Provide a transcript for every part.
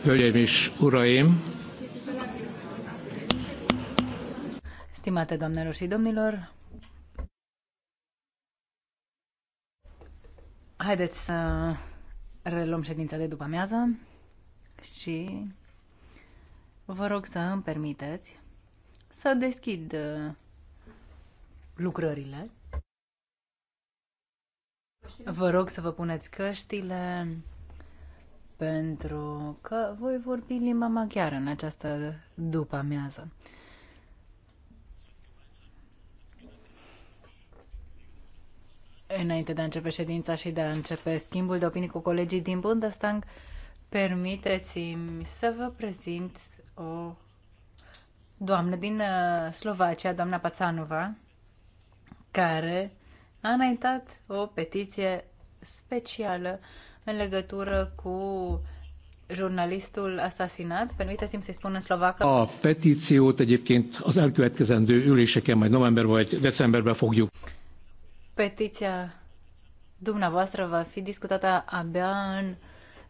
Hölgyeim és uraim! Stimate doamnelor și domnilor, haideți să reluăm ședința de după amiază și vă rog să îmi permiteți să deschid uh, lucrările. Vă rog să vă puneți căștile, pentru că voi vorbi limba maghiară în această după-amiază. Înainte de a începe ședința și de a începe schimbul de opinii cu colegii din Bundestag, permiteți-mi să vă prezint o doamnă din uh, Slovacia, doamna Pațanova, care a înaintat o petiție specială în legătură cu jurnalistul asasinat. Permiteți-mi să-i spun în slovacă. A petíciót egyébként az elkövetkezendő üléseken majd november vagy decemberben fogjuk. Petiția dumneavoastră va fi discutată abia în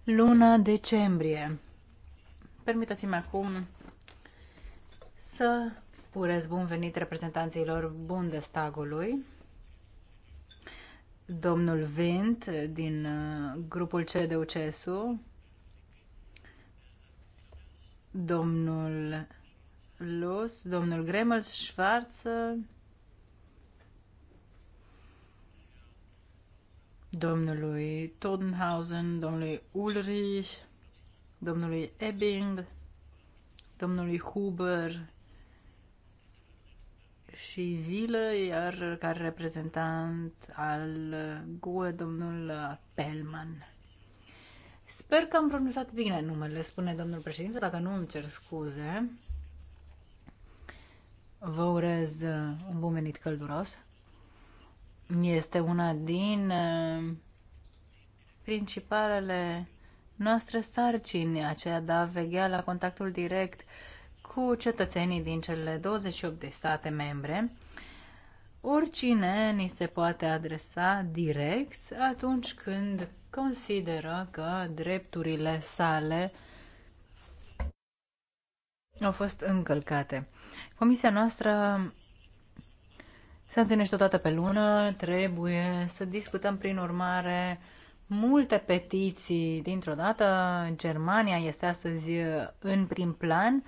luna decembrie. Permiteți-mi acum să urez bun venit reprezentanților Bundestagului domnul Vint din uh, grupul CDU-CSU, domnul Luz, domnul Gremels, Schwarz, domnului Todenhausen, domnului Ulrich, domnului Ebbing, domnului Huber, și Vilă, iar ca reprezentant al GUE, domnul Pelman. Sper că am pronunțat bine numele, spune domnul președinte, dacă nu îmi cer scuze. Vă urez uh, un bun venit călduros. Este una din uh, principalele noastre sarcini, aceea de a veghea la contactul direct cu cetățenii din cele 28 de state membre. Oricine ni se poate adresa direct atunci când consideră că drepturile sale au fost încălcate. Comisia noastră se întâlnește o dată pe lună, trebuie să discutăm prin urmare multe petiții dintr-o dată. Germania este astăzi în prim plan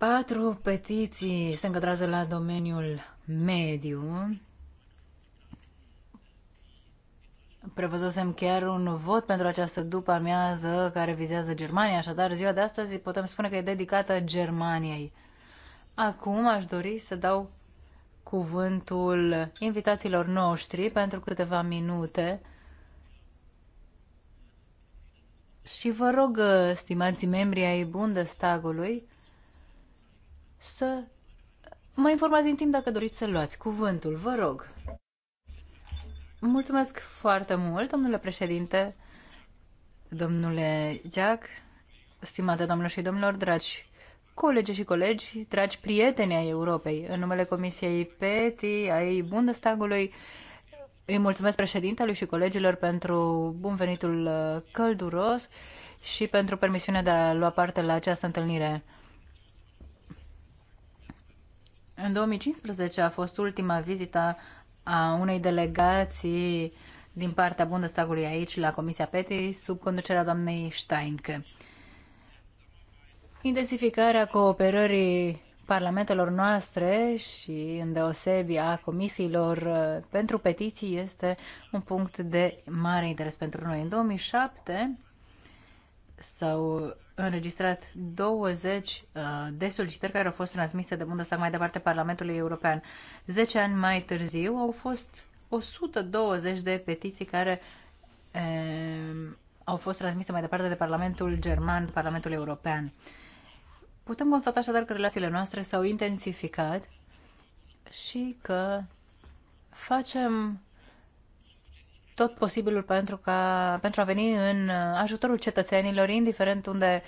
Patru petiții se încadrează la domeniul mediu. Prevăzusem chiar un vot pentru această după amiază care vizează Germania, așadar ziua de astăzi putem spune că e dedicată Germaniei. Acum aș dori să dau cuvântul invitațiilor noștri pentru câteva minute. Și vă rog, stimați membri ai Bundestagului, să mă informați în timp dacă doriți să luați cuvântul, vă rog. Mulțumesc foarte mult, domnule președinte, domnule Jack, stimate domnilor și domnilor, dragi colegi și colegi, dragi prieteni ai Europei, în numele Comisiei PETI, ai Bundestagului, îi mulțumesc președintelui și colegilor pentru bun venitul uh, călduros și pentru permisiunea de a lua parte la această întâlnire. În 2015 a fost ultima vizită a unei delegații din partea Bundestagului aici, la Comisia PETI, sub conducerea doamnei Steinke. Intensificarea cooperării parlamentelor noastre și îndeosebi a comisiilor uh, pentru petiții este un punct de mare interes pentru noi. În 2007 s-au înregistrat 20 uh, de solicitări care au fost transmise de bundă mai departe Parlamentului European. 10 ani mai târziu au fost 120 de petiții care e, au fost transmise mai departe de Parlamentul German, Parlamentul European. Putem constata așadar că relațiile noastre s-au intensificat și că facem tot posibilul pentru, ca, pentru a veni în uh, ajutorul cetățenilor, indiferent unde,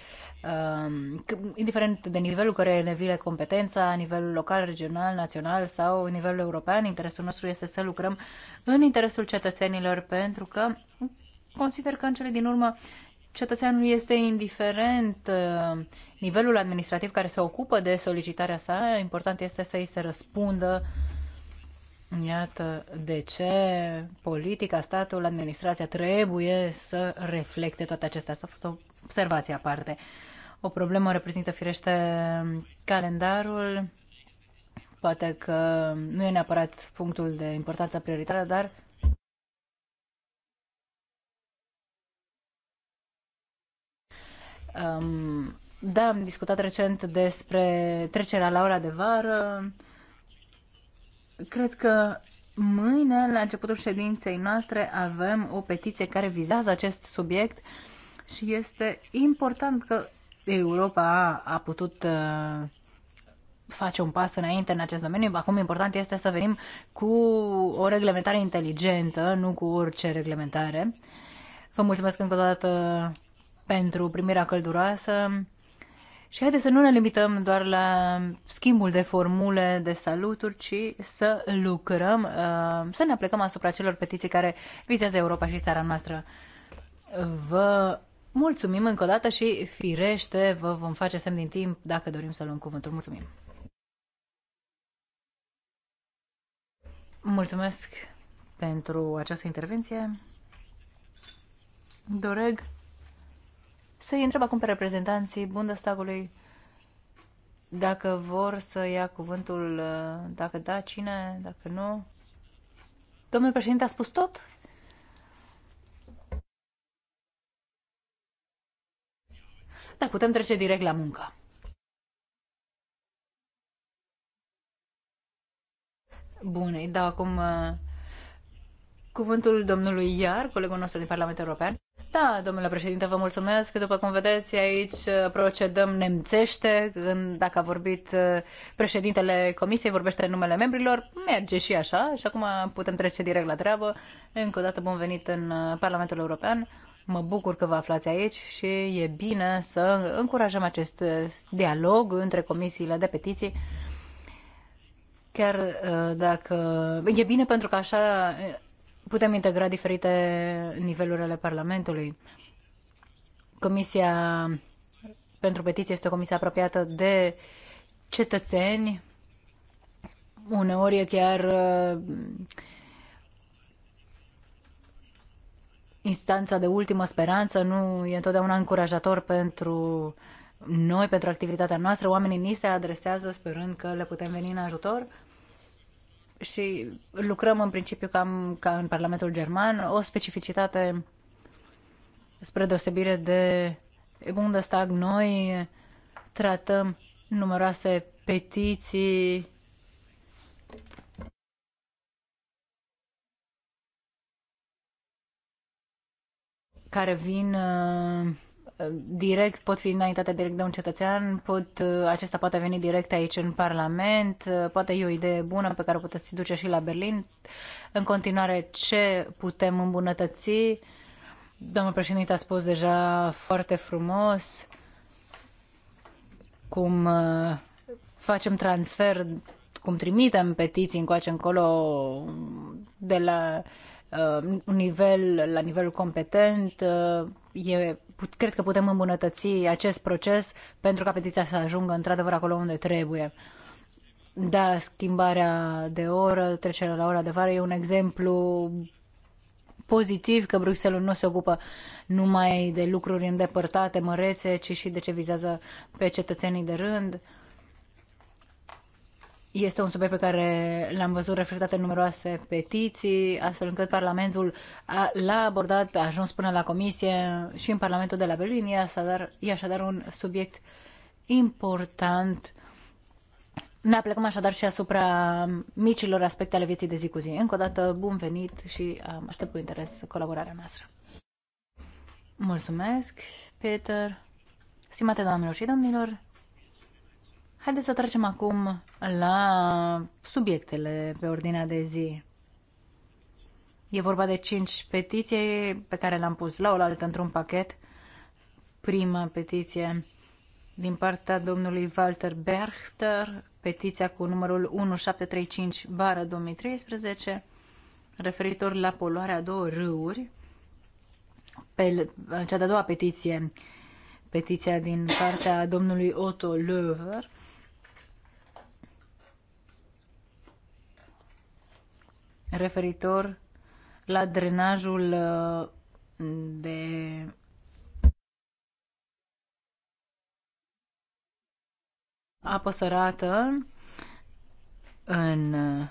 um, indiferent de nivelul care ne vine competența, nivelul local, regional, național sau nivelul european, interesul nostru este să lucrăm în interesul cetățenilor pentru că consider că în cele din urmă cetățeanul este indiferent uh, nivelul administrativ care se ocupă de solicitarea sa, important este să îi se răspundă uh, Iată de ce politica, statul, administrația trebuie să reflecte toate acestea. Asta a fost o observație aparte. O problemă reprezintă firește calendarul. Poate că nu e neapărat punctul de importanță prioritară, dar um, da, am discutat recent despre trecerea la ora de vară Cred că mâine, la începutul ședinței noastre, avem o petiție care vizează acest subiect și este important că Europa a, a putut uh, face un pas înainte în acest domeniu. Acum important este să venim cu o reglementare inteligentă, nu cu orice reglementare. Vă mulțumesc încă o dată pentru primirea călduroasă. Și haideți să nu ne limităm doar la schimbul de formule de saluturi, ci să lucrăm, uh, să ne aplicăm asupra celor petiții care vizează Europa și țara noastră. Vă mulțumim încă o dată și, firește, vă vom face semn din timp dacă dorim să luăm cuvântul. Mulțumim! Mulțumesc pentru această intervenție. Doreg să-i întreb acum pe reprezentanții Bundestagului dacă vor să ia cuvântul, uh, dacă da, cine, dacă nu. Domnul președinte a spus tot? Da, putem trece direct la muncă. Bun, îi dau acum uh, cuvântul domnului Iar, colegul nostru din Parlamentul European. Da, domnule președinte, vă mulțumesc. După cum vedeți, aici uh, procedăm nemțește. Când, dacă a vorbit uh, președintele comisiei, vorbește în numele membrilor, merge și așa. Și acum putem trece direct la treabă. Încă o dată bun venit în uh, Parlamentul European. Mă bucur că vă aflați aici și e bine să încurajăm acest dialog între comisiile de petiții. Chiar dacă e bine pentru că așa putem integra diferite niveluri ale Parlamentului. Comisia pentru petiție este o comisie apropiată de cetățeni. Uneori e chiar uh, instanța de ultimă speranță, nu e întotdeauna încurajator pentru noi, pentru activitatea noastră. Oamenii ni se adresează sperând că le putem veni în ajutor și lucrăm în principiu cam ca în Parlamentul German, o specificitate spre deosebire de Bundestag, noi tratăm numeroase petiții care vin uh, direct, pot fi înaintate direct de un cetățean, pot, uh, acesta poate veni direct aici în Parlament, uh, poate e o idee bună pe care o puteți duce și la Berlin. În continuare, ce putem îmbunătăți? Domnul președinte a spus deja foarte frumos cum uh, facem transfer, cum trimitem petiții încoace încolo de la Uh, un nivel, la nivelul competent, uh, e, cred că putem îmbunătăți acest proces pentru ca petiția să ajungă într-adevăr acolo unde trebuie. Da, schimbarea de oră, trecerea la ora de vară e un exemplu pozitiv că Bruxelles nu se ocupă numai de lucruri îndepărtate, mărețe, ci și de ce vizează pe cetățenii de rând. Este un subiect pe care l-am văzut reflectat în numeroase petiții, astfel încât Parlamentul l-a abordat, a ajuns până la Comisie și în Parlamentul de la Berlin. E așadar, e așadar un subiect important. Ne aplecăm așadar și asupra micilor aspecte ale vieții de zi cu zi. Încă o dată, bun venit și aștept cu interes colaborarea noastră. Mulțumesc, Peter. Stimate doamnelor și domnilor, Haideți să trecem acum la subiectele pe ordinea de zi. E vorba de cinci petiții pe care le-am pus la oaltă într-un pachet. Prima petiție din partea domnului Walter Berchter, petiția cu numărul 1735 2013, referitor la poluarea a două râuri. Pe cea de-a doua petiție, petiția din partea domnului Otto Löwer, referitor la drenajul uh, de apă sărată în uh,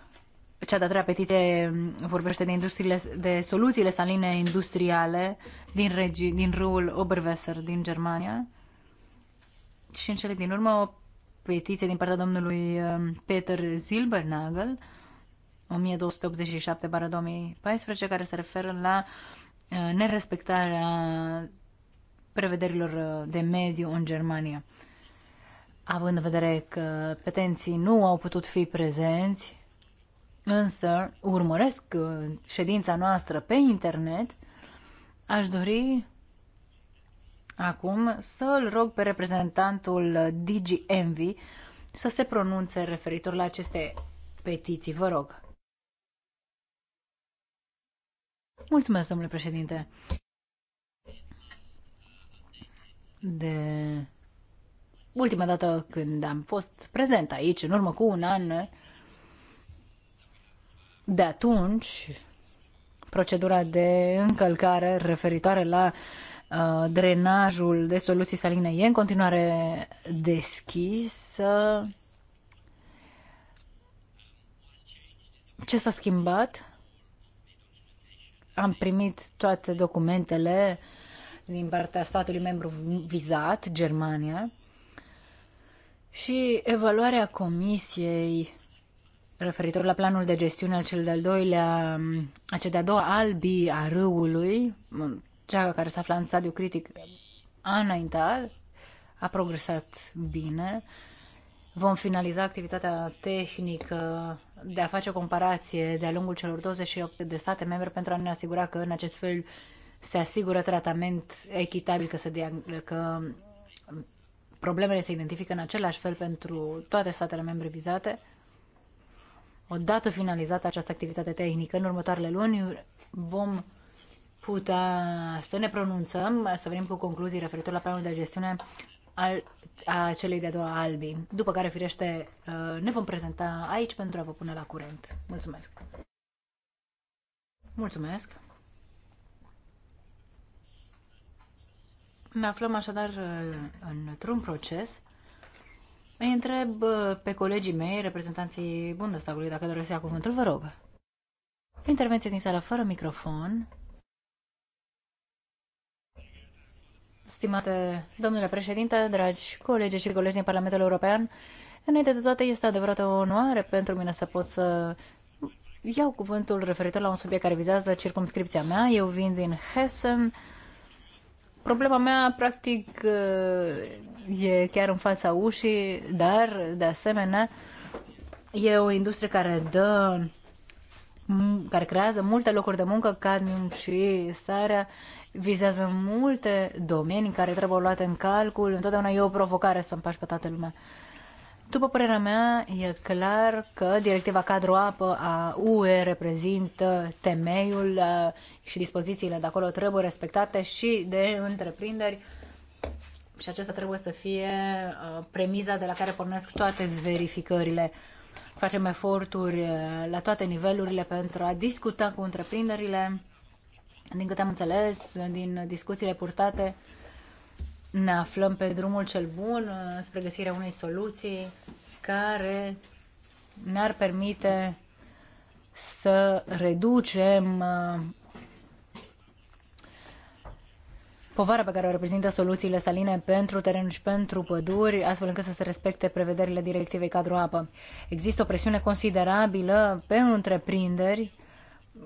cea de-a treia petiție vorbește de, industriile, de soluțiile saline industriale din, regi, din râul Oberwasser din Germania. Și în cele din urmă o petiție din partea domnului uh, Peter Silbernagel. 1287-2014, care se referă la uh, nerespectarea prevederilor uh, de mediu în Germania. Având în vedere că petenții nu au putut fi prezenți, însă urmăresc uh, ședința noastră pe internet, aș dori acum să-l rog pe reprezentantul DGMV să se pronunțe referitor la aceste petiții. Vă rog. Mulțumesc, domnule președinte. De ultima dată când am fost prezent aici, în urmă cu un an, de atunci, procedura de încălcare referitoare la uh, drenajul de soluții saline e în continuare deschisă. Ce s-a schimbat? am primit toate documentele din partea statului membru vizat, Germania, și evaluarea comisiei referitor la planul de gestiune al cel de-al doilea, a cel de-a doua albi a râului, cea care s-a aflat în stadiu critic, a înaintat, a progresat bine. Vom finaliza activitatea tehnică de a face o comparație de-a lungul celor 28 de state membre pentru a ne asigura că în acest fel se asigură tratament echitabil, că, se dia- că problemele se identifică în același fel pentru toate statele membre vizate. Odată finalizată această activitate tehnică, în următoarele luni vom putea să ne pronunțăm, să venim cu concluzii referitor la planul de gestiune al, a celei de-a doua albi, după care, firește, uh, ne vom prezenta aici pentru a vă pune la curent. Mulțumesc! Mulțumesc! Ne aflăm așadar uh, într-un proces. Îi întreb uh, pe colegii mei, reprezentanții Bundestagului, dacă doresc să ia cuvântul, vă rog. Intervenție din sală fără microfon. Stimate domnule președinte, dragi colegi și colegi din Parlamentul European, înainte de toate este adevărată o onoare pentru mine să pot să iau cuvântul referitor la un subiect care vizează circumscripția mea. Eu vin din Hessen. Problema mea, practic, e chiar în fața ușii, dar, de asemenea, e o industrie care dă care creează multe locuri de muncă, cadmium și sarea vizează multe domenii care trebuie luate în calcul. Întotdeauna e o provocare să împaci pe toată lumea. După părerea mea, e clar că directiva cadru apă a UE reprezintă temeiul uh, și dispozițiile de acolo trebuie respectate și de întreprinderi și acesta trebuie să fie uh, premiza de la care pornesc toate verificările. Facem eforturi uh, la toate nivelurile pentru a discuta cu întreprinderile din câte am înțeles, din discuțiile purtate, ne aflăm pe drumul cel bun uh, spre găsirea unei soluții care ne-ar permite să reducem uh, povara pe care o reprezintă soluțiile saline pentru teren și pentru păduri, astfel încât să se respecte prevederile directivei cadru apă. Există o presiune considerabilă pe întreprinderi.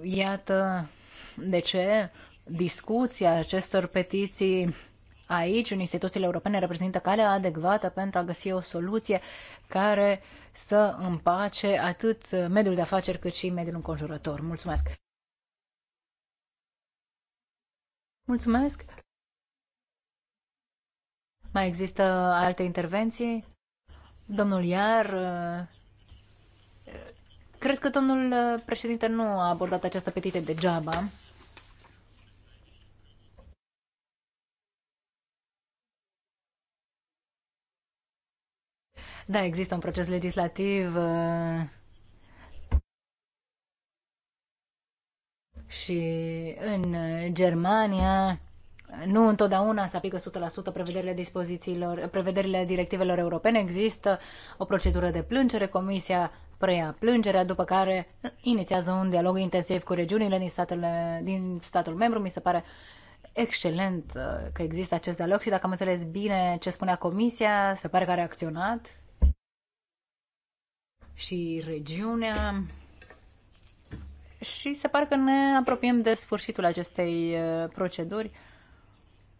Iată de ce discuția acestor petiții aici, în instituțiile europene, reprezintă calea adecvată pentru a găsi o soluție care să împace atât mediul de afaceri cât și mediul înconjurător. Mulțumesc! Mulțumesc! Mai există alte intervenții? Domnul Iar, cred că domnul președinte nu a abordat această petiție degeaba. Da, există un proces legislativ uh, și în Germania nu întotdeauna se aplică 100% prevederile dispozițiilor, prevederile directivelor europene. Există o procedură de plângere, comisia preia plângerea, după care inițiază un dialog intensiv cu regiunile din, statele, din statul membru. Mi se pare excelent uh, că există acest dialog și dacă am înțeles bine ce spunea comisia, se pare că a reacționat și regiunea. Și se pare că ne apropiem de sfârșitul acestei uh, proceduri.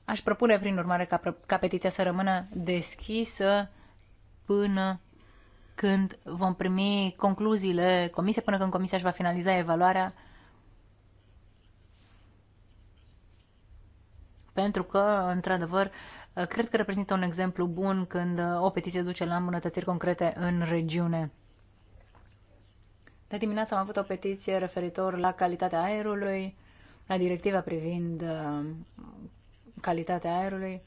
Aș propune, prin urmare, ca, ca petiția să rămână deschisă până când vom primi concluziile comisiei, până când comisia își va finaliza evaluarea. Pentru că, într-adevăr, uh, cred că reprezintă un exemplu bun când uh, o petiție duce la îmbunătățiri concrete în regiune. De dimineață am avut o petiție referitor la calitatea aerului, la directiva privind uh, calitatea aerului.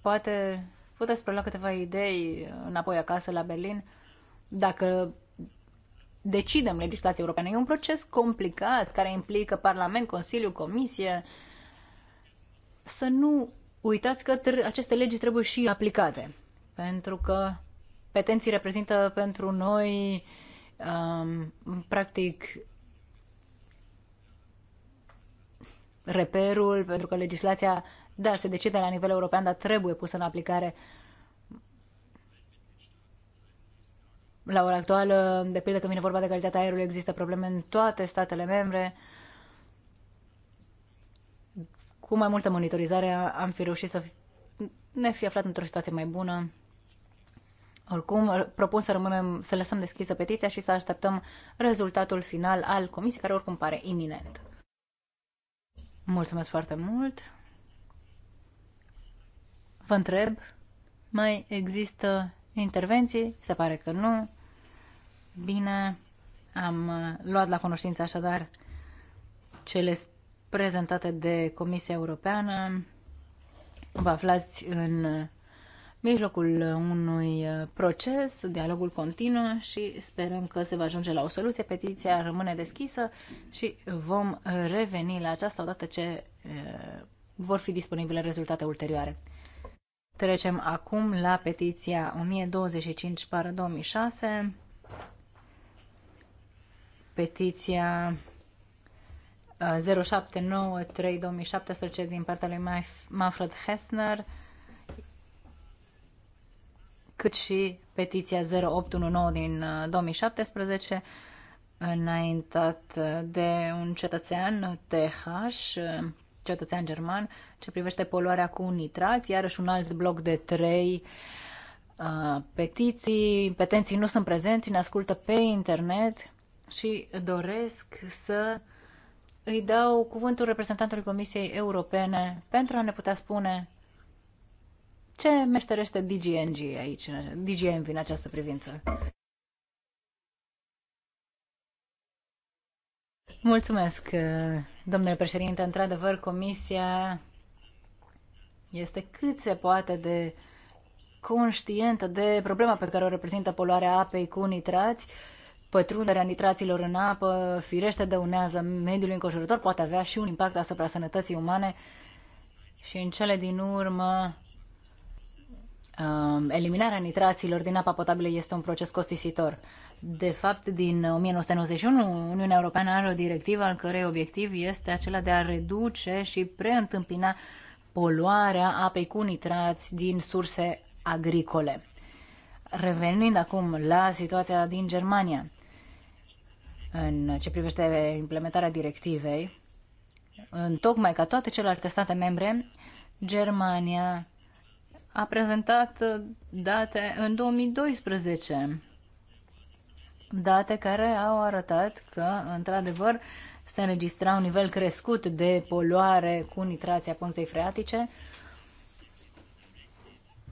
Poate puteți prelua câteva idei înapoi acasă la Berlin. Dacă decidem legislația europeană, e un proces complicat care implică Parlament, Consiliu, Comisie. Să nu uitați că aceste legi trebuie și aplicate, pentru că petenții reprezintă pentru noi uh, Um, practic, reperul, pentru că legislația, da, se decide la nivel european, dar trebuie pusă în aplicare. La ora actuală, de pildă când vine vorba de calitatea aerului, există probleme în toate statele membre. Cu mai multă monitorizare am fi reușit să ne fi aflat într-o situație mai bună. Oricum, propun să rămânem, să lăsăm deschisă petiția și să așteptăm rezultatul final al comisiei, care oricum pare iminent. Mulțumesc foarte mult. Vă întreb, mai există intervenții? Se pare că nu. Bine, am uh, luat la cunoștință așadar cele prezentate de Comisia Europeană. Vă aflați în uh, mijlocul unui uh, proces, dialogul continuă și sperăm că se va ajunge la o soluție. Petiția rămâne deschisă și vom reveni la aceasta odată ce uh, vor fi disponibile rezultate ulterioare. Trecem acum la petiția 1025 par 2006, petiția 079 uh, 2017 din partea lui Manfred Hessner, cât și petiția 0819 din 2017, uh, înaintat uh, de un cetățean TH, uh, cetățean german, ce privește poluarea cu nitrați, iarăși un alt bloc de trei uh, petiții. Petenții nu sunt prezenți, ne ascultă pe internet și doresc să îi dau cuvântul reprezentantului Comisiei Europene pentru a ne putea spune ce meșterește DGNG aici, DGNV în această privință? Mulțumesc, uh, domnule președinte. Într-adevăr, comisia este cât se poate de conștientă de problema pe care o reprezintă poluarea apei cu nitrați. Pătrunderea nitraților în apă firește dăunează mediului înconjurător, poate avea și un impact asupra sănătății umane și în cele din urmă Um, eliminarea nitraților din apa potabilă este un proces costisitor. De fapt, din 1991, Uniunea Europeană are o directivă al cărei obiectiv este acela de a reduce și preîntâmpina poluarea apei cu nitrați din surse agricole. Revenind acum la situația din Germania, în ce privește implementarea directivei, în tocmai ca toate celelalte state membre, Germania a prezentat uh, date în 2012, date care au arătat că, într-adevăr, se înregistra un nivel crescut de poluare cu nitrația punței freatice.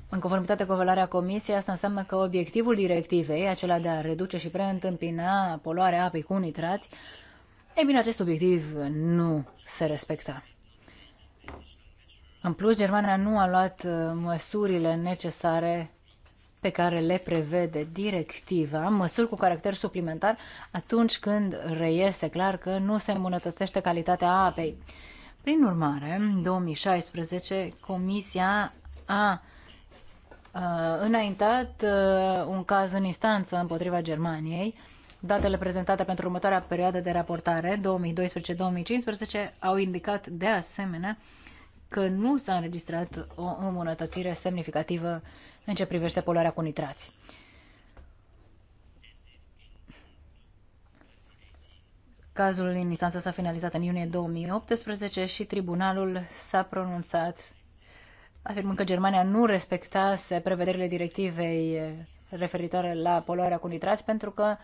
În conformitate cu evaluarea comisiei, asta înseamnă că obiectivul directivei, acela de a reduce și preîntâmpina poluarea apei cu nitrați, e bine, acest obiectiv nu se respecta. În plus, Germania nu a luat uh, măsurile necesare pe care le prevede directiva, măsuri cu caracter suplimentar, atunci când reiese clar că nu se îmbunătățește calitatea apei. Prin urmare, în 2016, Comisia a uh, înaintat uh, un caz în instanță împotriva Germaniei. Datele prezentate pentru următoarea perioadă de raportare, 2012-2015, au indicat de asemenea că nu s-a înregistrat o îmbunătățire semnificativă în ce privește poluarea cu nitrați. Cazul în instanță s-a finalizat în iunie 2018 și tribunalul s-a pronunțat afirmând că Germania nu respectase prevederile directivei referitoare la poluarea cu nitrați pentru că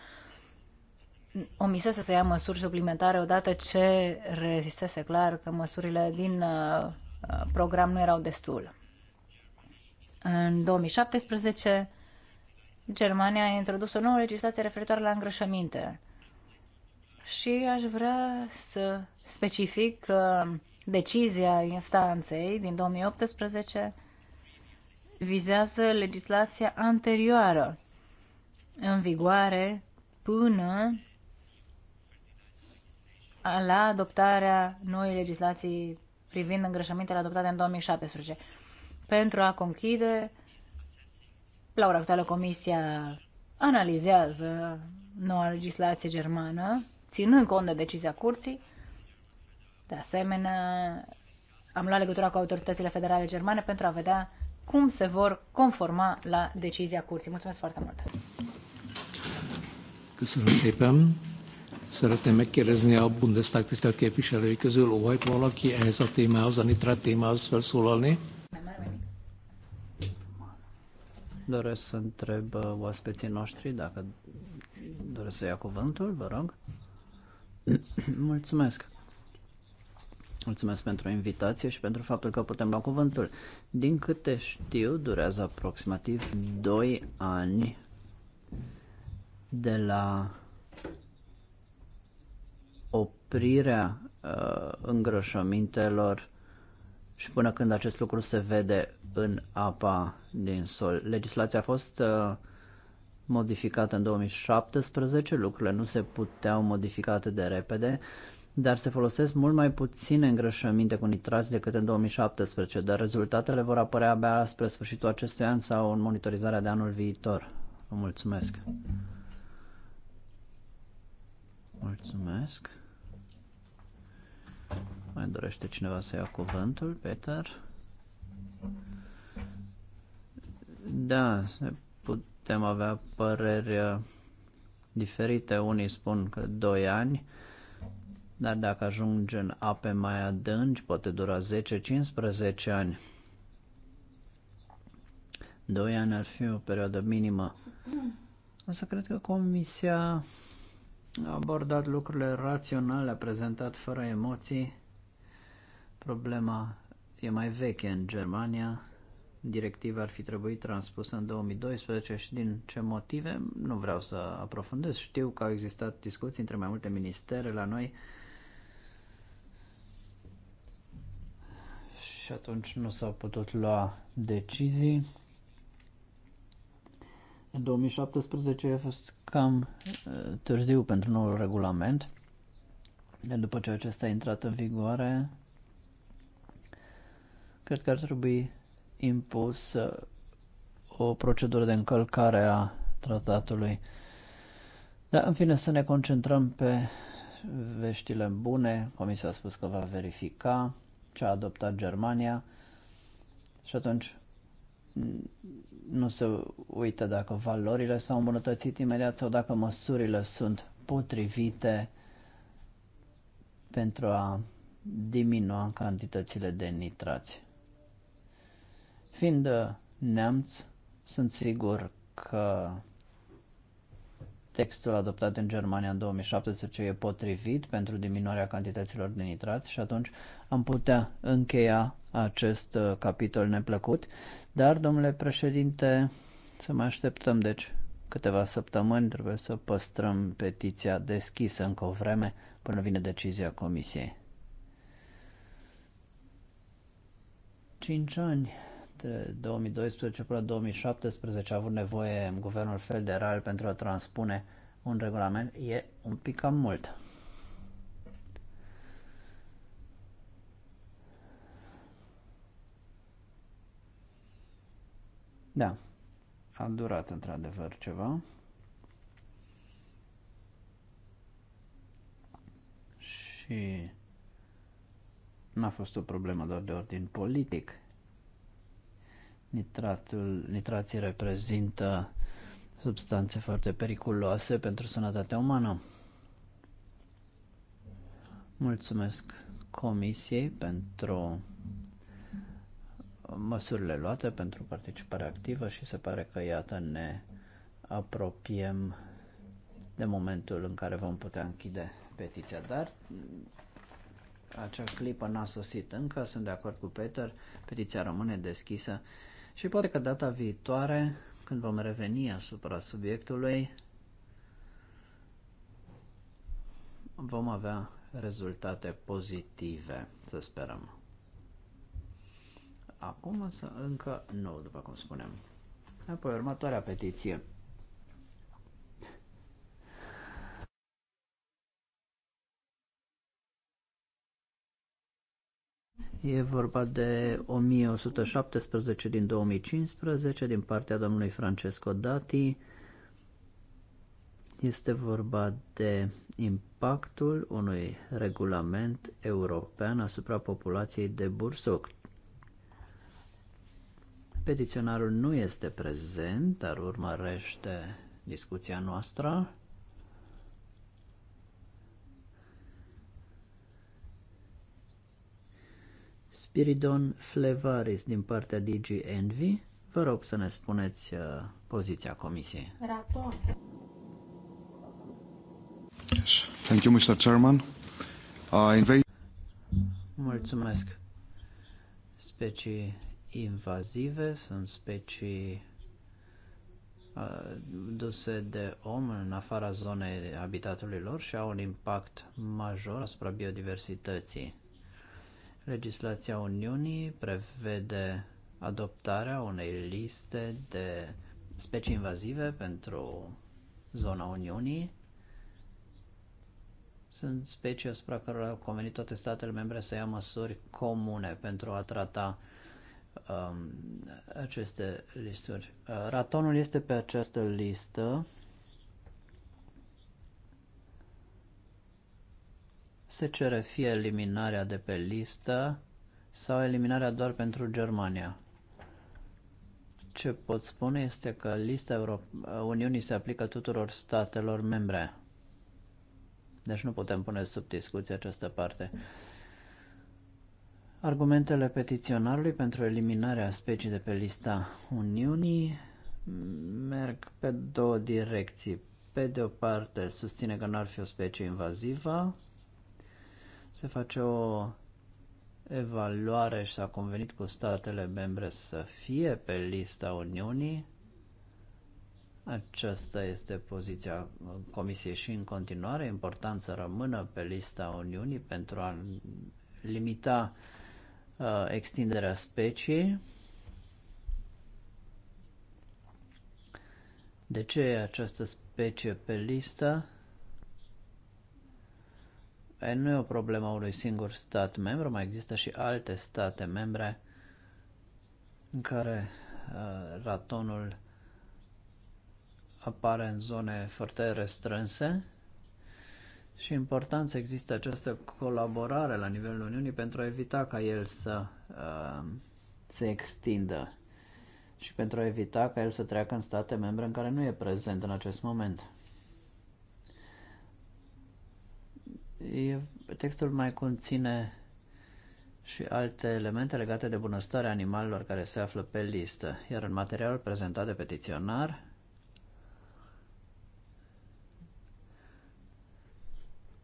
omisese să ia măsuri suplimentare odată ce rezistese clar că măsurile din uh, Uh, program nu erau destul. În 2017, Germania a introdus o nouă legislație referitoare la îngrășăminte. Și aș vrea să specific că uh, decizia instanței din 2018 vizează legislația anterioară în vigoare până la adoptarea noii legislații privind îngrășămintele adoptate în 2017. Pentru a conchide, la ora actuală Comisia analizează noua legislație germană, ținând cont de decizia curții. De asemenea, am luat legătura cu autoritățile federale germane pentru a vedea cum se vor conforma la decizia curții. Mulțumesc foarte mult! să începem? Szeretném megkérdezni a Bundestag tisztelt képviselői közül, óhajt valaki ehhez a témához, a nitrát témához felszólalni? Doresc să întreb uh, oaspeții noștri dacă doresc să ia cuvântul, vă rog. Mulțumesc. Mulțumesc pentru invitație și pentru faptul că putem lua cuvântul. Din câte știu, durează aproximativ 2 ani de la oprirea uh, îngrășămintelor și până când acest lucru se vede în apa din sol. Legislația a fost uh, modificată în 2017, lucrurile nu se puteau modifica atât de repede, dar se folosesc mult mai puține îngrășăminte cu nitrați decât în 2017, dar rezultatele vor apărea abia spre sfârșitul acestui an sau în monitorizarea de anul viitor. Vă mulțumesc! Mulțumesc! Mai dorește cineva să ia cuvântul, Peter? Da, putem avea păreri uh, diferite. Unii spun că 2 ani, dar dacă ajungi în ape mai adânci, poate dura 10-15 ani. 2 ani ar fi o perioadă minimă. Însă cred că comisia a abordat lucrurile raționale, a prezentat fără emoții. Problema e mai veche în Germania. Directiva ar fi trebuit transpusă în 2012 și din ce motive nu vreau să aprofundez. Știu că au existat discuții între mai multe ministere la noi și atunci nu s-au putut lua decizii în 2017 a fost cam uh, târziu pentru noul regulament. După ce acesta a intrat în vigoare, cred că ar trebui impus uh, o procedură de încălcare a tratatului. Dar, în fine, să ne concentrăm pe veștile bune. Comisia a spus că va verifica ce a adoptat Germania și atunci nu se uită dacă valorile s-au îmbunătățit imediat sau dacă măsurile sunt potrivite pentru a diminua cantitățile de nitrați. Fiind neamț, sunt sigur că textul adoptat în Germania în 2017 e potrivit pentru diminuarea cantităților de nitrați și atunci am putea încheia acest uh, capitol neplăcut dar, domnule președinte, să mai așteptăm, deci, câteva săptămâni, trebuie să păstrăm petiția deschisă încă o vreme până vine decizia comisiei. Cinci ani de 2012 până 2017 a avut nevoie guvernul federal pentru a transpune un regulament, e un pic cam mult. Da, a durat într-adevăr ceva. Și n-a fost o problemă doar de ordin politic. Nitratul, nitrații reprezintă substanțe foarte periculoase pentru sănătatea umană. Mulțumesc Comisiei pentru măsurile luate pentru participare activă și se pare că, iată, ne apropiem de momentul în care vom putea închide petiția. Dar acea clipă n-a sosit încă, sunt de acord cu Peter, petiția rămâne deschisă și poate că data viitoare, când vom reveni asupra subiectului, vom avea rezultate pozitive, să sperăm acum, însă încă nu, după cum spuneam. Apoi, următoarea petiție. E vorba de 1117 din 2015 din partea domnului Francesco Dati. Este vorba de impactul unui regulament european asupra populației de bursuc. Petiționarul nu este prezent, dar urmărește discuția noastră. Spiridon Flevaris din partea DG Envy. Vă rog să ne spuneți uh, poziția comisiei. Yes. Thank you, Mr. Chairman. Uh, Mulțumesc. Specii invazive, sunt specii duse de om în afara zonei habitatului lor și au un impact major asupra biodiversității. Legislația Uniunii prevede adoptarea unei liste de specii invazive pentru zona Uniunii. Sunt specii asupra cărora au convenit toate statele membre să ia măsuri comune pentru a trata uh, um, aceste listuri. Uh, ratonul este pe această listă. Se cere fie eliminarea de pe listă sau eliminarea doar pentru Germania. Ce pot spune este că lista Euro- Uniunii se aplică tuturor statelor membre. Deci nu putem pune sub discuție această parte. Mm. Argumentele petiționarului pentru eliminarea specii de pe lista Uniunii merg pe două direcții. Pe de o parte, susține că n-ar fi o specie invazivă, se face o evaluare și s-a convenit cu statele membre să fie pe lista Uniunii. Aceasta este poziția Comisiei și în continuare. important să rămână pe lista Uniunii pentru a limita uh, extinderea speciei. De ce e această specie pe listă? E, nu e o problemă a unui singur stat membru, mai există și alte state membre în care uh, ratonul apare în zone foarte restrânse și important să există această colaborare la nivelul Uniunii pentru a evita ca el să uh, se extindă și pentru a evita ca el să treacă în state membre în care nu e prezent în acest moment. E, textul mai conține și alte elemente legate de bunăstarea animalelor care se află pe listă, iar în materialul prezentat de petiționar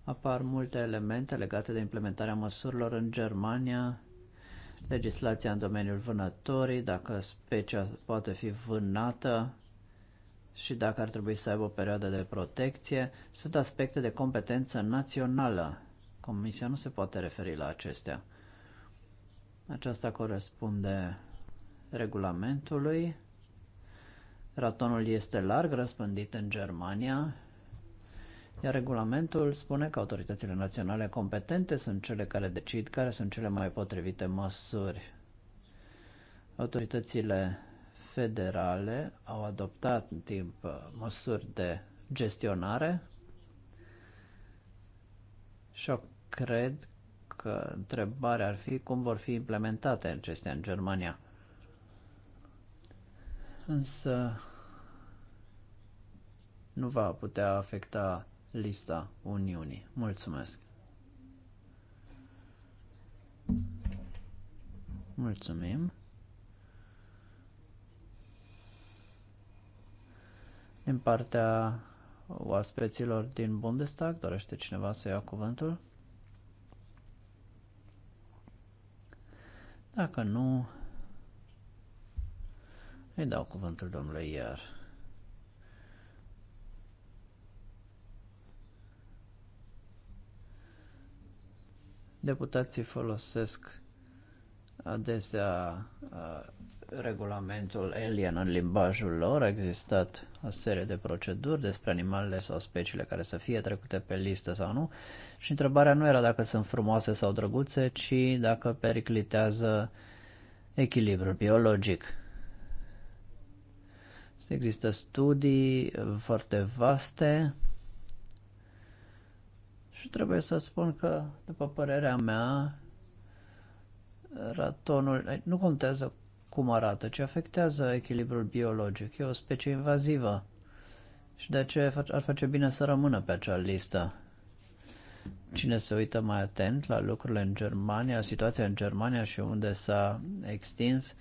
apar multe elemente legate de implementarea măsurilor în Germania, legislația în domeniul vânătorii, dacă specia poate fi vânată și dacă ar trebui să aibă o perioadă de protecție, sunt aspecte de competență națională. Comisia nu se poate referi la acestea. Aceasta corespunde regulamentului. Ratonul este larg răspândit în Germania, iar regulamentul spune că autoritățile naționale competente sunt cele care decid care sunt cele mai potrivite măsuri. Autoritățile federale au adoptat în timp uh, măsuri de gestionare și eu cred că întrebarea ar fi cum vor fi implementate acestea în Germania. Însă nu va putea afecta lista Uniunii. Mulțumesc! Mulțumim! Din partea oaspeților din Bundestag, dorește cineva să ia cuvântul? Dacă nu, îi dau cuvântul domnului Iar. Deputații folosesc adesea regulamentul alien în limbajul lor. A existat o serie de proceduri despre animalele sau speciile care să fie trecute pe listă sau nu și întrebarea nu era dacă sunt frumoase sau drăguțe, ci dacă periclitează echilibrul biologic. Există studii foarte vaste și trebuie să spun că, după părerea mea, ratonul nu contează cum arată, ci afectează echilibrul biologic. E o specie invazivă și de aceea ar face bine să rămână pe acea listă. Cine se uită mai atent la lucrurile în Germania, situația în Germania și unde s-a extins,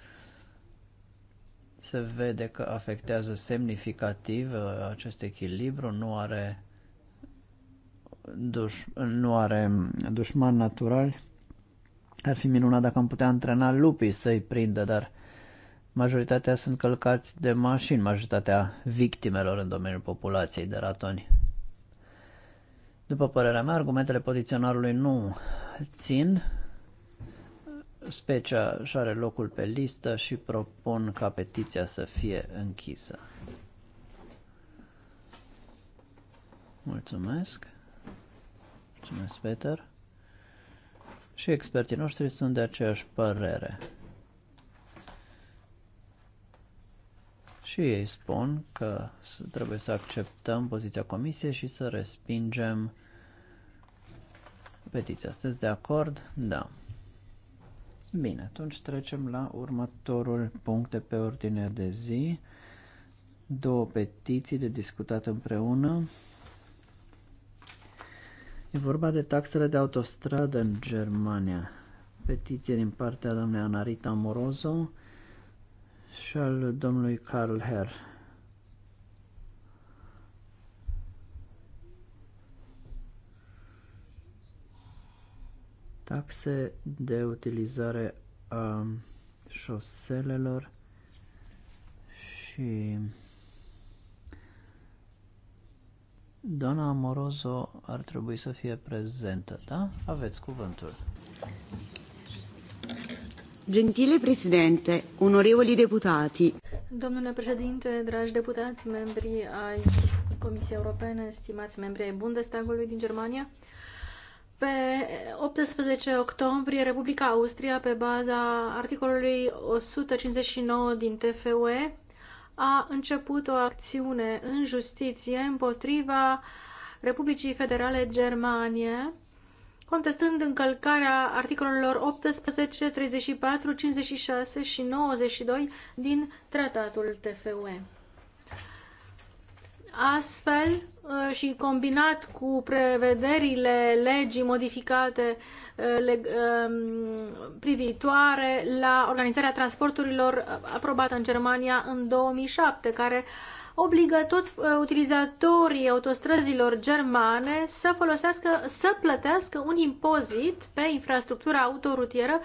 se vede că afectează semnificativ uh, acest echilibru, nu are duș, nu are dușmani naturali. Ar fi minunat dacă am putea antrena lupii să-i prindă, dar majoritatea sunt călcați de mașini, majoritatea victimelor în domeniul populației de ratoni. După părerea mea, argumentele poziționarului nu țin. Specia și are locul pe listă și propun ca petiția să fie închisă. Mulțumesc. Mulțumesc, Peter. Și experții noștri sunt de aceeași părere. Și ei spun că trebuie să acceptăm poziția comisiei și să respingem petiția. Sunteți de acord? Da. Bine, atunci trecem la următorul punct de pe ordinea de zi. Două petiții de discutat împreună. E vorba de taxele de autostradă în Germania. Petiție din partea doamnei Anarita Morozo și al domnului Karl Herr. Taxe de utilizare a șoselelor și Doamna Morozo ar trebui să fie prezentă, da? Aveți cuvântul. Gentile Presidente, onorevoli deputati. Domnule președinte, dragi deputați, membri ai Comisiei Europene, stimați membri ai Bundestagului din Germania, pe 18 octombrie, Republica Austria, pe baza articolului 159 din TFUE, a început o acțiune în justiție împotriva Republicii Federale Germanie, contestând încălcarea articolelor 18, 34, 56 și 92 din tratatul TFUE. Astfel, Uh, și combinat cu prevederile legii modificate uh, um, privitoare la organizarea transporturilor uh, aprobată în Germania în 2007, care obligă toți utilizatorii autostrăzilor germane să folosească, să plătească un impozit pe infrastructura autorutieră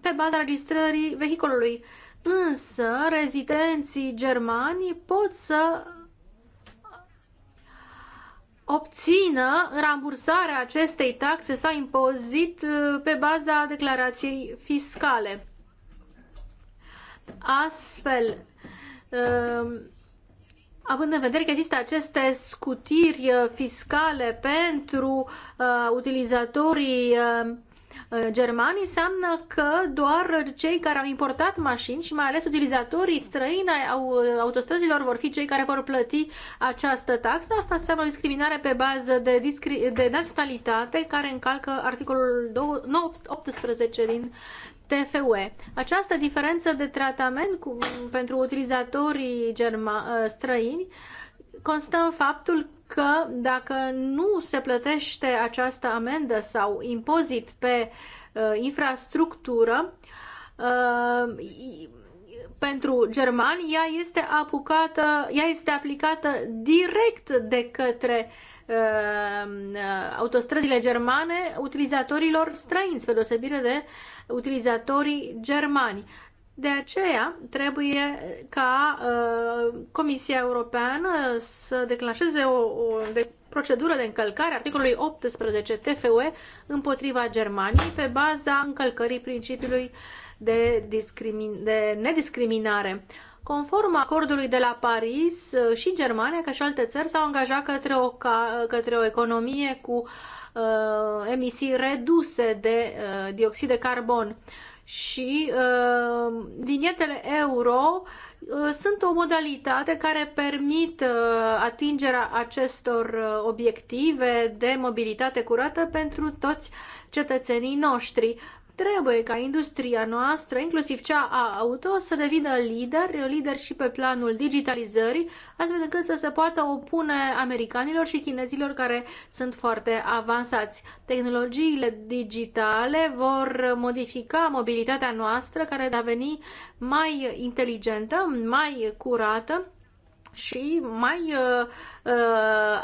pe baza registrării vehiculului. Însă, rezidenții germani pot să obțină rambursarea acestei taxe sau impozit uh, pe baza declarației fiscale. Astfel, uh, având în vedere că există aceste scutiri uh, fiscale pentru utilizatorii germani înseamnă că doar cei care au importat mașini și mai ales utilizatorii străini ai autostrăzilor vor fi cei care vor plăti această taxă. Asta înseamnă o discriminare pe bază de, de naționalitate care încalcă articolul 18 din TFUE. Această diferență de tratament cu, pentru utilizatorii germa- ă, străini constă în faptul că dacă nu se plătește această amendă sau impozit pe uh, infrastructură, uh, pentru Germania este, apucată, ea este aplicată direct de către uh, autostrăzile germane utilizatorilor străini, spre deosebire de utilizatorii germani. De aceea trebuie ca uh, Comisia Europeană să declanșeze o, o de, procedură de încălcare articolului 18 TFUE împotriva Germaniei pe baza încălcării principiului de, discrimin, de nediscriminare. Conform acordului de la Paris, uh, și Germania, ca și alte țări, s-au angajat către o, ca, către o economie cu uh, emisii reduse de uh, dioxid de carbon. Uh, și uh, linietele euro uh, sunt o modalitate care permit uh, atingerea acestor uh, obiective de mobilitate curată pentru toți cetățenii noștri. Trebuie ca industria noastră, inclusiv cea a auto, să devină lider, lider și pe planul digitalizării, astfel încât să se poată opune americanilor și chinezilor care sunt foarte avansați. Tehnologiile digitale vor modifica mobilitatea noastră, care va deveni mai inteligentă, mai curată și mai uh, uh,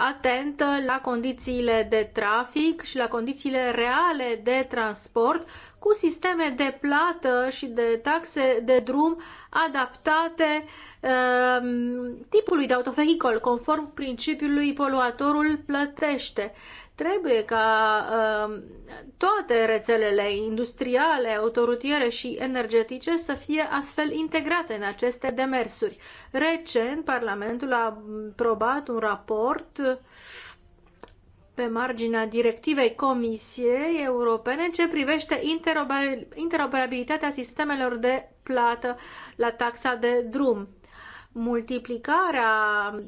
atentă la condițiile de trafic și la condițiile reale de transport cu sisteme de plată și de taxe de drum adaptate um, tipului de autovehicol, conform principiului poluatorul plătește. Trebuie ca um, toate rețelele industriale, autorutiere și energetice să fie astfel integrate în aceste demersuri. Recent, Parlamentul a aprobat un raport uh, pe marginea directivei Comisiei Europene ce privește interoperabilitatea sistemelor de plată la taxa de drum. Multiplicarea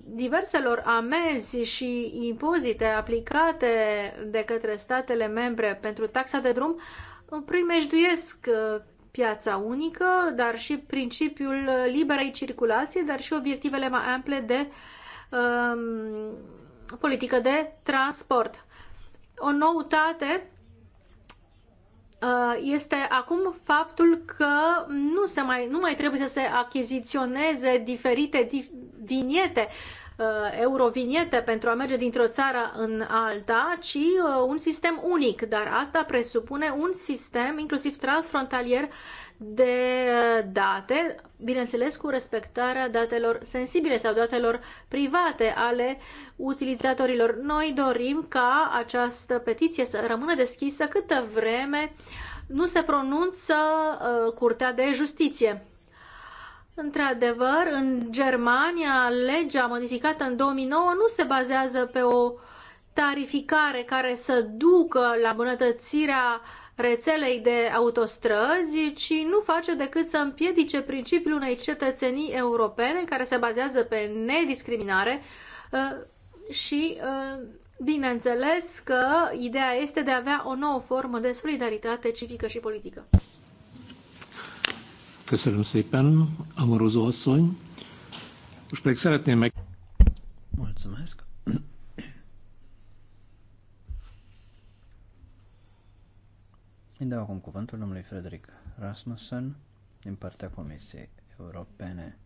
diverselor amenzi și impozite aplicate de către statele membre pentru taxa de drum primejduiesc uh, piața unică, dar și principiul liberei circulații, dar și obiectivele mai ample de um, politică de transport. O noutate uh, este acum faptul că nu, se mai, nu mai trebuie să se achiziționeze diferite viniete, uh, euroviniete pentru a merge dintr-o țară în alta, ci uh, un sistem unic, dar asta presupune un sistem inclusiv transfrontalier de uh, date, bineînțeles cu respectarea datelor sensibile sau datelor private ale utilizatorilor. Noi dorim ca această petiție să rămână deschisă câtă vreme nu se pronunță uh, Curtea de Justiție. Într-adevăr, în Germania, legea modificată în 2009 nu se bazează pe o tarificare care să ducă la îmbunătățirea uh, rețelei de autostrăzi, ci nu face decât să împiedice principiul unei cetățenii europene care se bazează pe nediscriminare uh, și, uh, bineînțeles, că ideea este de a avea o nouă formă de solidaritate civică și politică. Köszönöm szépen, Amorozó asszony. Most pedig szeretném meg... Mulțumesc. Îi dau acum cuvântul domnului Frederic Rasmussen din partea Comisiei Europene.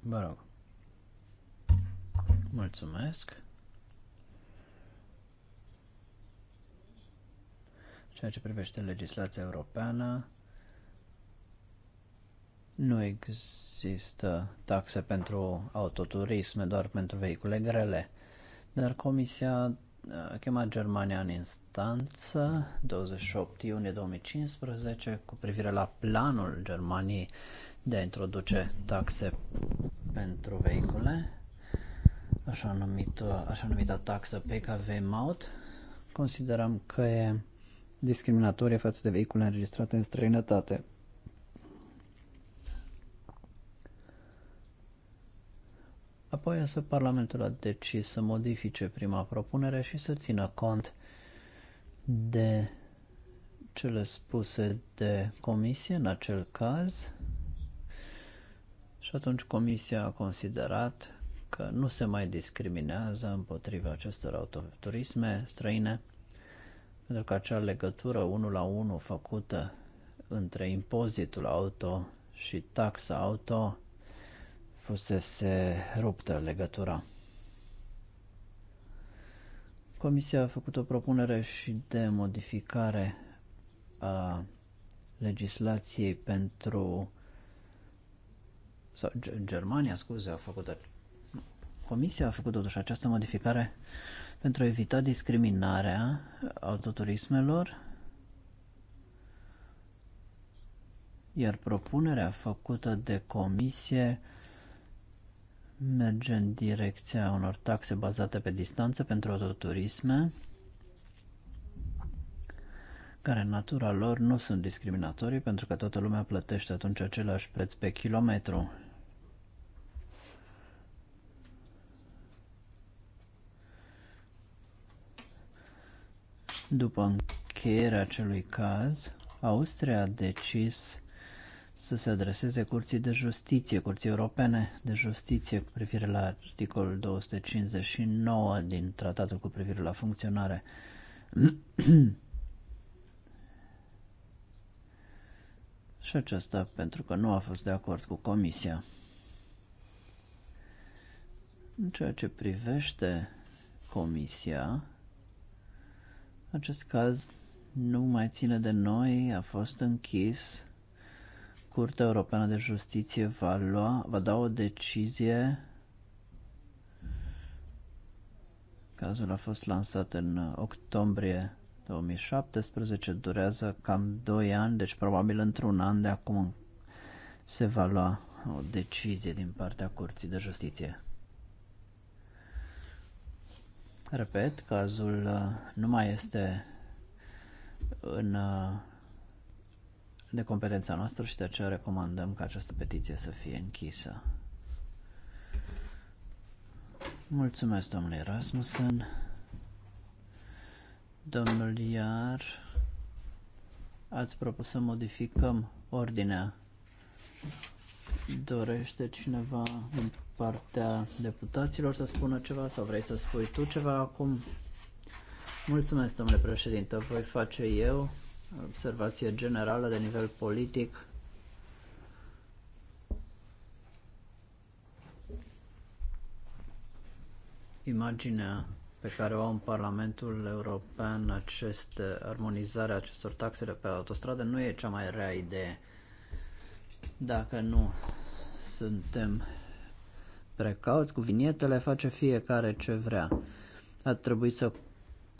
Vă rog. Mulțumesc. Ceea ce privește legislația europeană, nu există taxe pentru autoturisme, doar pentru vehicule grele. Dar Comisia a chemat Germania în instanță 28 iunie 2015 cu privire la planul Germaniei de a introduce taxe pentru vehicule, așa numit, așa numită taxă PKV Maut. Considerăm că e discriminatorie față de vehicule înregistrate în străinătate. Apoi însă Parlamentul a decis să modifice prima propunere și să țină cont de cele spuse de comisie în acel caz și atunci comisia a considerat că nu se mai discriminează împotriva acestor autoturisme străine pentru că acea legătură unul la 1 făcută între impozitul auto și taxa auto fusese ruptă legătura. Comisia a făcut o propunere și de modificare a legislației pentru sau Germania, scuze, a făcut Comisia a făcut totuși această modificare pentru a evita discriminarea autoturismelor iar propunerea făcută de comisie merge în direcția unor taxe bazate pe distanță pentru autoturisme, care în natura lor nu sunt discriminatorii pentru că toată lumea plătește atunci același preț pe kilometru. După încheierea acelui caz, Austria a decis să se adreseze Curții de Justiție, Curții Europene de Justiție cu privire la articolul 259 din tratatul cu privire la funcționare. Și aceasta pentru că nu a fost de acord cu Comisia. În ceea ce privește Comisia, acest caz nu mai ține de noi, a fost închis Curtea Europeană de Justiție va, lua, va da o decizie. Cazul a fost lansat în octombrie 2017, durează cam 2 ani, deci probabil într-un an de acum se va lua o decizie din partea Curții de Justiție. Repet, cazul nu mai este în de competența noastră și de aceea recomandăm ca această petiție să fie închisă. Mulțumesc, domnule Rasmussen. Domnul Iar, ați propus să modificăm ordinea. Dorește cineva din partea deputaților să spună ceva sau vrei să spui tu ceva acum? Mulțumesc, domnule președinte, voi face eu observație generală de nivel politic. Imaginea pe care o au în Parlamentul European aceste, uh, armonizarea acestor taxele pe autostradă nu e cea mai rea idee dacă nu suntem precauți cu vinietele, face fiecare ce vrea. Ar trebui să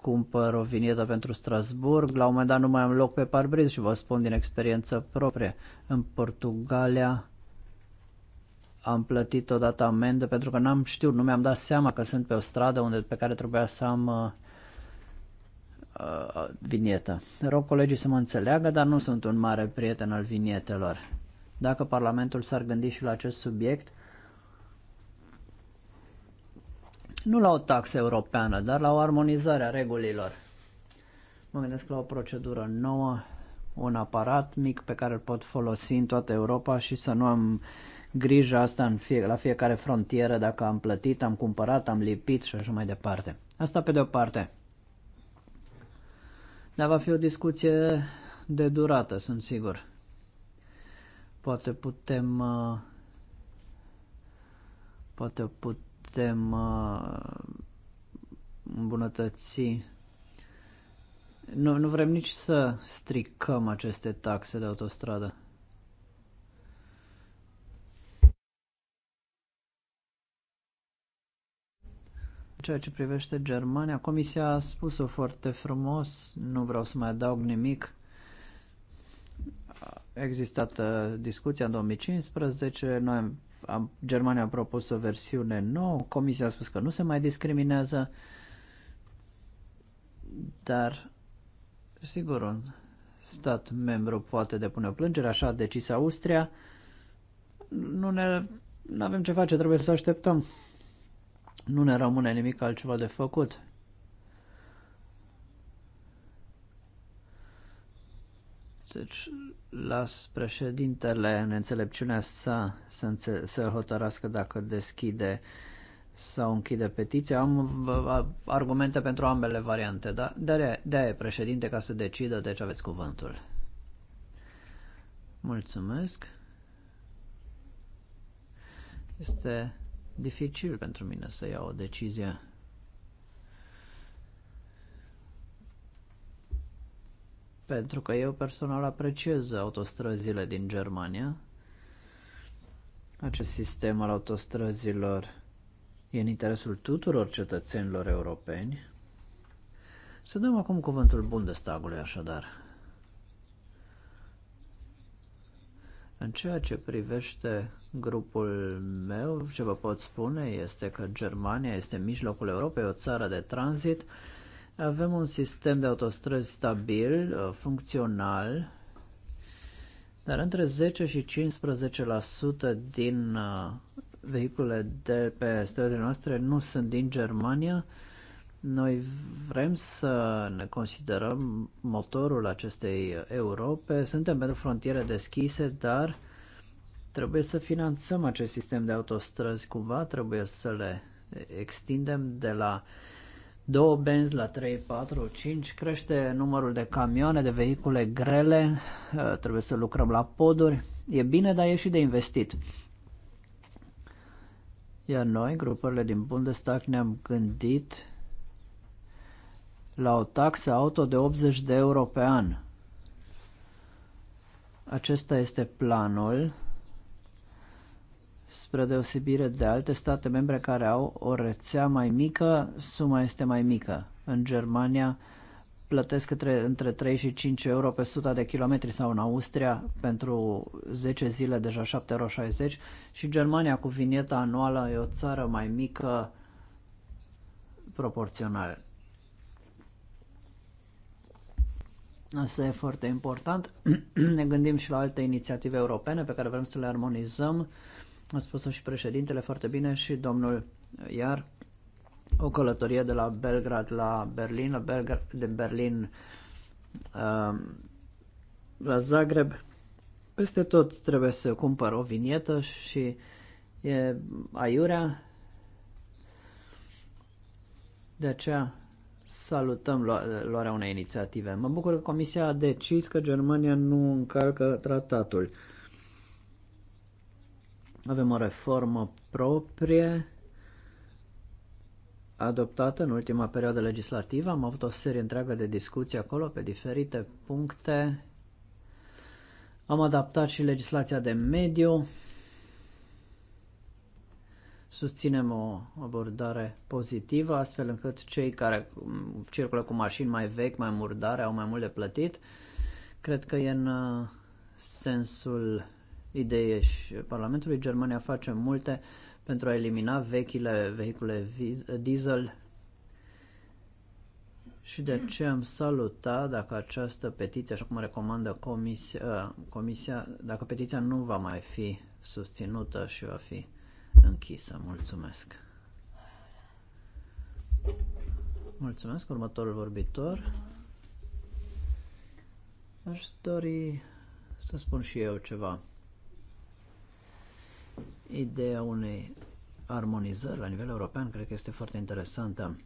cumpăr o vinietă pentru Strasburg, la un moment dat nu mai am loc pe parbriz și vă spun din experiență proprie. În Portugalia am plătit odată amendă pentru că n-am știut, nu mi-am dat seama că sunt pe o stradă unde, pe care trebuia să am uh, uh, vinietă. Rog colegii să mă înțeleagă, dar nu sunt un mare prieten al vinietelor. Dacă Parlamentul s-ar gândi și la acest subiect, nu la o taxă europeană, dar la o armonizare a regulilor. Mă gândesc la o procedură nouă, un aparat mic pe care îl pot folosi în toată Europa și să nu am grijă asta în fie, la fiecare frontieră dacă am plătit, am cumpărat, am lipit și așa mai departe. Asta pe de o parte. Dar va fi o discuție de durată, sunt sigur. Poate putem uh, poate putem putem uh, îmbunătăți. Nu, nu vrem nici să stricăm aceste taxe de autostradă. ceea ce privește Germania, Comisia a spus-o foarte frumos, nu vreau să mai adaug nimic. A existat uh, discuția în 2015, noi am Germania a propus o versiune nouă, Comisia a spus că nu se mai discriminează, dar sigur un stat membru poate depune o plângere, așa a decis Austria. Nu ne nu avem ce face, trebuie să așteptăm. Nu ne rămâne nimic altceva de făcut. Deci, las președintele în înțelepciunea sa să, înțe- să hotărască dacă deschide sau închide petiția. Am argumente pentru ambele variante, da? dar de-aia e președinte ca să decidă, deci aveți cuvântul. Mulțumesc. Este dificil pentru mine să iau o decizie. pentru că eu personal apreciez autostrăzile din Germania. Acest sistem al autostrăzilor e în interesul tuturor cetățenilor europeni. Să dăm acum cuvântul Bundestagului, așadar. În ceea ce privește grupul meu, ce vă pot spune este că Germania este în mijlocul Europei, o țară de tranzit, avem un sistem de autostrăzi stabil, uh, funcțional, dar între 10 și 15% din uh, vehicule de pe străzile noastre nu sunt din Germania. Noi vrem să ne considerăm motorul acestei Europe. Suntem pentru frontiere deschise, dar trebuie să finanțăm acest sistem de autostrăzi cumva, trebuie să le extindem de la uh, două benzi la 3, 4, 5, crește numărul de camioane, de vehicule grele, ă, trebuie să lucrăm la poduri. E bine, dar e și de investit. Iar noi, grupările din Bundestag, ne-am gândit la o taxă auto de 80 de euro pe an. Acesta este planul Spre deosebire de alte state membre care au o rețea mai mică, suma este mai mică. În Germania plătesc între, între 3 și 5 euro pe 100 de kilometri sau în Austria pentru 10 zile deja 7,60 euro și Germania cu vinieta anuală e o țară mai mică proporțional. Asta e foarte important. ne gândim și la alte inițiative europene pe care vrem să le armonizăm a spus-o și președintele foarte bine și domnul Iar, o călătorie de la Belgrad la Berlin, la Belgra- de Berlin uh, la Zagreb. Peste tot trebuie să cumpăr o vinietă și e aiurea. De aceea salutăm luarea unei inițiative. Mă bucur că Comisia a decis că Germania nu încalcă tratatul. Avem o reformă proprie adoptată în ultima perioadă legislativă. Am avut o serie întreagă de discuții acolo pe diferite puncte. Am adaptat și legislația de mediu. Susținem o abordare pozitivă, astfel încât cei care circulă cu mașini mai vechi, mai murdare, au mai mult de plătit. Cred că e în uh, sensul idee și Parlamentului Germania face multe pentru a elimina vechile vehicule diesel și de ce am salutat dacă această petiție, așa cum recomandă comisia, comisia, dacă petiția nu va mai fi susținută și va fi închisă. Mulțumesc! Mulțumesc, următorul vorbitor. Aș dori să spun și eu ceva. Ideea unei armonizări la nivel european cred că este foarte interesantă.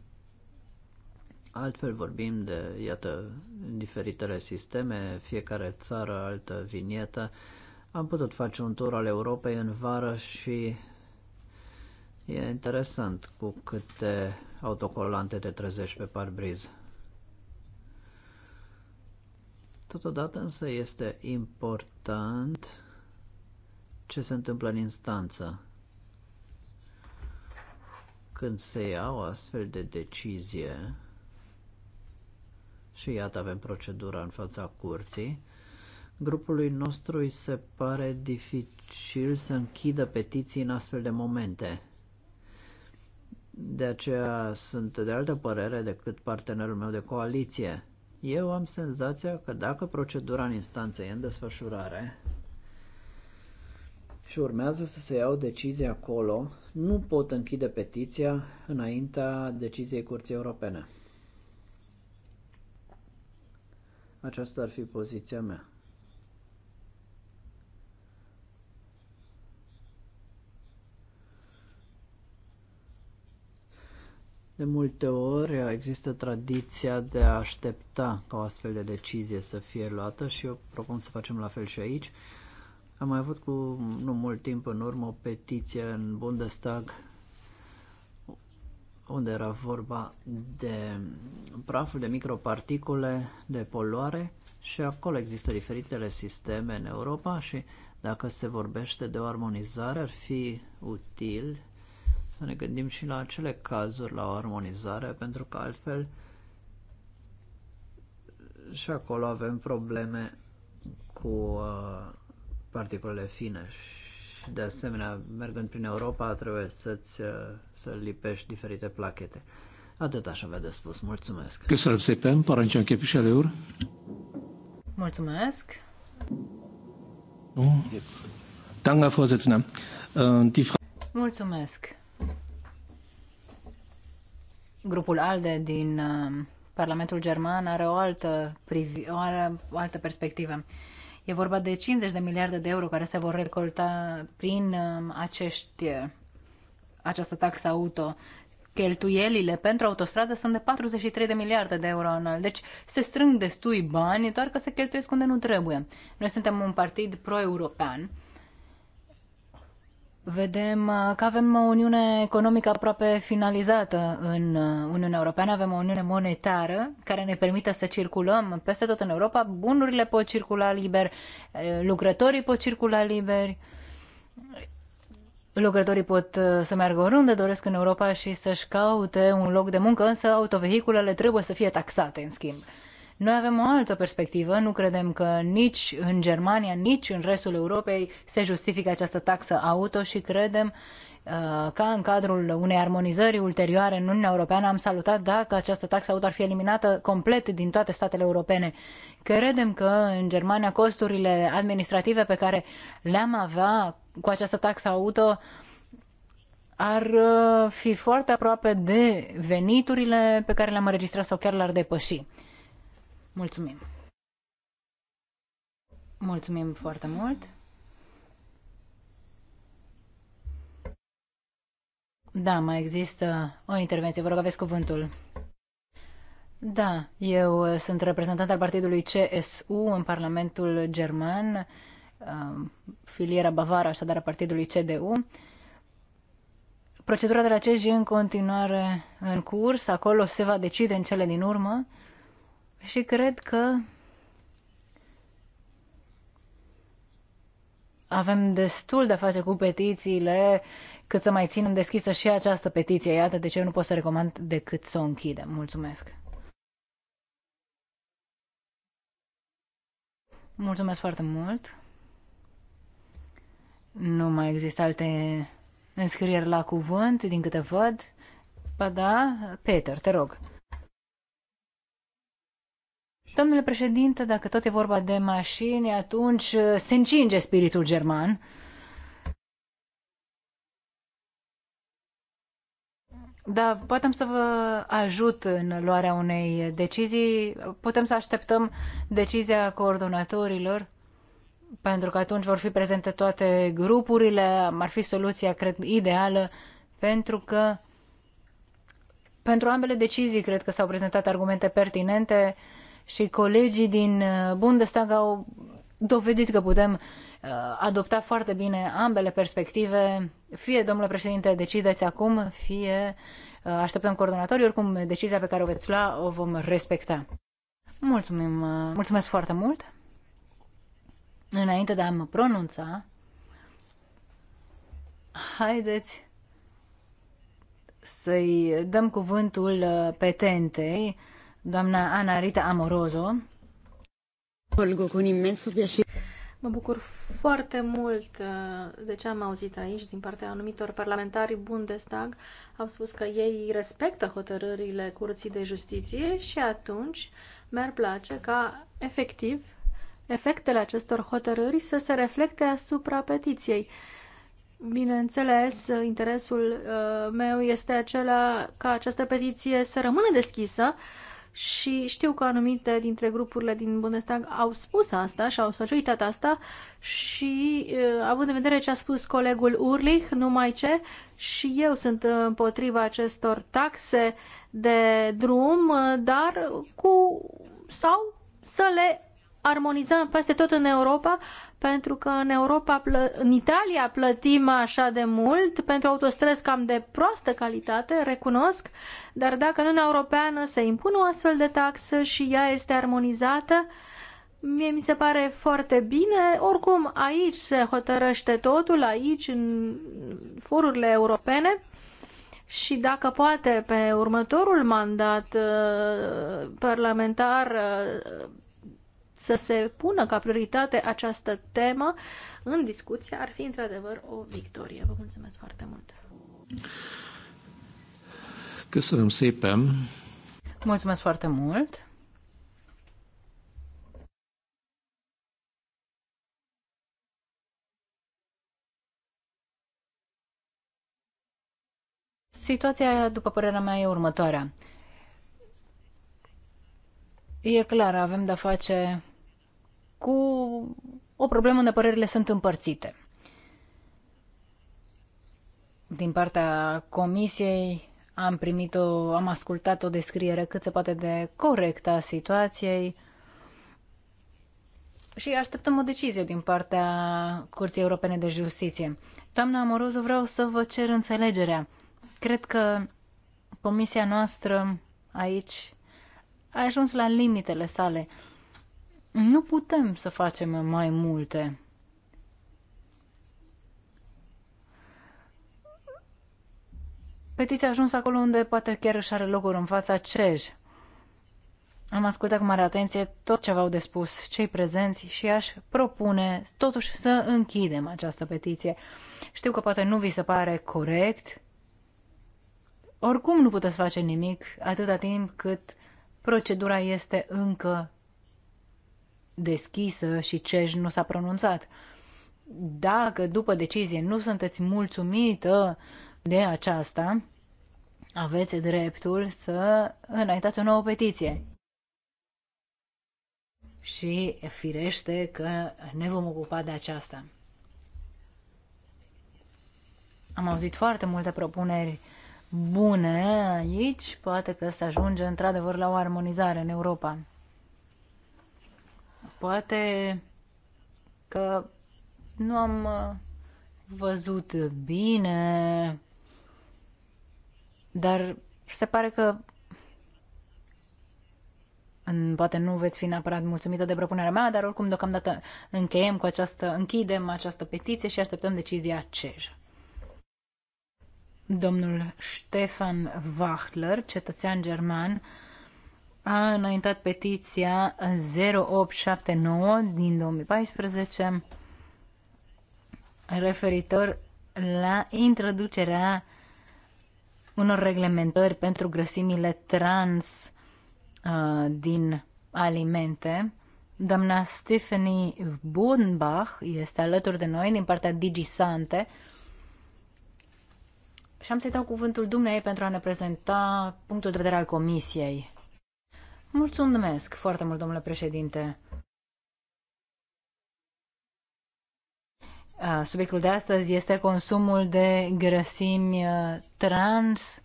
Altfel vorbim de, iată, diferitele sisteme, fiecare țară, altă vinietă. Am putut face un tur al Europei în vară și e interesant cu câte autocolante te trezești pe parbriz. Totodată însă este important ce se întâmplă în instanță când se ia o astfel de decizie și iată avem procedura în fața curții, grupului nostru îi se pare dificil să închidă petiții în astfel de momente. De aceea sunt de altă părere decât partenerul meu de coaliție. Eu am senzația că dacă procedura în instanță e în desfășurare, și urmează să se ia o decizie acolo, nu pot închide petiția înaintea deciziei Curții Europene. Aceasta ar fi poziția mea. De multe ori există tradiția de a aștepta ca o astfel de decizie să fie luată și eu propun să facem la fel și aici. Am mai avut cu nu mult timp în urmă o petiție în Bundestag unde era vorba de praful de microparticule de poluare și acolo există diferitele sisteme în Europa și dacă se vorbește de o armonizare ar fi util să ne gândim și la acele cazuri, la o armonizare, pentru că altfel și acolo avem probleme cu uh, particulele fine și de asemenea, mergând prin Europa, trebuie să-ți uh, să lipești diferite plachete. Atât aș avea de spus. Mulțumesc. Köszönöm szépen, parancsoljon képviselő úr. Mulțumesc. Danke, oh. Vorsitzender. Uh, Mulțumesc. Grupul ALDE din uh, Parlamentul German are o altă, privi- o altă perspectivă. E vorba de 50 de miliarde de euro care se vor recolta prin um, acești, uh, această taxă auto. Cheltuielile pentru autostradă sunt de 43 de miliarde de euro anual. Deci se strâng destui bani, doar că se cheltuiesc unde nu trebuie. Noi suntem un partid pro-european Vedem uh, că avem o uniune economică aproape finalizată în uh, Uniunea Europeană, avem o uniune monetară care ne permite să circulăm peste tot în Europa, bunurile pot circula liber, uh, lucrătorii pot circula liberi, lucrătorii pot să meargă oriunde doresc în Europa și să-și caute un loc de muncă, însă autovehiculele trebuie să fie taxate, în schimb. Noi avem o altă perspectivă, nu credem că nici în Germania, nici în restul Europei se justifică această taxă auto și credem uh, ca în cadrul unei armonizări ulterioare în Uniunea Europeană am salutat dacă această taxă auto ar fi eliminată complet din toate statele europene. Credem că în Germania costurile administrative pe care le-am avea cu această taxă auto ar uh, fi foarte aproape de veniturile pe care le-am înregistrat sau chiar le-ar depăși. Mulțumim! Mulțumim foarte mult! Da, mai există o intervenție. Vă rog, aveți cuvântul. Da, eu sunt reprezentant al partidului CSU în Parlamentul German, um, filiera bavară, așadar, a partidului CDU. Procedura de la CEJ în continuare în curs, acolo se va decide în cele din urmă și cred că avem destul de a face cu petițiile cât să mai ținem deschisă și această petiție. Iată de ce eu nu pot să recomand decât să o închidem. Mulțumesc! Mulțumesc foarte mult! Nu mai există alte înscrieri la cuvânt, din câte văd. Ba da, Peter, te rog. Domnule președinte, dacă tot e vorba de mașini, atunci uh, se încinge spiritul german. Da, putem să vă ajut în luarea unei decizii. Putem să așteptăm decizia coordonatorilor, pentru că atunci vor fi prezente toate grupurile. Ar fi soluția, cred, ideală, pentru că pentru ambele decizii cred că s-au prezentat argumente pertinente și colegii din uh, Bundestag au dovedit că putem uh, adopta foarte bine ambele perspective. Fie, domnule președinte, decideți acum, fie uh, așteptăm coordonatorii, oricum decizia pe care o veți lua o vom respecta. Mulțumim, mulțumesc foarte mult. Înainte de a mă pronunța, haideți să-i dăm cuvântul petentei doamna Ana Rita Amorozo. Colgo, cu imensul piacere. Mă bucur foarte mult uh, de ce am auzit aici din partea anumitor parlamentari Bundestag. Au spus că ei respectă hotărârile Curții de Justiție și atunci mi-ar place ca efectiv efectele acestor hotărâri să se reflecte asupra petiției. Bineînțeles, interesul uh, meu este acela ca această petiție să rămână deschisă, și știu că anumite dintre grupurile din Bundestag au spus asta și au solicitat asta și având în vedere ce a spus colegul Urlich, numai ce, și eu sunt împotriva acestor taxe de drum, dar cu sau să le armonizăm peste tot în Europa, pentru că în Europa, în Italia plătim așa de mult pentru autostrăzi cam de proastă calitate, recunosc, dar dacă în Uniunea Europeană se impune o astfel de taxă și ea este armonizată, Mie mi se pare foarte bine, oricum aici se hotărăște totul, aici în forurile europene și dacă poate pe următorul mandat uh, parlamentar uh, să se pună ca prioritate această temă în discuție ar fi într-adevăr o victorie. Vă mulțumesc foarte mult! Köszönöm szépen! Mulțumesc foarte mult! Situația, după părerea mea, e următoarea. E clar, avem de-a face cu o problemă unde părerile sunt împărțite. Din partea comisiei am primit o, am ascultat o descriere cât se poate de corectă a situației și așteptăm o decizie din partea Curții Europene de Justiție. Doamna Amoruzu, vreau să vă cer înțelegerea. Cred că comisia noastră aici a ajuns la limitele sale nu putem să facem mai multe. Petiția a ajuns acolo unde poate chiar își are locuri în fața CEJ. Am ascultat cu mare atenție tot ce v-au de spus cei prezenți și aș propune totuși să închidem această petiție. Știu că poate nu vi se pare corect. Oricum nu puteți face nimic atâta timp cât procedura este încă deschisă și CEJ nu s-a pronunțat. Dacă după decizie nu sunteți mulțumită de aceasta, aveți dreptul să înaintați o nouă petiție. Și firește că ne vom ocupa de aceasta. Am auzit foarte multe propuneri bune aici, poate că se ajunge într-adevăr la o armonizare în Europa. Poate că nu am uh, văzut bine, dar se pare că poate nu veți fi neapărat mulțumită de propunerea mea, dar oricum deocamdată încheiem cu această, închidem această petiție și așteptăm decizia CEJ. Domnul Stefan Wachtler, cetățean german, a înaintat petiția 0879 din 2014 referitor la introducerea unor reglementări pentru grăsimile trans uh, din alimente. Doamna Stephanie Bodenbach este alături de noi din partea DigiSante și am să-i dau cuvântul dumneai pentru a ne prezenta punctul de vedere al comisiei. Mulțumesc foarte mult, domnule președinte. Subiectul de astăzi este consumul de grăsimi trans,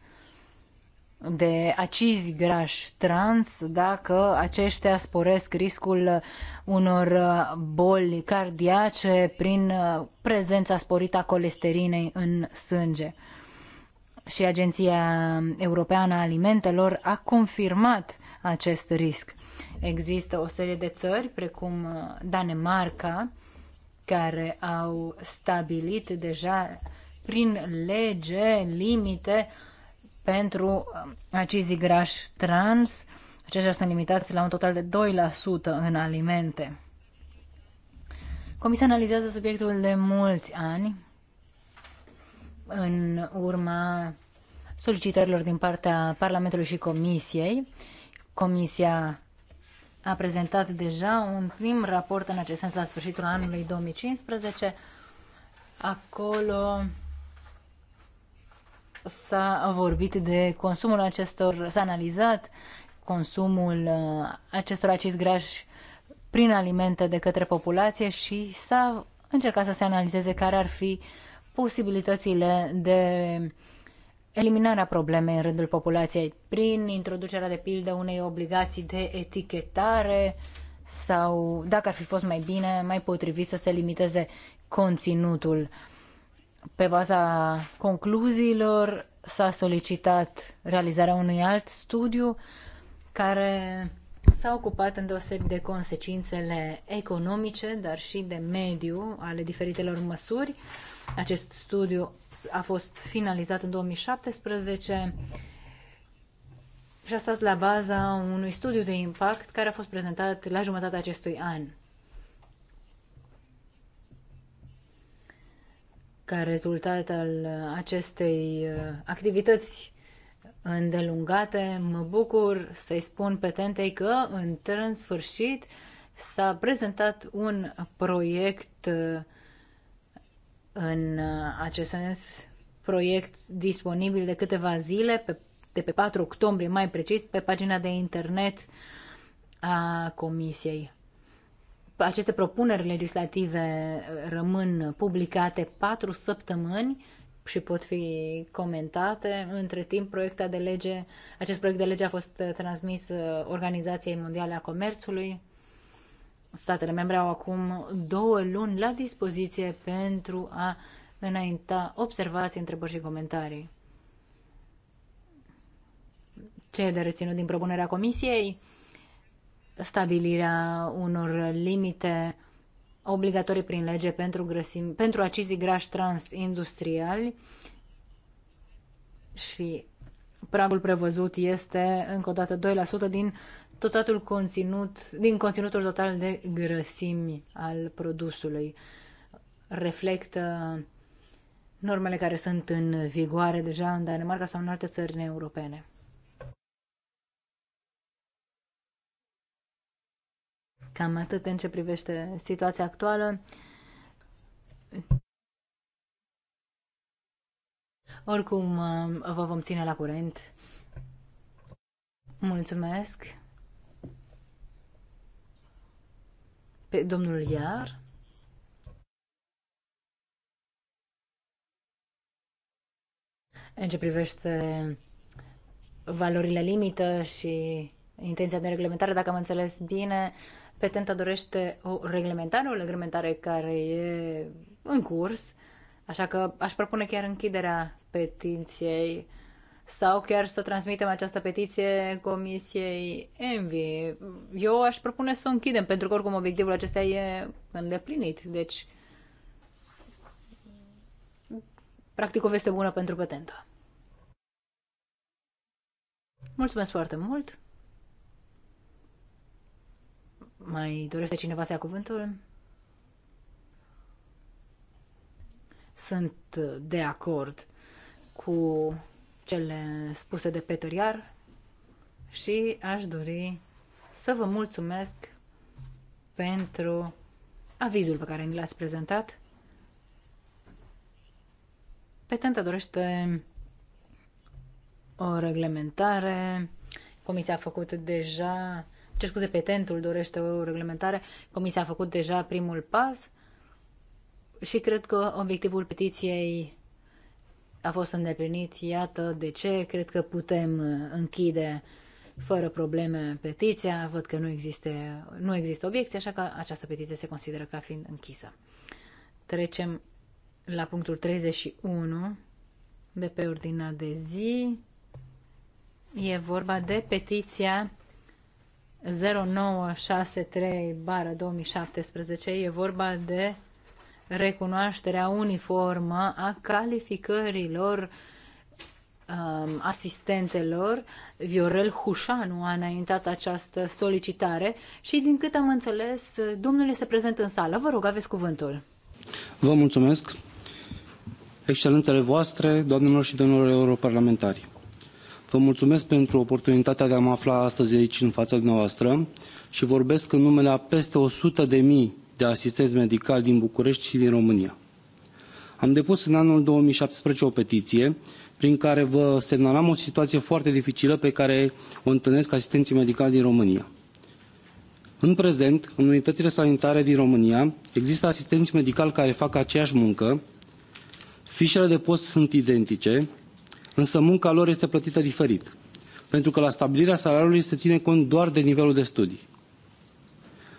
de acizi grași trans, dacă aceștia sporesc riscul unor boli cardiace prin prezența sporită a colesterinei în sânge și Agenția Europeană a Alimentelor a confirmat acest risc. Există o serie de țări, precum uh, Danemarca, care au stabilit deja prin lege limite pentru uh, acizii grași trans. Aceștia sunt limitați la un total de 2% în alimente. Comisia analizează subiectul de mulți ani, în urma solicitărilor din partea Parlamentului și Comisiei. Comisia a prezentat deja un prim raport în acest sens la sfârșitul anului 2015. Acolo s-a vorbit de consumul acestor, s-a analizat consumul uh, acestor acizi grași prin alimente de către populație și s-a încercat să se analizeze care ar fi uh, posibilitățile de eliminarea problemei în rândul populației prin introducerea de pildă unei obligații de etichetare sau, dacă ar fi fost mai bine, mai potrivit să se limiteze conținutul. Pe baza concluziilor s-a solicitat realizarea unui alt studiu care s-a ocupat îndeosebi de consecințele economice, dar și de mediu ale diferitelor măsuri. Acest studiu a fost finalizat în 2017 și a stat la baza unui studiu de impact care a fost prezentat la jumătatea acestui an. Ca rezultat al acestei uh, activități îndelungate. Mă bucur să-i spun petentei că, în sfârșit, s-a prezentat un proiect uh, în uh, acest sens, proiect disponibil de câteva zile, pe, de pe 4 octombrie mai precis, pe pagina de internet a Comisiei. Aceste propuneri legislative uh, rămân publicate patru săptămâni și pot fi comentate. Între timp, proiectul de lege, acest proiect de lege a fost transmis uh, Organizației Mondiale a Comerțului. Statele membre au acum două luni la dispoziție pentru a înainta observații, întrebări și comentarii. Ce e de reținut din propunerea Comisiei? Stabilirea unor limite obligatorii prin lege pentru, grăsim, pentru acizii grași transindustriali și pragul prevăzut este încă o dată 2% din totatul conținut, din conținutul total de grăsimi al produsului. Reflectă normele care sunt în vigoare deja în Danemarca sau în alte țări europene. Cam atât în ce privește situația actuală. Oricum, uh, vă vom ține la curent. Mulțumesc. Pe domnul Iar. În ce privește valorile limită și intenția de reglementare, dacă am înțeles bine, Petenta dorește o reglementare, o reglementare care e în curs, așa că aș propune chiar închiderea petiției sau chiar să transmitem această petiție Comisiei Envi. Eu aș propune să o închidem, pentru că oricum obiectivul acesta e îndeplinit. Deci, practic o veste bună pentru petentă. Mulțumesc foarte mult! Mai dorește cineva să ia cuvântul? Sunt de acord cu cele spuse de Peter Iar și aș dori să vă mulțumesc pentru avizul pe care ni l-ați prezentat. Petenta dorește o reglementare. Comisia a făcut deja ce scuze, petentul dorește o reglementare, Comisia a făcut deja primul pas și cred că obiectivul petiției a fost îndeplinit. Iată de ce cred că putem închide fără probleme petiția. Văd că nu, existe, nu există obiecții, așa că această petiție se consideră ca fiind închisă. Trecem la punctul 31 de pe ordinea de zi. E vorba de petiția 0963 2017 e vorba de recunoașterea uniformă a calificărilor um, asistentelor. Viorel Hușanu a înaintat această solicitare și din cât am înțeles, domnul este prezent în sală. Vă rog, aveți cuvântul. Vă mulțumesc. excelențele voastre, doamnelor și domnilor europarlamentari. Vă mulțumesc pentru oportunitatea de a mă afla astăzi aici în fața dumneavoastră și vorbesc în numele a peste 100 de mii de asistenți medicali din București și din România. Am depus în anul 2017 o petiție prin care vă semnalam o situație foarte dificilă pe care o întâlnesc asistenții medicali din România. În prezent, în unitățile sanitare din România, există asistenți medicali care fac aceeași muncă, fișele de post sunt identice, însă munca lor este plătită diferit, pentru că la stabilirea salariului se ține cont doar de nivelul de studii.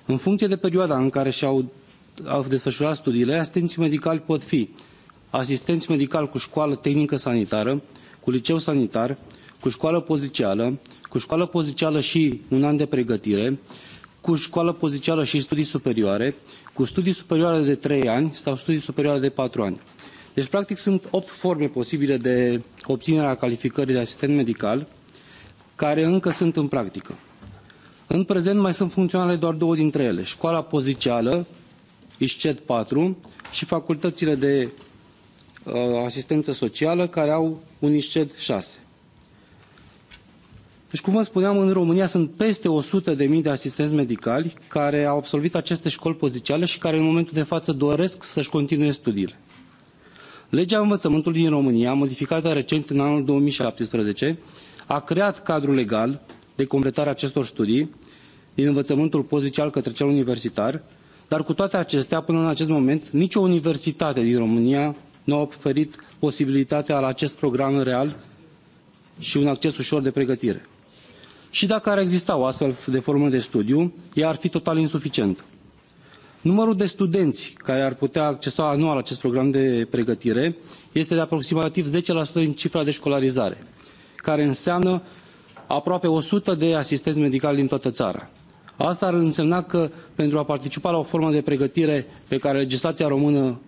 În funcție de perioada în care și-au au desfășurat studiile, asistenții medicali pot fi asistenți medicali cu școală tehnică sanitară, cu liceu sanitar, cu școală pozițială, cu școală pozițială și un an de pregătire, cu școală pozițială și studii superioare, cu studii superioare de trei ani sau studii superioare de patru ani. Deci, practic, sunt opt forme posibile de obținere a calificării de asistent medical, care încă sunt în practică. În prezent mai sunt funcționale doar două dintre ele, școala poziceală, ISCET 4, și facultățile de uh, asistență socială, care au un ISCET 6. Deci, cum vă spuneam, în România sunt peste 100.000 de, de asistenți medicali care au absolvit aceste școli pozițiale și care în momentul de față doresc să-și continue studiile legea învățământului din românia modificată recent în anul două mii șaptesprezece a creat cadrul legal de completare a acestor studii din învățământul postliceal către cel universitar dar cu toate acestea până în acest moment nicio universitate din românia nu a oferit posibilitatea la acest program real și un acces ușor de pregătire. Și dacă ar exista o astfel de formă de studiu, ea ar fi total insuficientă. Numărul de studenți care ar putea accesa anual acest program de pregătire este de aproximativ 10% din cifra de școlarizare, care înseamnă aproape 100 de asistenți medicali din toată țara. Asta ar însemna că pentru a participa la o formă de pregătire pe care legislația română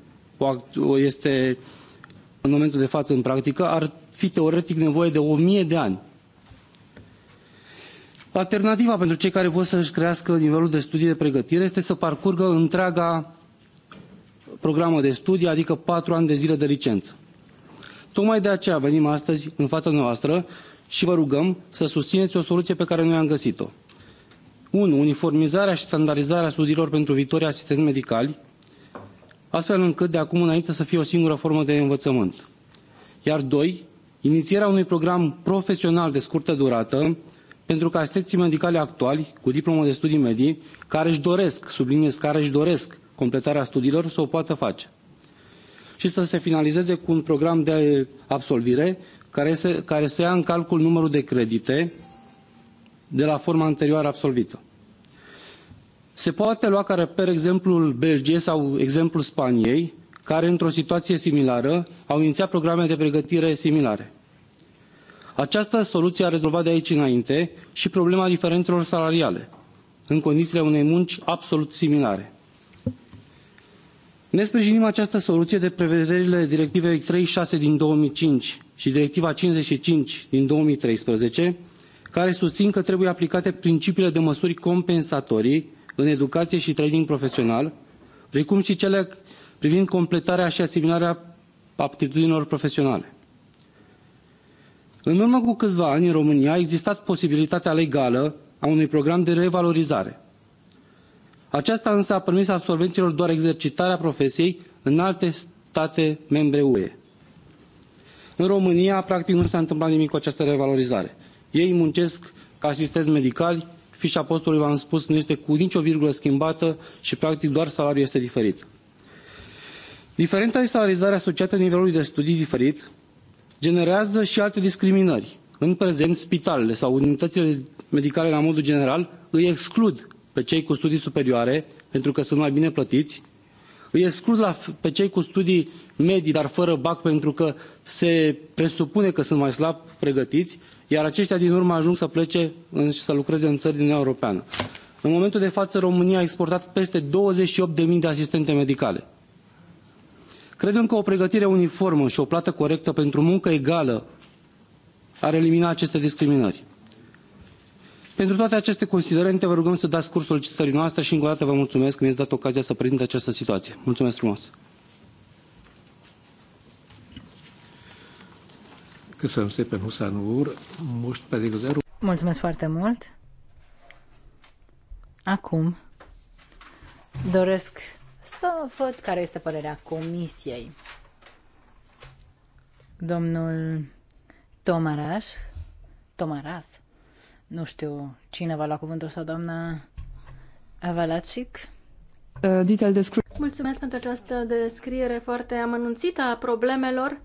o este în momentul de față în practică, ar fi teoretic nevoie de 1000 de ani Alternativa pentru cei care vor să-și crească nivelul de studii de pregătire este să parcurgă întreaga programă de studii, adică patru ani de zile de licență. Tocmai de aceea venim astăzi în fața noastră și vă rugăm să susțineți o soluție pe care noi am găsit-o. 1. Uniformizarea și standardizarea studiilor pentru viitorii asistenți medicali, astfel încât de acum înainte să fie o singură formă de învățământ. Iar 2. Inițierea unui program profesional de scurtă durată, pentru că asistenții medicali actuali cu diplomă de studii medii, care își doresc, subliniez, care își doresc completarea studiilor, să o poată face și să se finalizeze cu un program de absolvire care să, care să ia în calcul numărul de credite de la forma anterioară absolvită. Se poate lua ca reper exemplul Belgiei sau exemplul Spaniei, care într-o situație similară au inițiat programe de pregătire similare această soluție a rezolvat de aici înainte și problema diferențelor salariale în condițiile unei munci absolut similare. Ne sprijinim această soluție de prevederile directivei 36 din 2005 și directiva 55 din 2013, care susțin că trebuie aplicate principiile de măsuri compensatorii în educație și training profesional, precum și cele privind completarea și asimilarea aptitudinilor profesionale în urmă cu câțiva ani în românia a existat posibilitatea legală a unui program de revalorizare aceasta însă a permis absolvenților doar exercitarea profesiei în alte state membre ue. în românia practic nu s a întâmplat nimic cu această revalorizare ei muncesc ca asistenți medicali fișa postului v am spus nu este cu nicio virgulă schimbată și practic doar salariul este diferit. diferența de salarizare asociată nivelului de studii diferit generează și alte discriminări. În prezent, spitalele sau unitățile medicale la modul general îi exclud pe cei cu studii superioare pentru că sunt mai bine plătiți, îi exclud la, pe cei cu studii medii, dar fără BAC, pentru că se presupune că sunt mai slab pregătiți, iar aceștia din urmă ajung să plece și să lucreze în țări din Uniunea Europeană. În momentul de față, România a exportat peste 28.000 de asistente medicale. Credem că o pregătire uniformă și o plată corectă pentru muncă egală ar elimina aceste discriminări. Pentru toate aceste considerente, vă rugăm să dați curs solicitării noastre și încă o dată vă mulțumesc că mi-ați dat ocazia să prezint această situație. Mulțumesc frumos! Mulțumesc foarte mult! Acum doresc să văd care este părerea comisiei. Domnul Tomaraș, Tomaras, nu știu cine va lua cuvântul sau doamna Avalacic. Uh, descri- Mulțumesc pentru această descriere foarte amănunțită a problemelor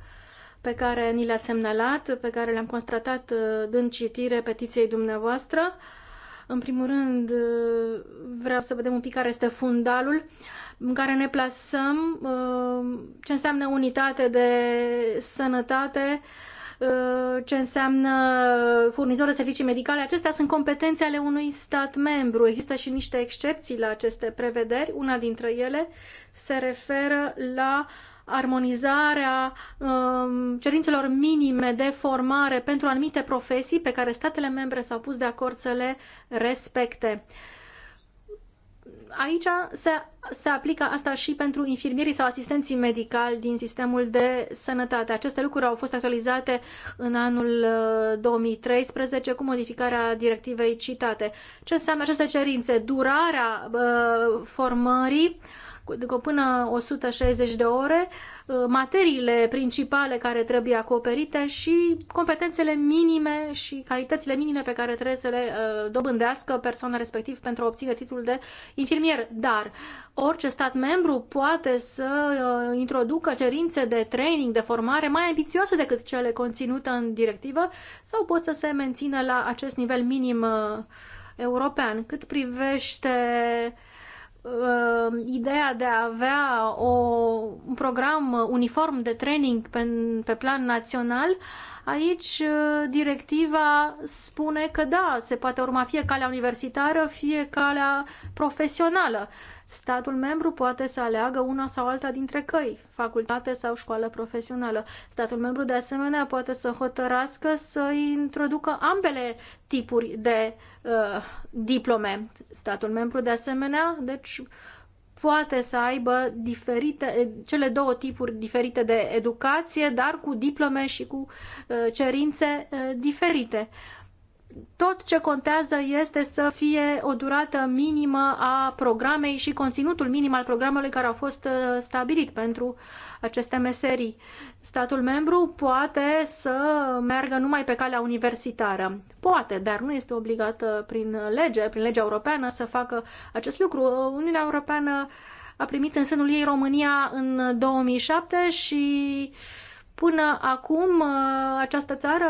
pe care ni le-a semnalat, pe care le-am constatat uh, dând citire petiției dumneavoastră. În primul rând, uh, vreau să vedem un pic care este fundalul în care ne plasăm, uh, ce înseamnă unitate de sănătate, uh, ce înseamnă furnizor de servicii medicale. Acestea sunt competențe ale unui stat membru. Există și niște excepții la aceste prevederi. Una dintre ele se referă la armonizarea um, cerințelor minime de formare pentru anumite profesii pe care statele membre s-au pus de acord să le respecte. Uh, Aici se, se aplică asta și pentru infirmierii sau asistenții medicali din sistemul de sănătate. Aceste lucruri au fost actualizate în anul 2013 uh, cu modificarea directivei citate. Ce înseamnă aceste cerințe? Durarea uh, formării uh, până 160 de ore, uh, materiile principale care trebuie acoperite și competențele minime și calitățile minime pe care trebuie să le uh, dobândească persoana respectiv pentru a obține titlul de infirmier. Dar orice stat membru poate să uh, introducă cerințe de training, de formare mai ambițioase decât cele conținute în directivă sau pot să se mențină la acest nivel minim european. Cât privește uh, ideea de a avea o, un program uniform de training pe, pe plan național, aici uh, directiva spune că da, se poate urma fie calea universitară, fie calea profesională. Statul membru poate să aleagă una sau alta dintre căi, facultate sau școală profesională. Statul membru, de asemenea, poate să hotărască să introducă ambele tipuri de uh, Uh, diplome. Statul membru, de asemenea, deci poate să aibă diferite, cele două tipuri diferite de educație, dar cu diplome și cu uh, cerințe uh, diferite tot ce contează este să fie o durată minimă a programei și conținutul minim al programului care a fost uh, stabilit pentru aceste meserii. Statul membru poate să meargă numai pe calea universitară. Poate, dar nu este obligat uh, prin lege, prin legea europeană să facă acest lucru. Uniunea Europeană a primit în sânul ei România în 2007 și Până acum, uh, această țară,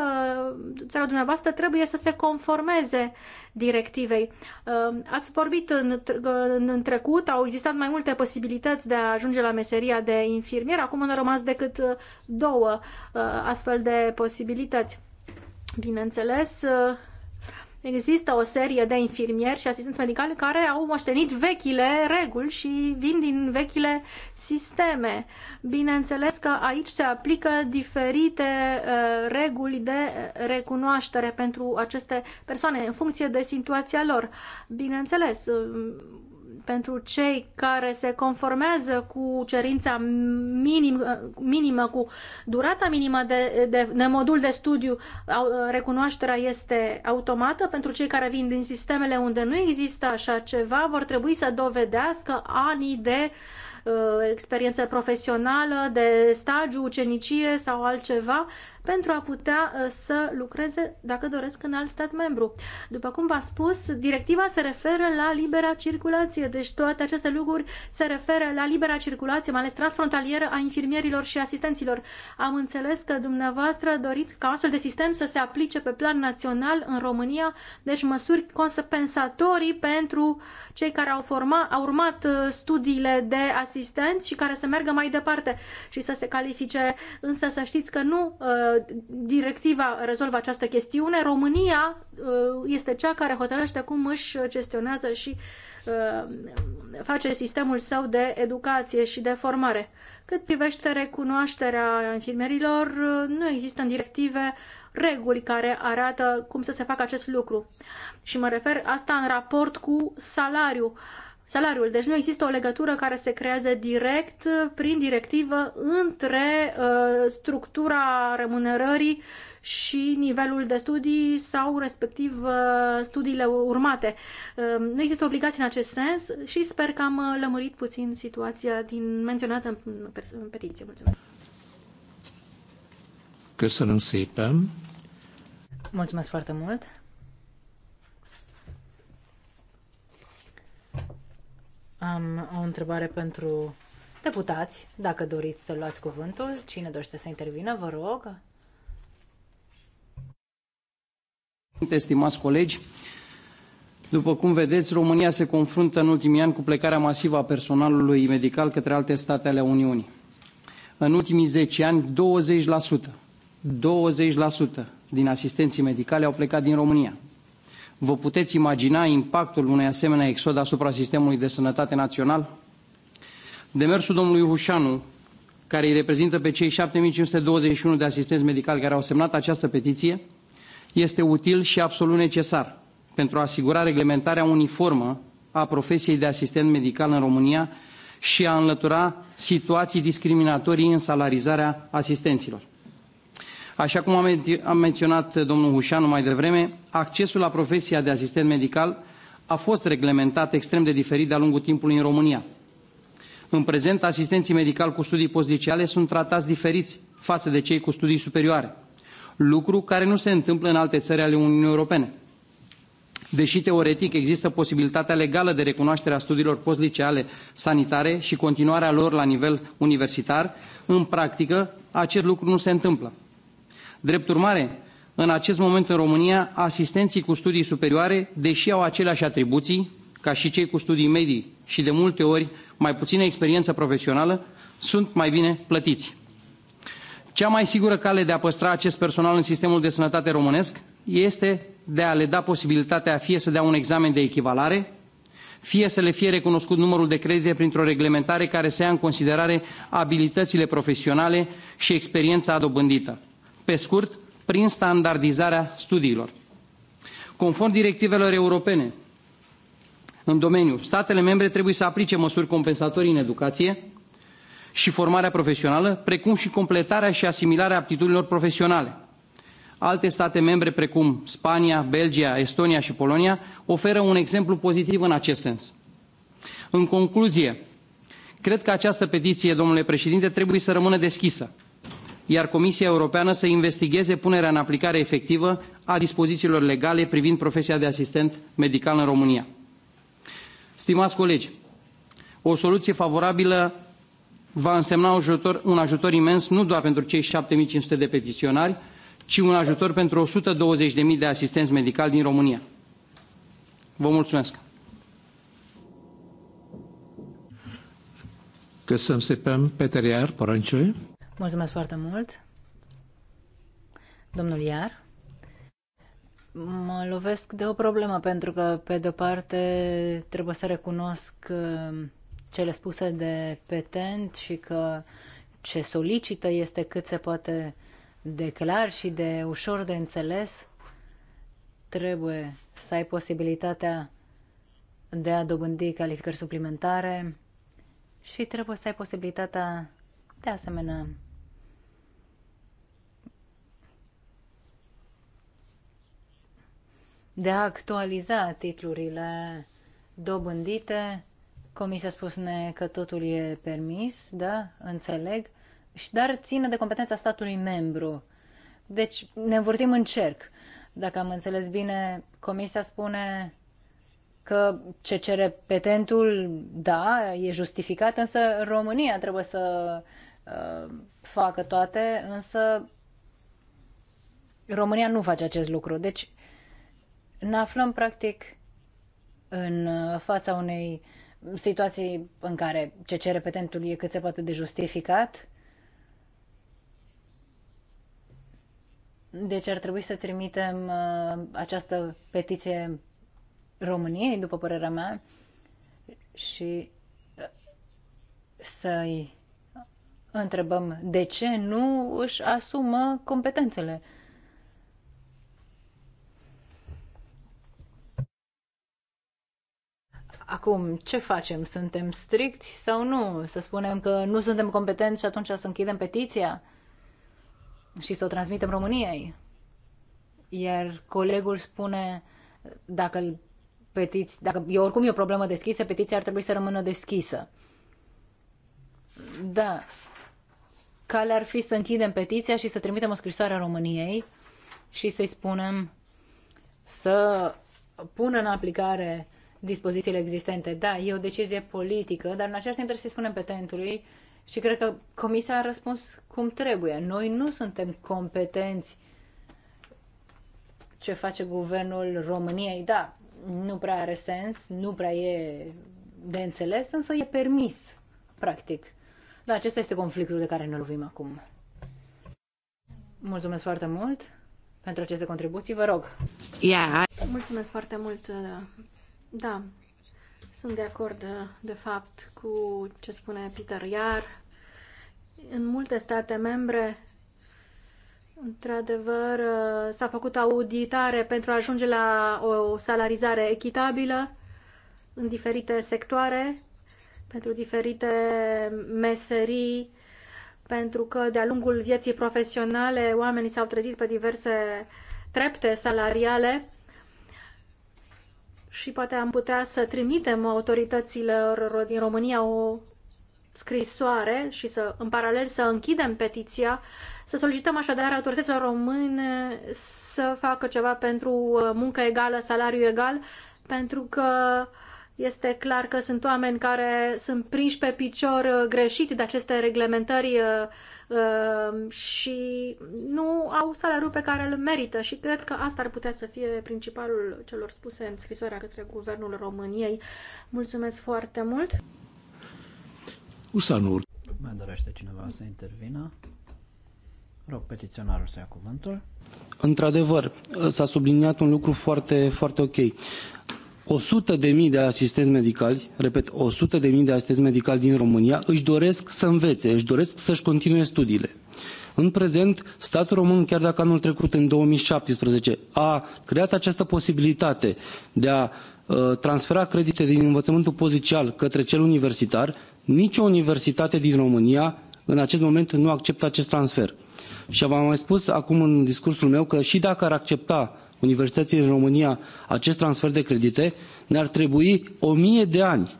țara dumneavoastră, trebuie să se conformeze directivei. Uh, ați vorbit în, uh, în trecut, au existat mai multe posibilități de a ajunge la meseria de infirmier, acum nu au rămas decât două astfel de posibilități. Bineînțeles, Există o serie de infirmieri și asistenți medicali care au moștenit vechile reguli și vin din vechile sisteme. Bineînțeles că aici se aplică diferite uh, reguli de recunoaștere pentru aceste persoane în funcție de situația lor. Bineînțeles, uh, pentru cei care se conformează cu cerința minim, minimă, cu durata minimă de, de, de modul de studiu, recunoașterea este automată. Pentru cei care vin din sistemele unde nu există așa ceva, vor trebui să dovedească anii de uh, Uh, experiență profesională, de stagiu, ucenicie sau altceva, pentru a putea uh, să lucreze, dacă doresc, în alt stat membru. După cum v a spus, directiva se referă la libera circulație, deci toate aceste lucruri se referă la libera circulație, mai ales transfrontalieră, a infirmierilor și asistenților. Am înțeles că dumneavoastră doriți ca astfel de sistem să se aplice pe plan național în România, deci măsuri compensatorii pentru cei care au, format, au urmat uh, studiile de asistență asistenți și care să meargă mai departe și să se califice. Însă să știți că nu uh, directiva rezolvă această chestiune. România uh, este cea care hotărăște cum își gestionează și uh, face sistemul său de educație și de formare. Cât privește recunoașterea infirmierilor, nu există în directive reguli care arată cum să se facă acest lucru. Și mă refer asta în raport cu salariul salariul. Deci nu există o legătură care se creează direct prin directivă între uh, structura remunerării și nivelul de studii sau respectiv uh, studiile urmate. Uh, nu există obligații în acest sens și sper că am uh, lămurit puțin situația din menționată în, petiție. Mulțumesc! Köszönöm Mulțumesc foarte mult! Am o întrebare pentru deputați, dacă doriți să luați cuvântul. Cine dorește să intervină, vă rog. Estimați colegi, după cum vedeți, România se confruntă în ultimii ani cu plecarea masivă a personalului medical către alte state ale Uniunii. În ultimii 10 ani, 20%, 20% din asistenții medicali au plecat din România. Vă puteți imagina impactul unei asemenea exod asupra sistemului de sănătate național? Demersul domnului Hușanu, care îi reprezintă pe cei 7521 de asistenți medicali care au semnat această petiție, este util și absolut necesar pentru a asigura reglementarea uniformă a profesiei de asistent medical în România și a înlătura situații discriminatorii în salarizarea asistenților. Așa cum am menționat domnul Hușanu mai devreme, accesul la profesia de asistent medical a fost reglementat extrem de diferit de-a lungul timpului în România. În prezent, asistenții medicali cu studii postliceale sunt tratați diferiți față de cei cu studii superioare, lucru care nu se întâmplă în alte țări ale Uniunii Europene. Deși teoretic există posibilitatea legală de recunoaștere a studiilor postliceale sanitare și continuarea lor la nivel universitar, în practică acest lucru nu se întâmplă. Drept urmare, în acest moment în România, asistenții cu studii superioare, deși au aceleași atribuții, ca și cei cu studii medii și de multe ori mai puțină experiență profesională, sunt mai bine plătiți. Cea mai sigură cale de a păstra acest personal în sistemul de sănătate românesc este de a le da posibilitatea fie să dea un examen de echivalare, fie să le fie recunoscut numărul de credite printr-o reglementare care să ia în considerare abilitățile profesionale și experiența dobândită pe scurt, prin standardizarea studiilor. Conform directivelor europene în domeniu, statele membre trebuie să aplice măsuri compensatorii în educație și formarea profesională, precum și completarea și asimilarea aptitudinilor profesionale. Alte state membre, precum Spania, Belgia, Estonia și Polonia, oferă un exemplu pozitiv în acest sens. În concluzie, cred că această petiție, domnule președinte, trebuie să rămână deschisă iar Comisia Europeană să investigheze punerea în aplicare efectivă a dispozițiilor legale privind profesia de asistent medical în România. Stimați colegi, o soluție favorabilă va însemna un ajutor, un ajutor imens nu doar pentru cei 7500 de petiționari, ci un ajutor pentru 120.000 de asistenți medicali din România. Vă mulțumesc! Köszönöm szépen, Peter Jár, Mulțumesc foarte mult. Domnul Iar. Mă lovesc de o problemă pentru că, pe de-o parte, trebuie să recunosc uh, cele spuse de petent și că ce solicită este cât se poate de clar și de ușor de înțeles. Trebuie să ai posibilitatea de a dobândi calificări suplimentare și trebuie să ai posibilitatea, de asemenea, de a actualiza titlurile dobândite. Comisia a spus-ne că totul e permis, da, înțeleg, și dar ține de competența statului membru. Deci ne învârtim în cerc. Dacă am înțeles bine, comisia spune că ce cere petentul, da, e justificat, însă România trebuie să uh, facă toate, însă România nu face acest lucru. Deci ne aflăm practic în uh, fața unei situații în care ce cere petentul e cât se poate de justificat. Deci ar trebui să trimitem uh, această petiție României, după părerea mea, și uh, să-i întrebăm de ce nu își asumă competențele. Acum, ce facem? Suntem stricti sau nu? Să spunem că nu suntem competenți și atunci să închidem petiția și să o transmitem României. Iar colegul spune, dacă, petiți, dacă e oricum e o problemă deschisă, petiția ar trebui să rămână deschisă. Da. Cale ar fi să închidem petiția și să trimitem o scrisoare a României și să-i spunem să pună în aplicare dispozițiile existente. Da, e o decizie politică, dar în același timp trebuie să-i spunem petentului și cred că comisia a răspuns cum trebuie. Noi nu suntem competenți ce face guvernul României. Da, nu prea are sens, nu prea e de înțeles, însă e permis, practic. Da, acesta este conflictul de care ne lovim acum. Mulțumesc foarte mult pentru aceste contribuții, vă rog. Yeah. Mulțumesc foarte mult da, sunt de acord, de fapt, cu ce spune Peter Iar. În multe state membre, într-adevăr, s-a făcut auditare pentru a ajunge la o salarizare echitabilă în diferite sectoare, pentru diferite meserii, pentru că de-a lungul vieții profesionale oamenii s-au trezit pe diverse trepte salariale și poate am putea să trimitem autorităților din România o scrisoare și să, în paralel să închidem petiția, să solicităm așadar autorităților române să facă ceva pentru uh, muncă egală, salariu egal, pentru că este clar că sunt oameni care sunt prinși pe picior uh, greșit de aceste reglementări uh, Ehm, și nu au salariul pe care îl merită și cred că asta ar putea să fie principalul celor spuse în scrisoarea către Guvernul României. Mulțumesc foarte mult! Usanur. Mai dorește cineva să intervină? Rog petiționarul să ia cuvântul. Într-adevăr, s-a subliniat un lucru foarte, foarte ok sută de mii de asistenți medicali, repet, sută de mii de asistenți medicali din România își doresc să învețe, își doresc să-și continue studiile. În prezent, statul român, chiar dacă anul trecut, în 2017, a creat această posibilitate de a uh, transfera credite din învățământul pozițial către cel universitar, nicio universitate din România în acest moment nu acceptă acest transfer. Și v-am mai spus acum în discursul meu că și dacă ar accepta universității din România acest transfer de credite, ne-ar trebui o mie de ani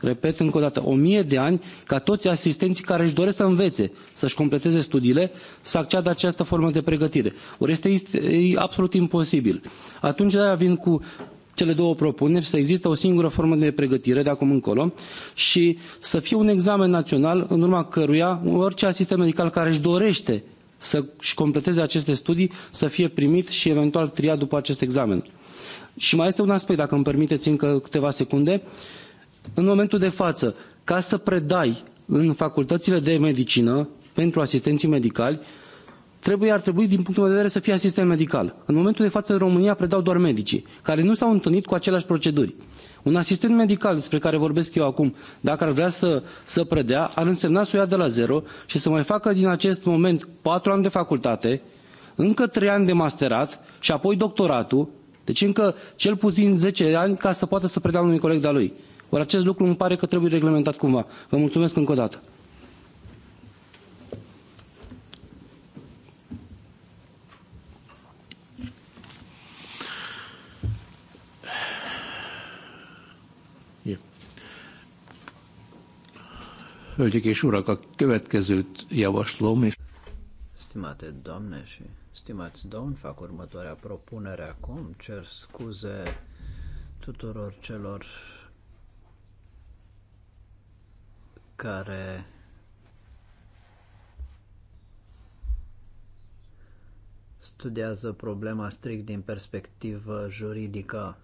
repet încă o dată, o mie de ani, ca toți asistenții care își doresc să învețe, să-și completeze studiile, să acceadă această formă de pregătire. Ori este, este absolut imposibil. Atunci de-aia vin cu cele două propuneri, să existe o singură formă de pregătire de acum încolo și să fie un examen național în urma căruia orice asistent medical care își dorește să-și completeze aceste studii, să fie primit și eventual triat după acest examen. Și mai este un aspect, dacă îmi permiteți încă câteva secunde. În momentul de față, ca să predai în facultățile de medicină pentru asistenții medicali, trebuie, ar trebui, din punctul meu de vedere, să fie asistent medical. În momentul de față, în România predau doar medicii, care nu s-au întâlnit cu aceleași proceduri. Un asistent medical despre care vorbesc eu acum, dacă ar vrea să, să predea, ar însemna să o ia de la zero și să mai facă din acest moment patru ani de facultate, încă trei ani de masterat și apoi doctoratul, deci încă cel puțin zece ani ca să poată să predea unui coleg de-a lui. Ori acest lucru îmi pare că trebuie reglementat cumva. Vă mulțumesc încă o dată. Hölgyek és urak, a következőt javaslom. És... Stimate doamne și stimați domn, fac următoarea propunere acum. Cer scuze tuturor celor care studiază problema strict din perspectivă juridică.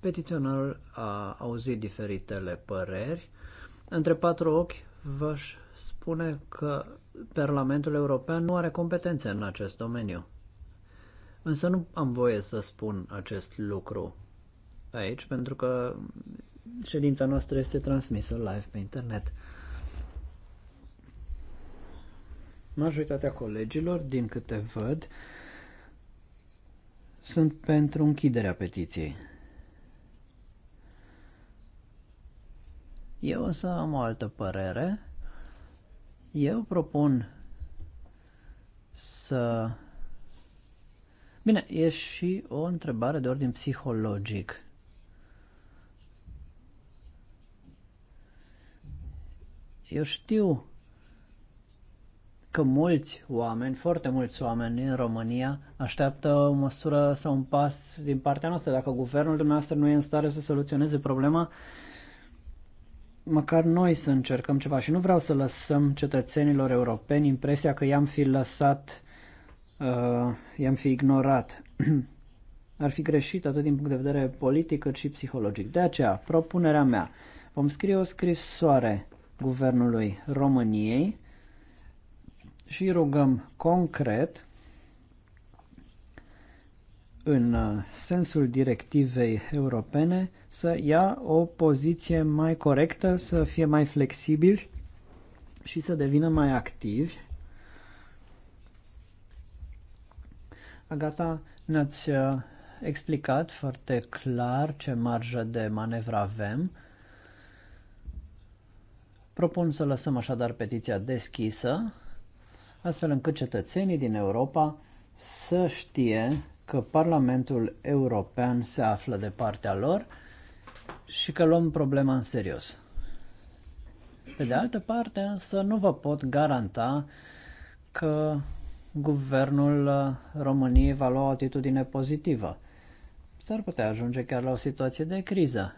Petiționarul a auzit diferitele păreri între patru ochi v-aș spune că Parlamentul European nu are competențe în acest domeniu. Însă nu am voie să spun acest lucru aici, pentru că ședința noastră este transmisă live pe internet. Majoritatea colegilor, din câte văd, sunt pentru închiderea petiției. Eu însă am o altă părere. Eu propun să... Bine, e și o întrebare de ordin psihologic. Eu știu că mulți oameni, foarte mulți oameni în România așteaptă o măsură sau un pas din partea noastră. Dacă guvernul dumneavoastră nu e în stare să soluționeze problema, măcar noi să încercăm ceva și nu vreau să lăsăm cetățenilor europeni impresia că i-am fi lăsat, uh, i-am fi ignorat. Ar fi greșit atât din punct de vedere politic cât și psihologic. De aceea, propunerea mea, vom scrie o scrisoare Guvernului României și rugăm concret în uh, sensul directivei europene să ia o poziție mai corectă, să fie mai flexibili și să devină mai activi. Agata, ne-ați uh, explicat foarte clar ce marjă de manevră avem. Propun să lăsăm așadar petiția deschisă, astfel încât cetățenii din Europa să știe că Parlamentul European se află de partea lor și că luăm problema în serios. Pe de altă parte, însă, nu vă pot garanta că guvernul uh, României va lua o atitudine pozitivă. S-ar putea ajunge chiar la o situație de criză.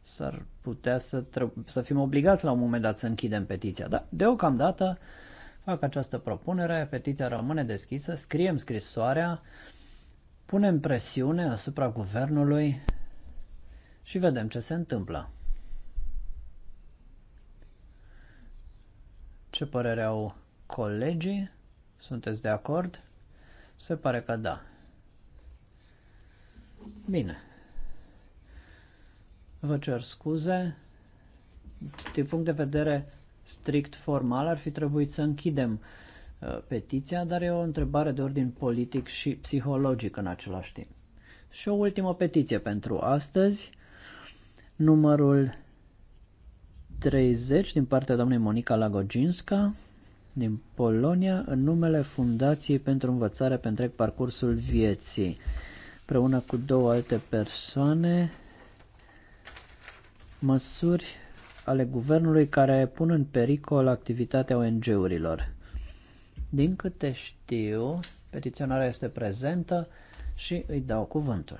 S-ar putea să, să fim obligați la un moment dat să închidem petiția. Dar, deocamdată, fac această propunere, petiția rămâne deschisă, scriem scrisoarea, punem presiune asupra guvernului și vedem ce se întâmplă. Ce părere au colegii? Sunteți de acord? Se pare că da. Bine. Vă cer scuze. Din punct de vedere strict formal ar fi trebuit să închidem uh, petiția, dar e o întrebare de ordin politic și psihologic în același timp. Și o ultimă petiție pentru astăzi numărul 30 din partea doamnei Monica Lagoginska din Polonia în numele Fundației pentru Învățare pe întreg parcursul vieții, împreună cu două alte persoane, măsuri ale guvernului care pun în pericol activitatea ONG-urilor. Din câte știu, petiționarea este prezentă și îi dau cuvântul.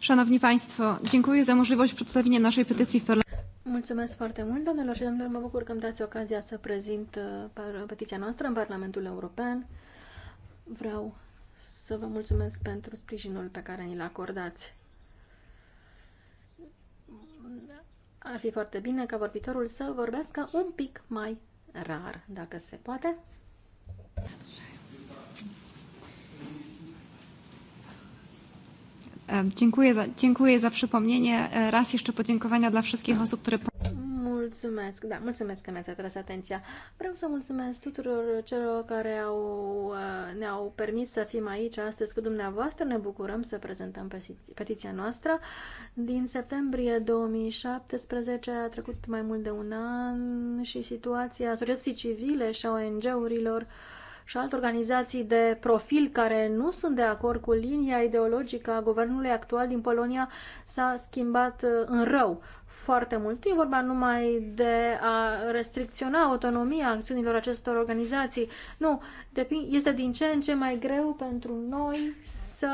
Szanowni Państwo, dziękuję za możliwość przedstawienia naszej petycji w Parlamencie. Mulțumesc foarte mult, doamnelor și domnilor. Mă bucur că îmi dați ocazia să prezint uh, petiția noastră în Parlamentul European. Vreau să vă mulțumesc pentru sprijinul pe care ni-l acordați. Ar fi foarte bine ca vorbitorul să vorbească un pic mai rar, dacă se poate. Dziękuję za, dziękuję za przypomnienie. Raz jeszcze podziękowania dla wszystkich osób, które... Mulțumesc, da, mulțumesc că mi-ați atras atenția. Vreau să mulțumesc tuturor celor care au, ne-au permis să fim aici astăzi cu dumneavoastră. Ne bucurăm să prezentăm petiția noastră. Din septembrie 2017 a trecut mai mult de un an și situația societății civile și a ONG-urilor uh, și alte organizații de profil care nu sunt de acord cu linia ideologică a guvernului actual din Polonia s-a schimbat uh, în rău foarte mult. Nu e vorba numai de a restricționa autonomia acțiunilor acestor organizații. Nu, este din ce în ce mai greu pentru noi să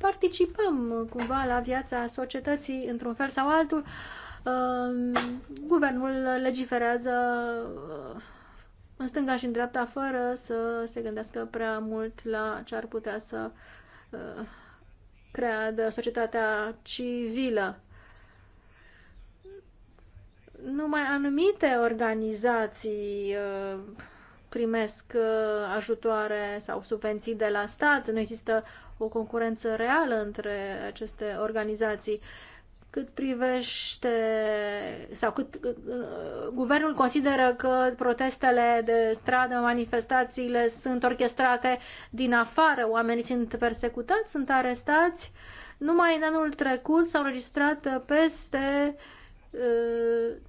participăm uh, cumva la viața societății într-un fel sau altul. Uh, guvernul legiferează în stânga și în dreapta, fără să se gândească prea mult la ce ar putea să uh, creadă societatea civilă. Numai anumite organizații uh, primesc uh, ajutoare sau subvenții de la stat. Nu există o concurență reală între aceste organizații cât privește sau cât uh, uh, guvernul consideră că protestele de stradă, manifestațiile sunt orchestrate din afară, oamenii sunt persecutați, sunt arestați. Numai în anul trecut s-au registrat peste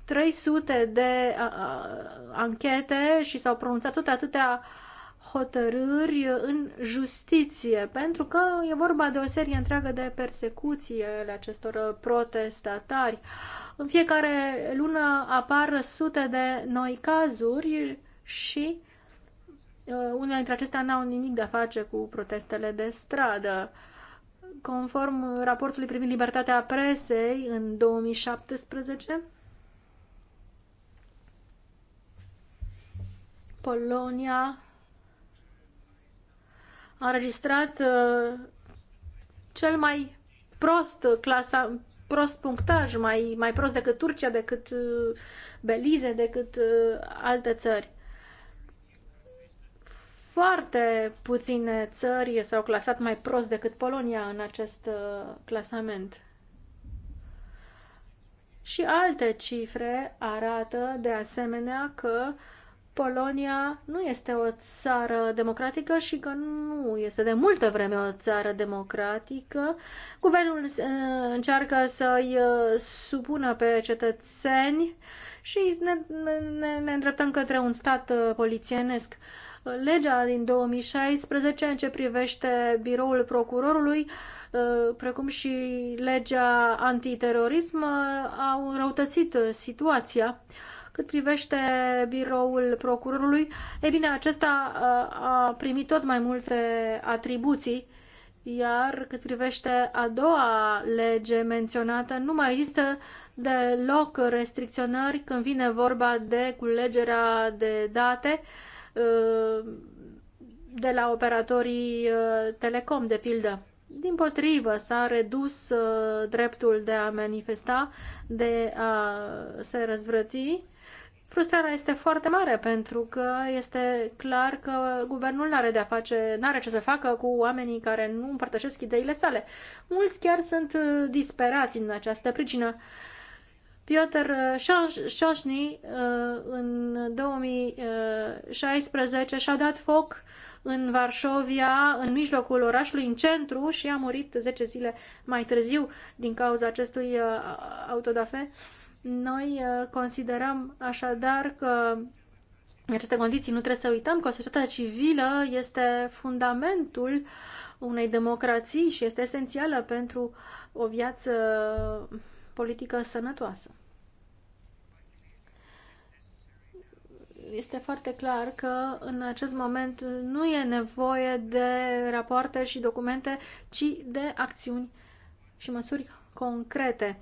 300 uh, de anchete și s-au pronunțat toate atâtea uh, hotărâri în justiție, pentru că e vorba de o serie întreagă de persecuții ale acestor protestatari. În fiecare lună apar sute de noi cazuri și uh, unele dintre acestea n-au nimic de a face cu protestele de stradă. Conform raportului privind libertatea presei în 2017, Polonia a înregistrat uh, cel mai prost clasa, prost punctaj, mai, mai prost decât Turcia, decât uh, Belize, decât uh, alte țări. Foarte puține țări s-au clasat mai prost decât Polonia în acest clasament. Și alte cifre arată de asemenea că uh, Polonia nu este o țară democratică și că nu este de multă vreme o țară democratică. Guvernul uh, încearcă să-i uh, supună pe cetățeni și ne, ne, ne îndreptăm către un stat uh, polițienesc. Legea din 2016 în ce privește biroul procurorului, precum și legea antiterorism, au răutățit situația cât privește biroul procurorului, e bine, acesta uh, a primit tot mai multe atribuții, iar cât privește a doua lege menționată, nu mai există deloc restricționări când vine vorba de culegerea de date uh, de la operatorii uh, telecom, de pildă. Din potrivă, s-a redus dreptul de a manifesta, de a se răzvrăti Frustrarea este foarte mare pentru că este clar că guvernul nu are de-a face, nu are ce să facă cu oamenii care nu împărtășesc ideile sale. Mulți chiar sunt uh, disperați în această pricină. Piotr uh, Șoșni uh, în 2016 și-a dat foc în Varșovia, în mijlocul orașului, în centru și a murit 10 zile mai târziu din cauza acestui autodafe. Noi uh, considerăm așadar că în aceste condiții nu trebuie să uităm că societatea civilă este fundamentul unei democrații și este esențială pentru o viață politică sănătoasă. Este foarte clar că în acest moment nu e nevoie de rapoarte și documente, ci de acțiuni și măsuri concrete.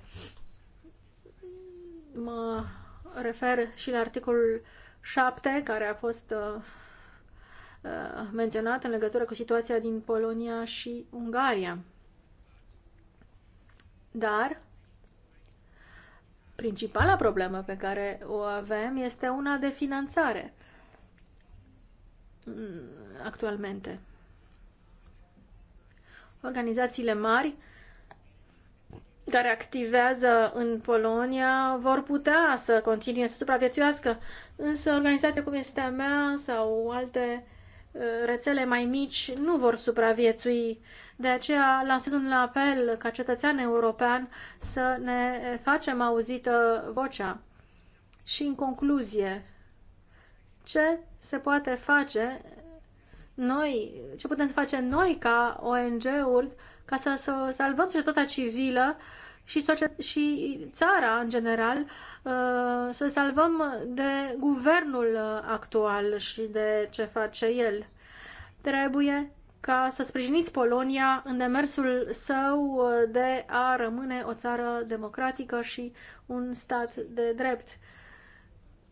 Mă refer și la articolul 7, care a fost uh, uh, menționat în legătură cu situația din Polonia și Ungaria. Dar principala problemă pe care o avem este una de finanțare mm, actualmente. Organizațiile mari care activează în Polonia vor putea să continue să supraviețuiască, însă organizația cum este a mea sau alte uh, rețele mai mici nu vor supraviețui. De aceea lansez un apel ca cetățean european să ne facem auzită vocea. Și în concluzie, ce se poate face noi, ce putem face noi ca ONG-uri ca să, să salvăm societatea civilă și, și țara în general, uh, să salvăm de guvernul actual și de ce face el. Trebuie ca să sprijiniți Polonia în demersul său de a rămâne o țară democratică și un stat de drept.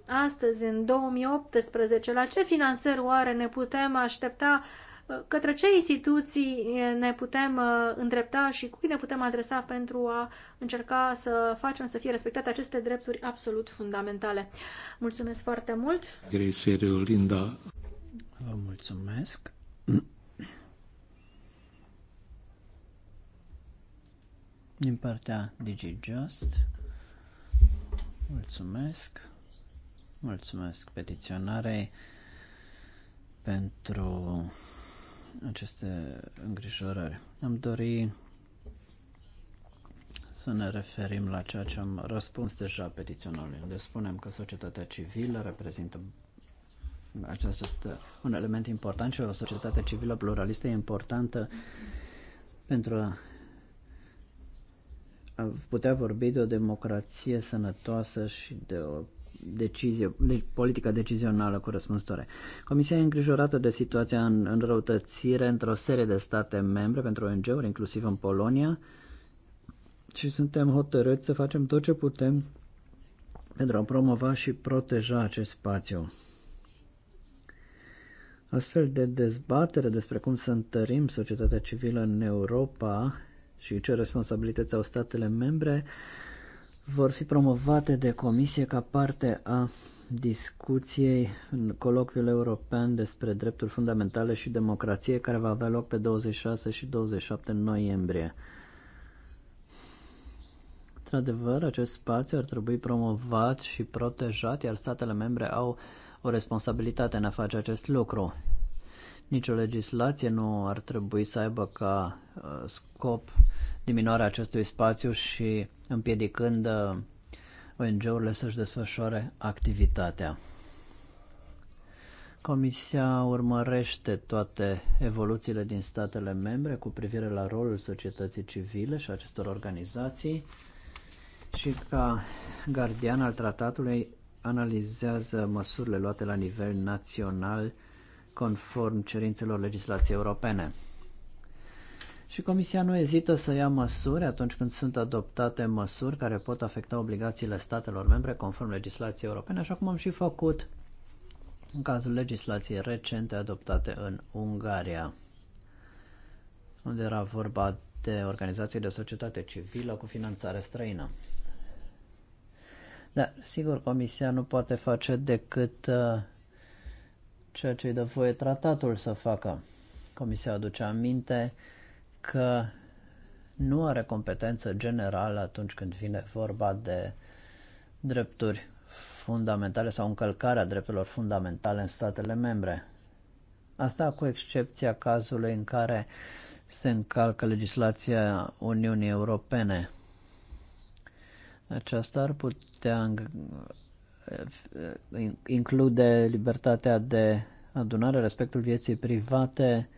Astăzi, în 2018, la ce finanțări oare ne putem aștepta uh, către ce instituții ne putem uh, îndrepta și cui ne putem adresa pentru a încerca să facem să fie respectate aceste drepturi absolut fundamentale. Mulțumesc foarte mult! Greseriu, Linda! Vă mulțumesc! Din partea DigiJust, mulțumesc! Mulțumesc petiționarei pentru aceste îngrijorări. Am dori să ne referim la ceea ce am răspuns deja petiționului, unde spunem că societatea civilă reprezintă acest este un element important și o societate civilă pluralistă e importantă pentru a putea vorbi de o democrație sănătoasă și de o decizie, deci politica decizională corespunzătoare. Comisia e îngrijorată de situația în înrăutățire într-o serie de state membre pentru ONG-uri, inclusiv în Polonia, și suntem hotărâți să facem tot ce putem pentru a promova și proteja acest spațiu. Astfel de dezbatere despre cum să întărim societatea civilă în Europa și ce responsabilități au statele membre vor fi promovate de comisie ca parte a discuției în colocviul european despre drepturi fundamentale și democrație care va avea loc pe 26 și 27 noiembrie. Într-adevăr, acest spațiu ar trebui promovat și protejat, iar statele membre au o responsabilitate în a face acest lucru. Nici o legislație nu ar trebui să aibă ca uh, scop diminuarea acestui spațiu și împiedicând uh, ONG-urile să-și desfășoare activitatea. Comisia urmărește toate evoluțiile din statele membre cu privire la rolul societății civile și acestor organizații și ca gardian al tratatului analizează măsurile luate la nivel național conform cerințelor legislației europene și Comisia nu ezită să ia măsuri atunci când sunt adoptate măsuri care pot afecta obligațiile statelor membre conform legislației europene, așa cum am și făcut în cazul legislației recente adoptate în Ungaria, unde era vorba de organizații de societate civilă cu finanțare străină. Dar, sigur, Comisia nu poate face decât uh, ceea ce îi dă voie tratatul să facă. Comisia aduce aminte uh, că nu are competență generală atunci când vine vorba de drepturi fundamentale sau încălcarea drepturilor fundamentale în statele membre. Asta cu excepția cazului în care se încalcă legislația Uniunii Europene. Aceasta ar putea include libertatea de adunare, respectul vieții private,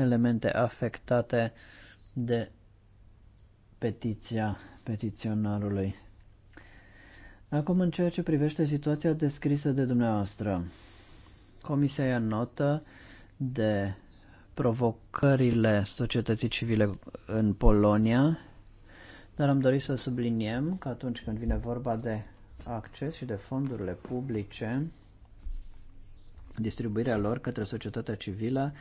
elemente afectate de petiția petiționarului. Acum, în ceea ce privește situația descrisă de dumneavoastră, Comisia ia notă de provocările societății civile în Polonia, dar am dorit să subliniem că atunci când vine vorba de acces și de fondurile publice, distribuirea lor către societatea civilă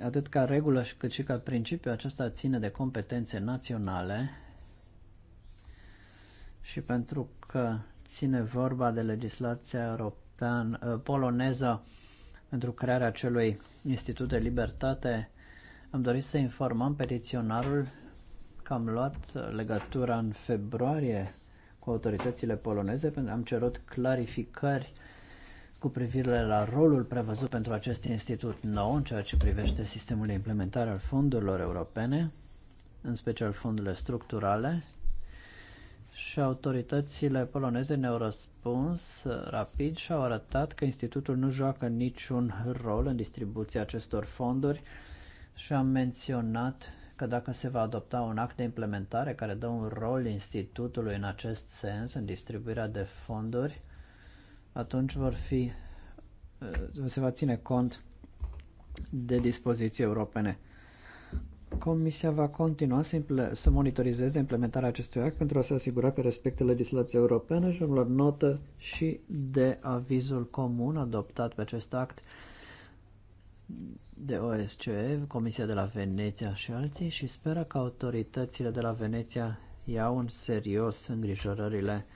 Atât ca regulă cât și ca principiu, aceasta ține de competențe naționale și pentru că ține vorba de legislația european, ă, poloneză pentru crearea acelui Institut de Libertate, am dorit să informăm petiționarul că am luat legătura în februarie cu autoritățile poloneze, pentru că am cerut clarificări cu privire la rolul prevăzut pentru acest institut nou în ceea ce privește sistemul de implementare al fondurilor europene, în special fondurile structurale, și autoritățile poloneze ne-au răspuns uh, rapid și au arătat că institutul nu joacă niciun rol în distribuția acestor fonduri și am menționat că dacă se va adopta un act de implementare care dă un rol institutului în acest sens, în distribuirea de fonduri, atunci vor fi, uh, se va ține cont de dispoziții europene. Comisia va continua să, să monitorizeze implementarea acestui act pentru a se asigura că respectă legislația europeană și am notă și de avizul comun adoptat pe acest act de OSCE, Comisia de la Veneția și alții și speră că autoritățile de la Veneția iau în serios îngrijorările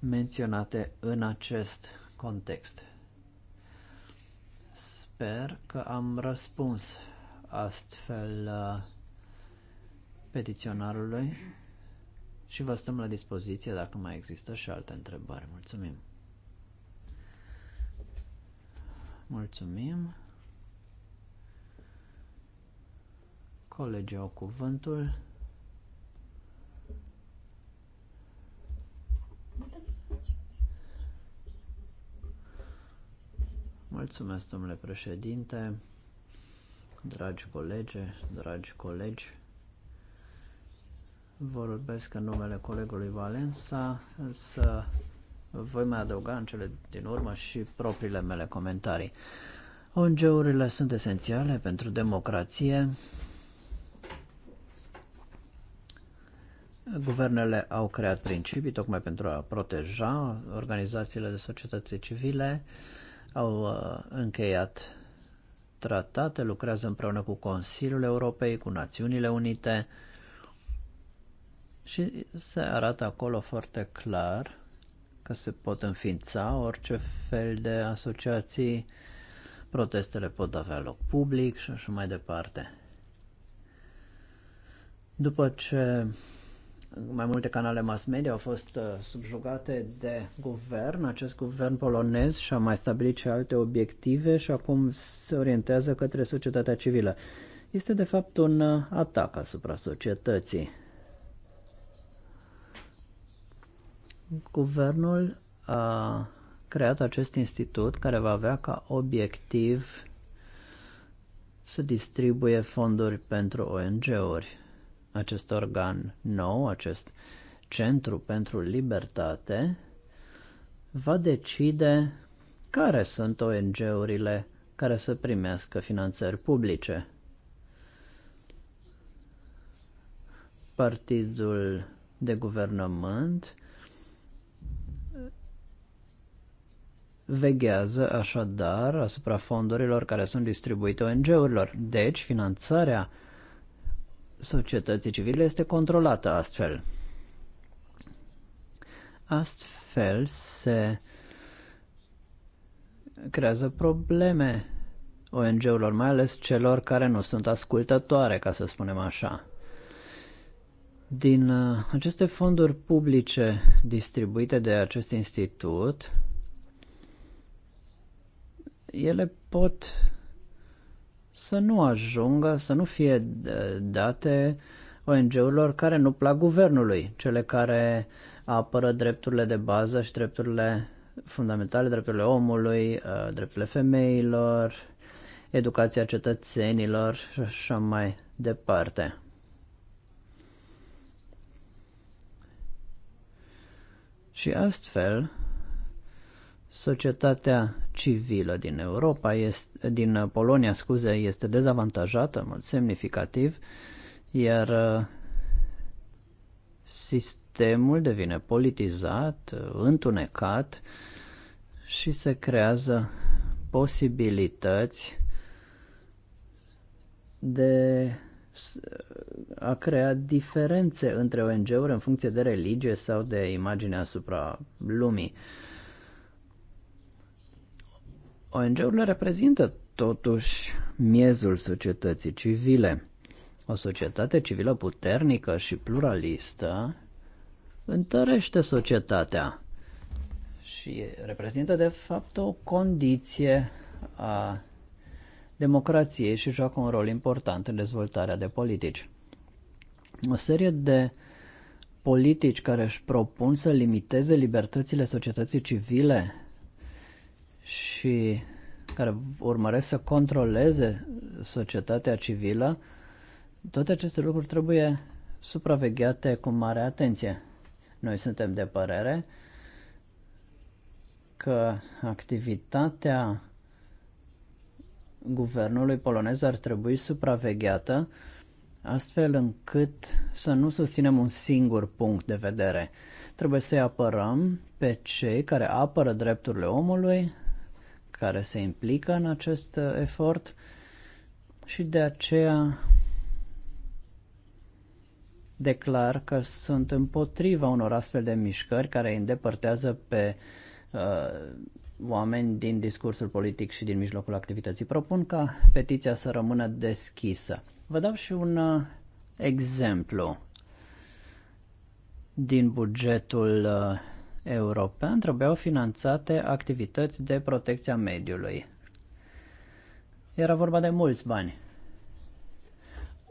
menționate în acest context. Sper că am răspuns astfel uh, petiționarului și vă stăm la dispoziție dacă mai există și alte întrebări. Mulțumim! Mulțumim! Colegii au cuvântul. Mulțumesc, domnule președinte, dragi colegi, dragi colegi. Vorbesc în numele colegului Valensa, însă voi mai adăuga în cele din urmă și propriile mele comentarii. ONG-urile sunt esențiale pentru democrație. Guvernele au creat principii tocmai pentru a proteja organizațiile de societate civile. Uh, au uh, încheiat tratate, lucrează împreună cu Consiliul Europei, cu Națiunile Unite și se arată acolo foarte clar că se pot înființa orice fel de asociații, protestele pot avea loc public și așa mai departe. După ce mai multe canale mass media au fost uh, subjugate de guvern. Acest guvern polonez și-a mai stabilit și alte obiective și acum se orientează către societatea civilă. Este de fapt un uh, atac asupra societății. Guvernul a creat acest institut care va avea ca obiectiv să distribuie fonduri pentru ONG-uri acest organ nou, acest Centru pentru Libertate, va decide care sunt ONG-urile care să primească finanțări publice. Partidul de guvernământ veghează așadar asupra fondurilor care sunt distribuite ONG-urilor. Deci, finanțarea societății civile este controlată astfel. Astfel se creează probleme ONG-urilor, mai ales celor care nu sunt ascultătoare, ca să spunem așa. Din uh, aceste fonduri publice distribuite de acest institut, ele pot să nu ajungă, să nu fie uh, date ONG-urilor care nu plac guvernului, cele care apără drepturile de bază și drepturile fundamentale, drepturile omului, uh, drepturile femeilor, educația cetățenilor și așa mai departe. Și astfel, societatea civilă din Europa, este, din Polonia, scuze, este dezavantajată în mod semnificativ, iar uh, sistemul devine politizat, uh, întunecat și se creează posibilități de uh, a crea diferențe între ONG-uri în funcție de religie sau de imagine asupra lumii. Uh, ONG-urile reprezintă totuși miezul societății civile. O societate civilă puternică și pluralistă întărește societatea și reprezintă de fapt o condiție a democrației și joacă un rol important în dezvoltarea de politici. O serie de politici care își propun să limiteze libertățile societății civile și care urmăresc să controleze societatea civilă, toate aceste lucruri trebuie supravegheate cu mare atenție. Noi suntem de părere că activitatea guvernului polonez ar trebui supravegheată astfel încât să nu susținem un singur punct de vedere. Trebuie să-i apărăm pe cei care apără drepturile omului, care se implică în acest uh, efort și de aceea declar că sunt împotriva unor astfel de mișcări care îi îndepărtează pe uh, oameni din discursul politic și din mijlocul activității. Propun ca petiția să rămână deschisă. Vă dau și un uh, exemplu din bugetul uh, european trebuiau finanțate activități de protecția mediului. Era vorba de mulți bani.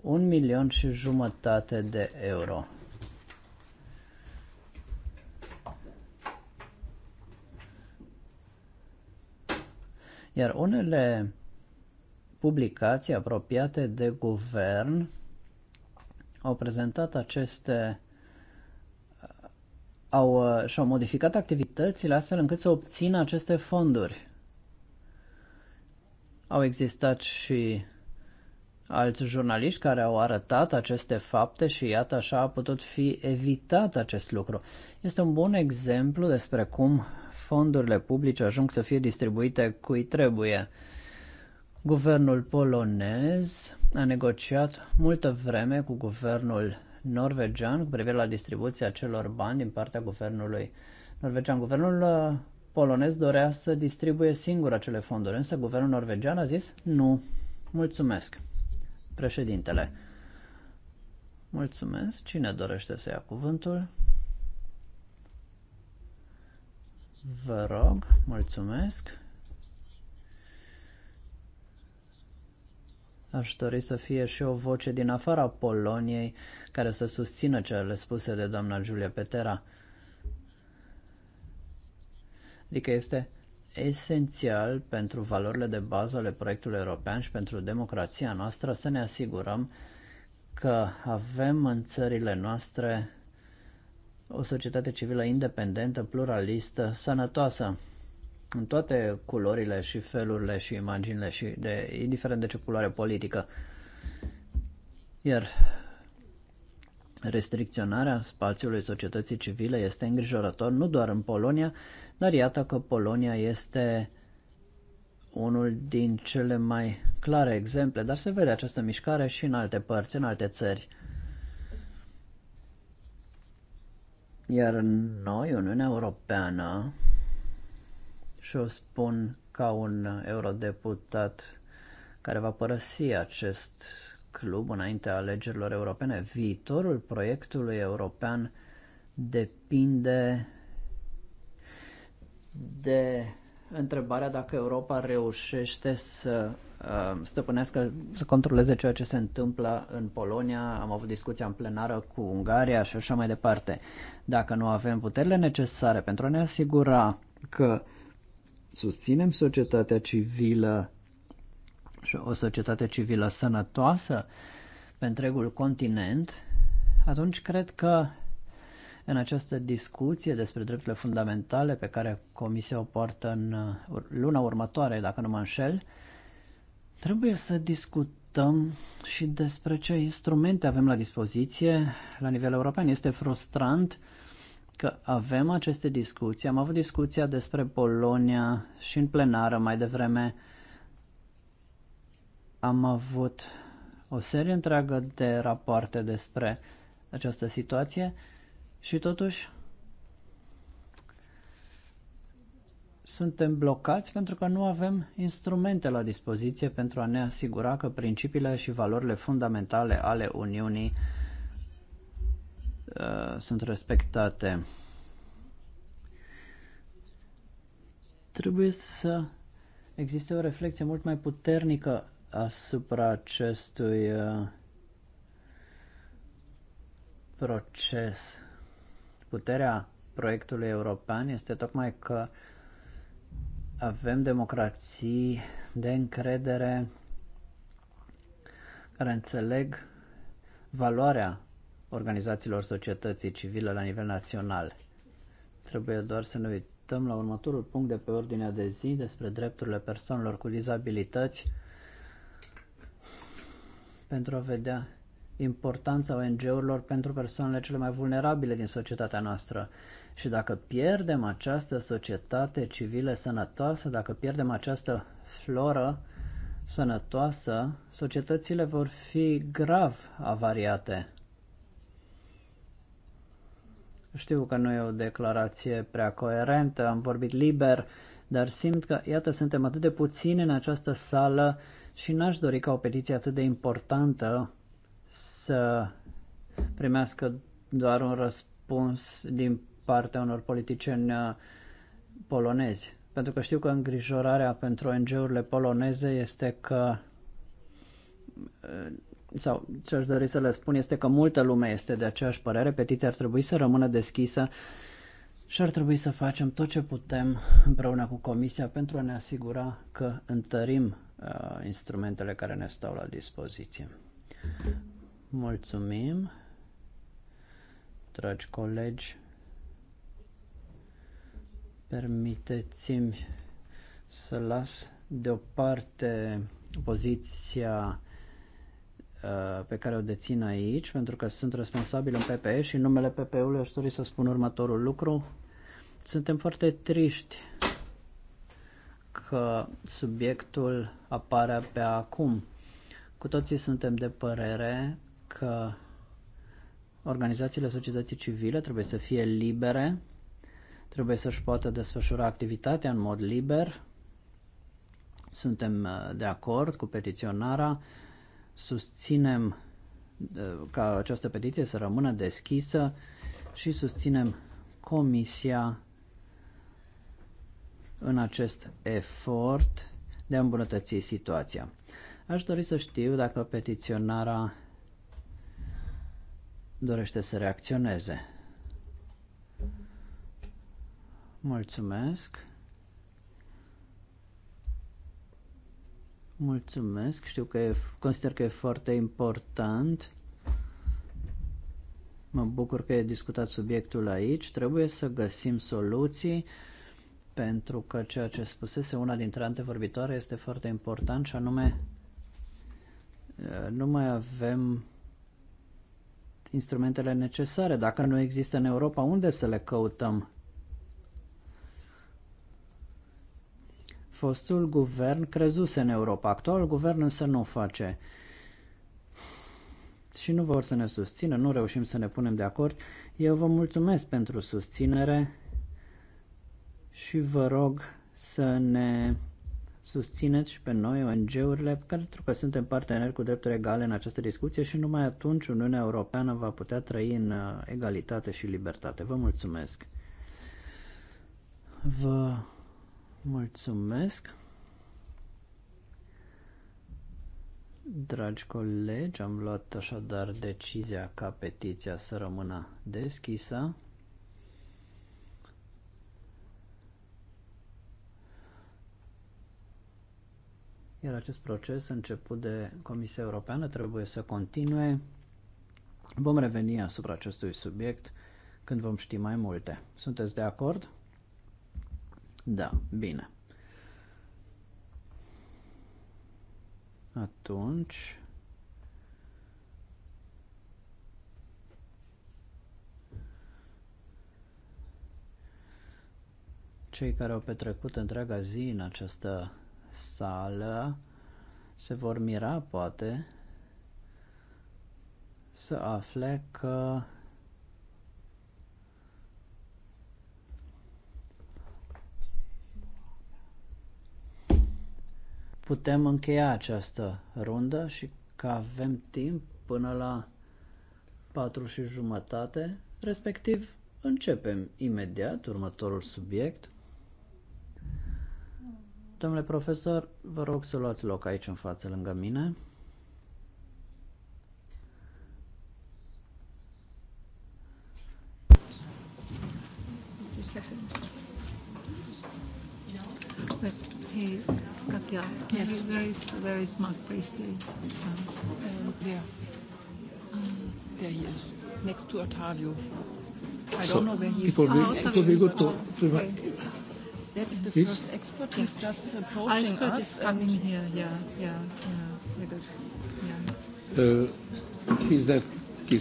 Un milion și jumătate de euro. Iar unele publicații apropiate de guvern au prezentat aceste au, uh, și-au modificat activitățile astfel încât să obțină aceste fonduri. Au existat și alți jurnaliști care au arătat aceste fapte și iată așa a putut fi evitat acest lucru. Este un bun exemplu despre cum fondurile publice ajung să fie distribuite cui trebuie. Guvernul polonez a negociat multă vreme cu guvernul norvegian cu privire la distribuția celor bani din partea guvernului norvegian. Guvernul uh, polonez dorea să distribuie singur acele fonduri, însă guvernul norvegian a zis nu, mulțumesc. Președintele, mulțumesc. Cine dorește să ia cuvântul? Vă rog, mulțumesc. Aș dori să fie și o voce din afara Poloniei care să susțină cele spuse de doamna Giulia Petera. Adică este esențial pentru valorile de bază ale proiectului european și pentru democrația noastră să ne asigurăm că avem în țările noastre o societate civilă independentă, pluralistă, sănătoasă în toate culorile și felurile și imaginile și de, indiferent de ce culoare politică. Iar restricționarea spațiului societății civile este îngrijorător nu doar în Polonia, dar iată că Polonia este unul din cele mai clare exemple, dar se vede această mișcare și în alte părți, în alte țări. Iar noi, Uniunea Europeană, și o spun ca un eurodeputat care va părăsi acest club înaintea alegerilor europene. Viitorul proiectului european depinde de întrebarea dacă Europa reușește să uh, stăpânească, să controleze ceea ce se întâmplă în Polonia. Am avut discuția în plenară cu Ungaria și așa mai departe. Dacă nu avem puterile necesare pentru a ne asigura că uh, susținem societatea civilă și o societate civilă sănătoasă pe întregul continent, atunci cred că în această discuție despre drepturile fundamentale pe care Comisia o poartă în luna următoare, dacă nu mă înșel, trebuie să discutăm și despre ce instrumente avem la dispoziție la nivel european. Este frustrant uh, că avem aceste discuții. Am avut discuția despre Polonia și în plenară mai devreme. Am avut o serie întreagă de rapoarte despre această situație și totuși suntem blocați pentru că nu avem instrumente la dispoziție pentru a ne asigura că principiile și valorile fundamentale ale Uniunii Uh, sunt respectate. Trebuie să existe o reflexie mult mai puternică asupra acestui uh, proces. Puterea proiectului european este tocmai că avem democrații de încredere care înțeleg valoarea organizațiilor societății civile la nivel național. Trebuie doar să ne uităm la următorul punct de pe ordinea de zi despre drepturile persoanelor cu dizabilități pentru a vedea importanța ONG-urilor pentru persoanele cele mai vulnerabile din societatea noastră. Și dacă pierdem această societate civilă sănătoasă, dacă pierdem această floră sănătoasă, societățile vor fi grav avariate. Știu că nu e o declarație prea coerentă, am vorbit liber, dar simt că, iată, suntem atât de puțini în această sală și n-aș dori ca o petiție atât de importantă să primească doar un răspuns din partea unor politicieni uh, polonezi. Pentru că știu că îngrijorarea pentru ONG-urile poloneze este că uh, sau ce aș dori să le spun este că multă lume este de aceeași părere, petiția ar trebui să rămână deschisă și ar trebui să facem tot ce putem împreună cu Comisia pentru a ne asigura că întărim uh, instrumentele care ne stau la dispoziție. Mulțumim, dragi colegi. Permiteți-mi să las deoparte poziția Uh, pe care o dețin aici, pentru că sunt responsabil în PPE și în numele PPE-ului aș dori să spun următorul lucru. Suntem foarte triști că subiectul apare pe acum. Cu toții suntem de părere că organizațiile societății civile trebuie să fie libere, trebuie să-și poată desfășura activitatea în mod liber. Suntem uh, de acord cu petiționarea susținem ca această petiție să rămână deschisă și susținem Comisia în acest efort de a îmbunătăți situația. Aș dori să știu dacă petiționara dorește să reacționeze. Mulțumesc. Mulțumesc, știu că e, consider că e foarte important. Mă bucur că e discutat subiectul aici. Trebuie să găsim soluții pentru că ceea ce spusese una dintre antevorbitoare este foarte important și anume nu mai avem instrumentele necesare. Dacă nu există în Europa, unde să le căutăm? Fostul guvern crezuse în Europa. Actual guvern însă nu o face. Și nu vor să ne susțină, nu reușim să ne punem de acord. Eu vă mulțumesc pentru susținere și vă rog să ne susțineți și pe noi ONG-urile, pentru că suntem parteneri cu drepturi egale în această discuție și numai atunci Uniunea Europeană va putea trăi în uh, egalitate și libertate. Vă mulțumesc! Vă Mulțumesc. Dragi colegi, am luat așadar decizia ca petiția să rămână deschisă. Iar acest proces început de Comisia Europeană trebuie să continue. Vom reveni asupra acestui subiect când vom ști mai multe. Sunteți de acord? Da, bine. Atunci... Cei care au petrecut întreaga zi în această sală se vor mira, poate, să afle că putem încheia această rundă și că avem timp până la 4 și jumătate, respectiv începem imediat următorul subiect. Domnule profesor, vă rog să luați loc aici în față lângă mine. is where is Mark Priestley? Um, there. Uh, there he is, next to Ottavio. I so don't know where he is. It will be, oh, it will be good to. to okay. That's the this? first expert. He's just approaching expert us. Expert is coming here. Yeah, yeah, yeah. With Yeah. Uh, he's there. me.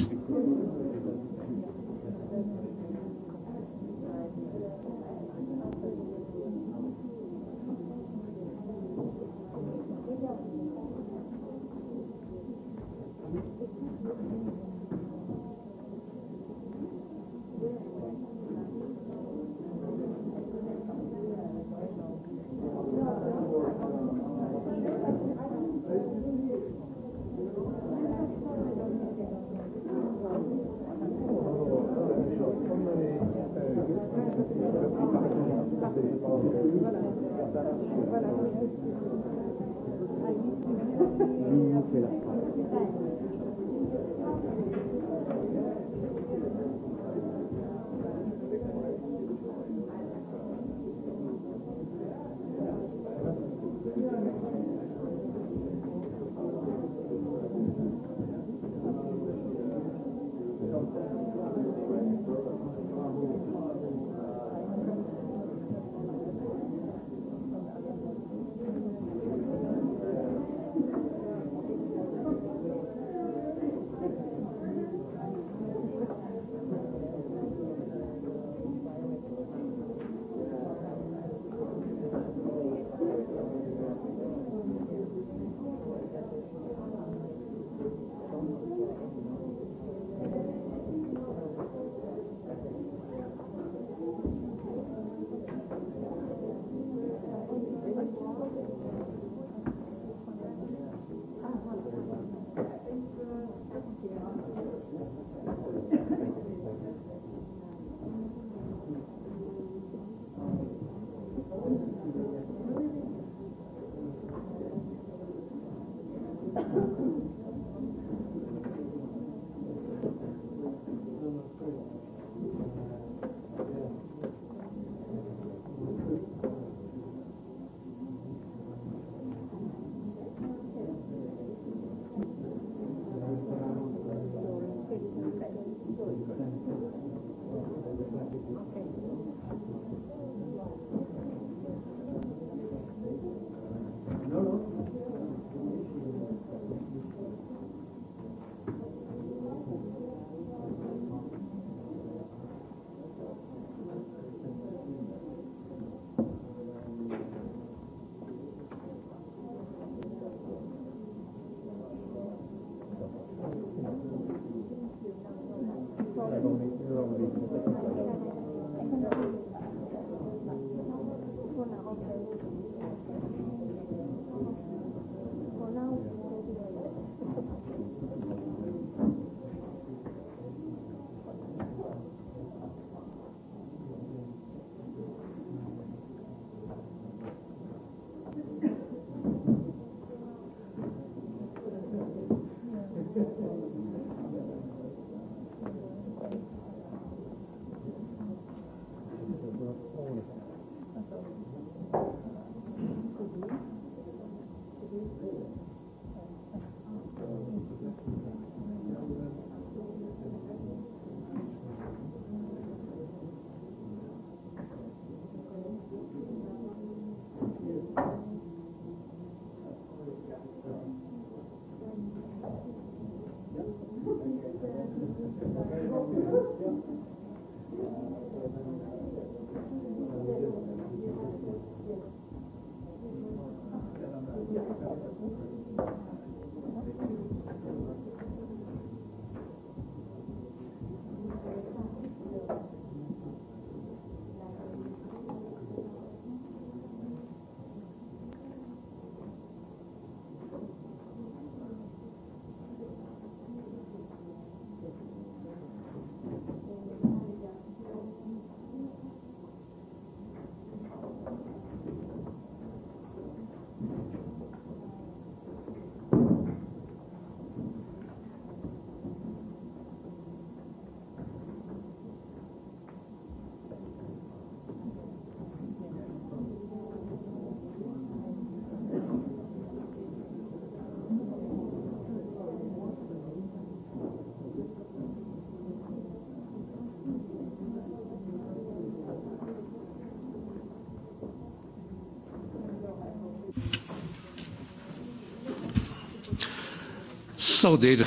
So, dear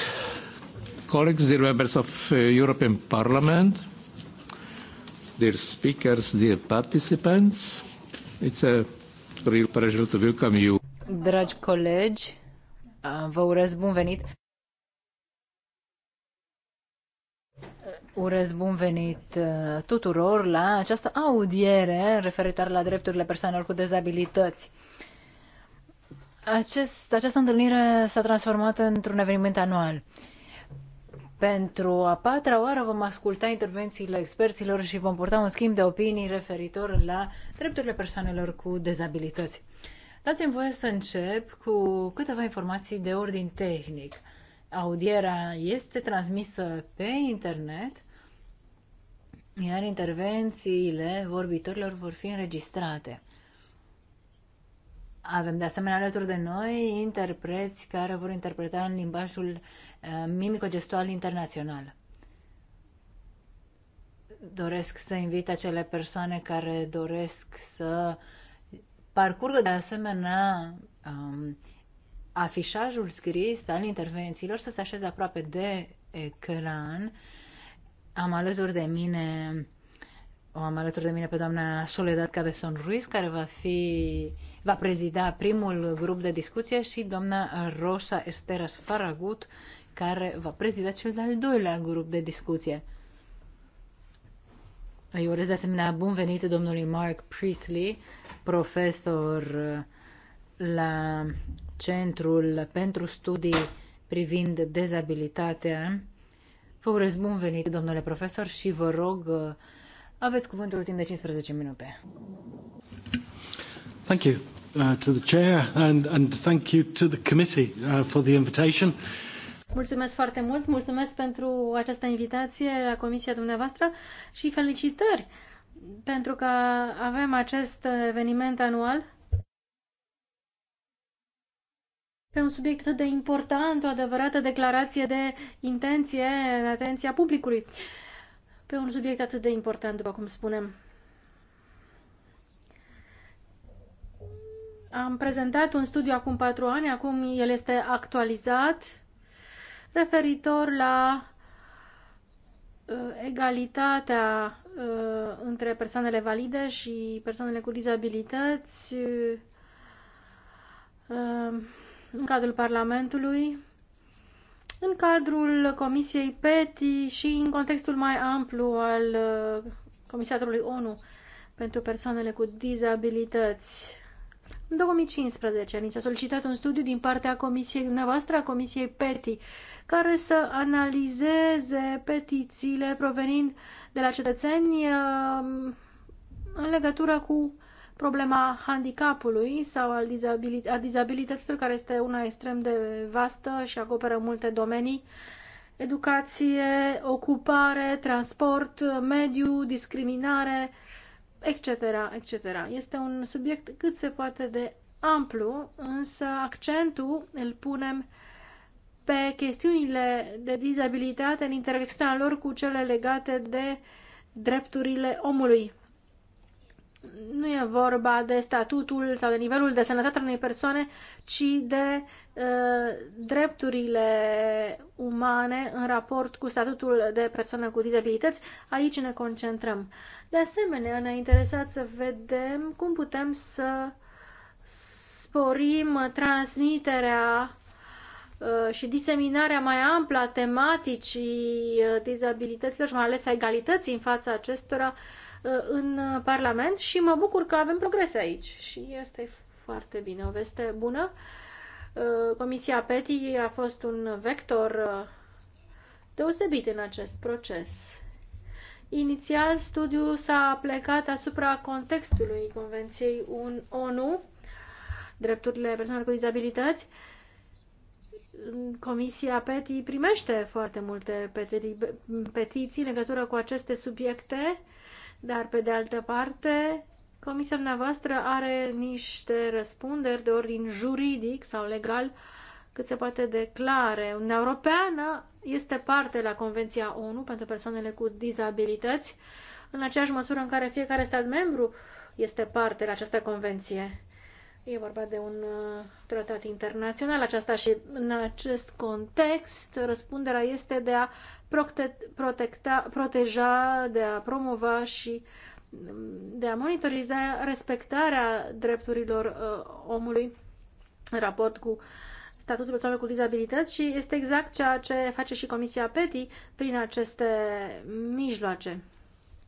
colleagues, dear members of uh, European Parliament, dear speakers, dear participants, it's a real pleasure to welcome you. Dragi colegi, uh, vă urez bun venit. Urez bun venit uh, tuturor la această audiere referitoare la drepturile persoanelor cu dezabilități. Acest, această întâlnire s-a transformat într-un eveniment anual. Pentru a patra oară vom asculta intervențiile experților și vom purta un schimb de opinii referitor la drepturile persoanelor cu dezabilități. Dați-mi voie să încep cu câteva informații de ordin tehnic. Audiera este transmisă pe internet, iar intervențiile vorbitorilor vor fi înregistrate. Avem de asemenea alături de noi interpreți care vor interpreta în limbajul eh, mimico-gestual internațional. Doresc să invit acele persoane care doresc să parcurgă de asemenea um, afișajul scris al intervențiilor să se așeze aproape de ecran. Am alături de mine o am alături de mine pe doamna Soledad Cabezon Ruiz, care va fi va prezida primul grup de discuție și doamna Rosa Esteras Faragut, care va prezida cel de-al doilea grup de discuție. Îi urez de asemenea bun venit domnului Mark Priestley, profesor uh, la Centrul pentru Studii privind dezabilitatea. Vă urez bun venit, domnule profesor, și vă rog uh, aveți cuvântul timp de 15 minute. Thank you uh, to the chair and, and thank you to the committee uh, for the invitation. Mulțumesc foarte mult, mulțumesc pentru această invitație la comisia dumneavoastră și felicitări pentru că avem acest eveniment anual pe un subiect atât de important, o adevărată declarație de intenție în atenția publicului. Uh, pe un subiect atât de important, după cum spunem. Am prezentat un studiu acum patru ani, acum el este actualizat, referitor la uh, egalitatea uh, între persoanele valide și persoanele cu dizabilități uh, în cadrul Parlamentului în cadrul Comisiei PETI și în contextul mai amplu al uh, Comisatului ONU pentru persoanele cu dizabilități. În 2015 ni s-a solicitat un studiu din partea Comisiei dumneavoastră, a Comisiei PETI, care să analizeze petițiile provenind de la cetățeni uh, în legătură cu problema handicapului sau al dizabilit- a dizabilităților, care este una extrem de vastă și acoperă multe domenii, educație, ocupare, transport, mediu, discriminare, etc., etc. Este un subiect cât se poate de amplu, însă accentul îl punem pe chestiunile de dizabilitate în interacțiunea lor cu cele legate de drepturile omului nu e vorba de statutul sau de nivelul de sănătate al unei persoane, ci de uh, drepturile umane în raport cu statutul de persoană cu dizabilități. Aici ne concentrăm. De asemenea, ne-a interesat să vedem cum putem să sporim transmiterea uh, și diseminarea mai amplă a tematicii uh, dizabilităților și mai ales a egalității în fața acestora Uh, în Parlament și mă bucur că avem progrese aici și este foarte bine, o veste bună. Uh, Comisia PETI a fost un vector uh, deosebit în acest proces. Inițial, studiul s-a plecat asupra contextului Convenției ONU, drepturile persoanelor cu dizabilități. Comisia PETI primește foarte multe petiții în legătură cu aceste subiecte dar, pe de altă parte, comisia noastră are niște răspunderi de ordin juridic sau legal cât se poate de clare. Uniunea Europeană este parte la Convenția ONU pentru persoanele cu dizabilități, în aceeași măsură în care fiecare stat membru este parte la această convenție. E vorba de un uh, tratat internațional aceasta și în acest context răspunderea este de a protecta, proteja, de a promova și um, de a monitoriza respectarea drepturilor uh, omului în raport cu statutul persoanelor cu dizabilități și este exact ceea ce face și Comisia PETI prin aceste mijloace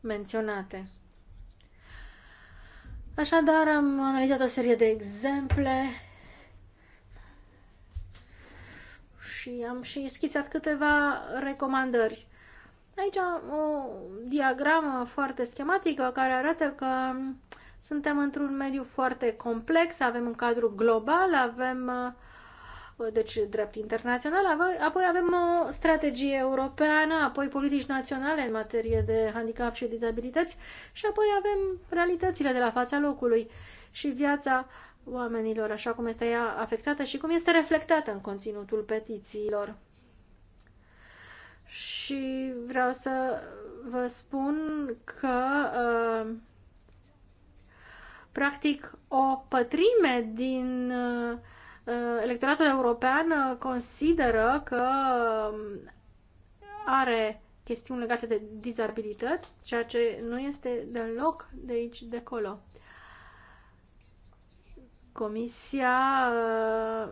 menționate. Așadar, am analizat o serie de exemple și am și schițat câteva recomandări. Aici am o diagramă foarte schematică care arată că suntem într-un mediu foarte complex, avem un cadru global, avem uh, deci drept internațional, apoi avem o strategie europeană, apoi politici naționale în materie de handicap și dizabilități și apoi avem realitățile de la fața locului și viața oamenilor, așa cum este ea afectată și cum este reflectată în conținutul petițiilor. Și vreau să vă spun că uh, practic o pătrime din uh, Uh, electoratul european uh, consideră că um, are chestiuni legate de dizabilități, ceea ce nu este deloc de aici, de acolo. Comisia uh,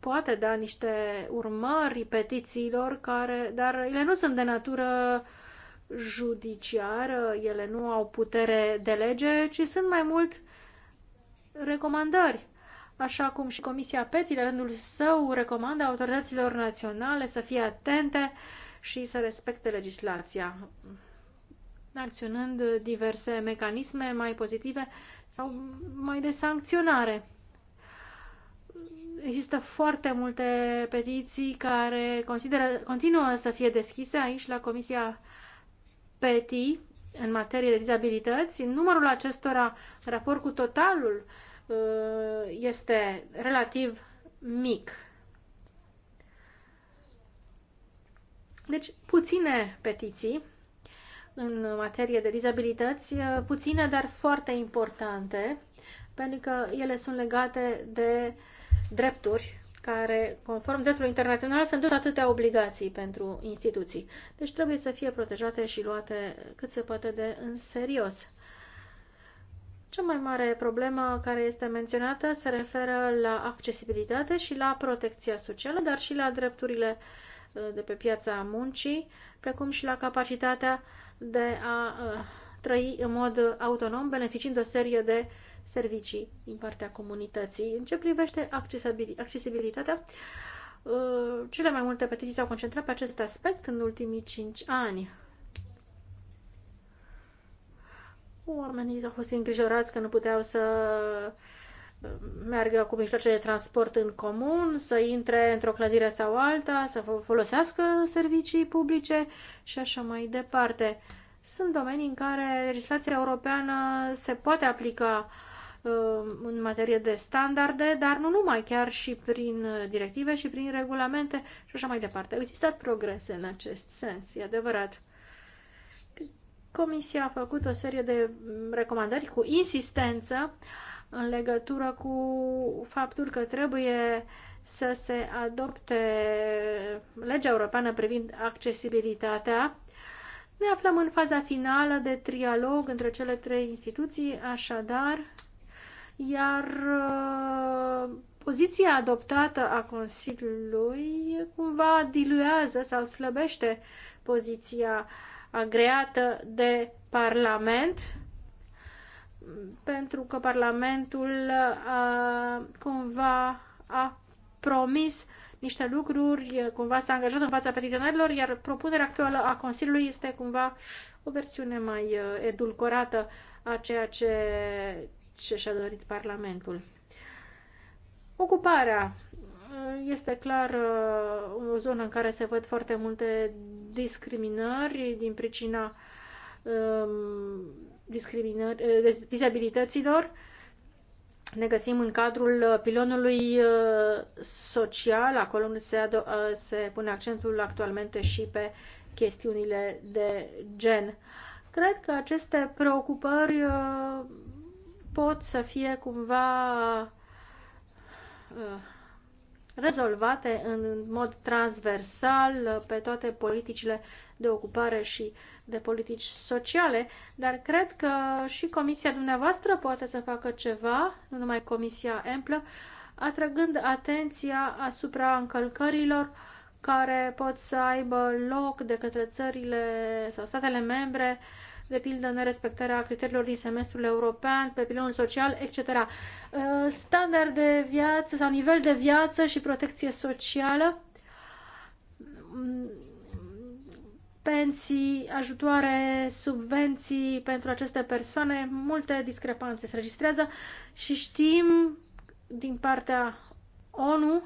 poate da niște urmări petițiilor, care, dar ele nu sunt de natură judiciară, ele nu au putere de lege, ci sunt mai mult recomandări așa cum și Comisia PETI, la rândul său, recomandă autorităților naționale să fie atente și să respecte legislația, acționând diverse mecanisme mai pozitive sau mai de sancționare. Există foarte multe petiții care consideră, continuă să fie deschise aici la Comisia PETI în materie de dizabilități. Numărul acestora, raport cu totalul uh, Uh, este relativ mic. Deci, puține petiții în materie de dizabilități, uh, puține, dar foarte importante, pentru că ele sunt legate de drepturi care, conform dreptului internațional, sunt tot atâtea obligații pentru instituții. Deci trebuie să fie protejate și luate cât se poate de în serios. Cea mai mare problemă care este menționată se referă la accesibilitate și la protecția socială, dar și la drepturile uh, de pe piața muncii, precum și la capacitatea de a uh, trăi în mod autonom, beneficiind o serie de servicii din partea comunității. În ce privește accesibilitatea, uh, cele mai multe petiții s-au concentrat pe acest aspect în ultimii 5 ani. Oamenii au fost îngrijorați că nu puteau să uh, meargă cu mijloace de transport în comun, să intre într-o clădire sau alta, să folosească servicii publice și așa mai departe. Sunt domenii în care legislația europeană se poate aplica uh, în materie de standarde, dar nu numai, chiar și prin directive și prin regulamente și așa mai departe. Au existat progrese în acest sens, e adevărat. Comisia a făcut o serie de mm, recomandări cu insistență în legătură cu faptul că trebuie să se adopte legea europeană privind accesibilitatea. Ne aflăm în faza finală de trialog între cele trei instituții, așadar, iar uh, poziția adoptată a Consiliului cumva diluează sau slăbește poziția uh, agreată de Parlament, pentru că Parlamentul a, uh, cumva a promis niște lucruri, uh, cumva s-a angajat în fața petiționarilor, iar propunerea actuală a Consiliului este cumva o versiune mai uh, edulcorată a ceea ce, ce și-a dorit Parlamentul. Ocuparea este clar uh, o zonă în care se văd foarte multe discriminări din pricina um, discriminări, uh, dizabilităților. Ne găsim în cadrul uh, pilonului social, acolo unde se, se pune accentul actualmente și pe chestiunile de gen. Cred că aceste preocupări pot să fie cumva rezolvate în mod transversal pe toate politicile de ocupare și de politici sociale, dar cred că și comisia dumneavoastră poate să facă ceva, nu numai comisia amplă, atrăgând atenția asupra încălcărilor care pot să aibă loc de către țările sau statele membre de pildă nerespectarea criteriilor din semestrul european, pe pilonul social, etc. Uh, standard de viață sau nivel de viață și protecție socială, pensii, ajutoare, subvenții pentru aceste persoane, multe discrepanțe se registrează și știm din partea ONU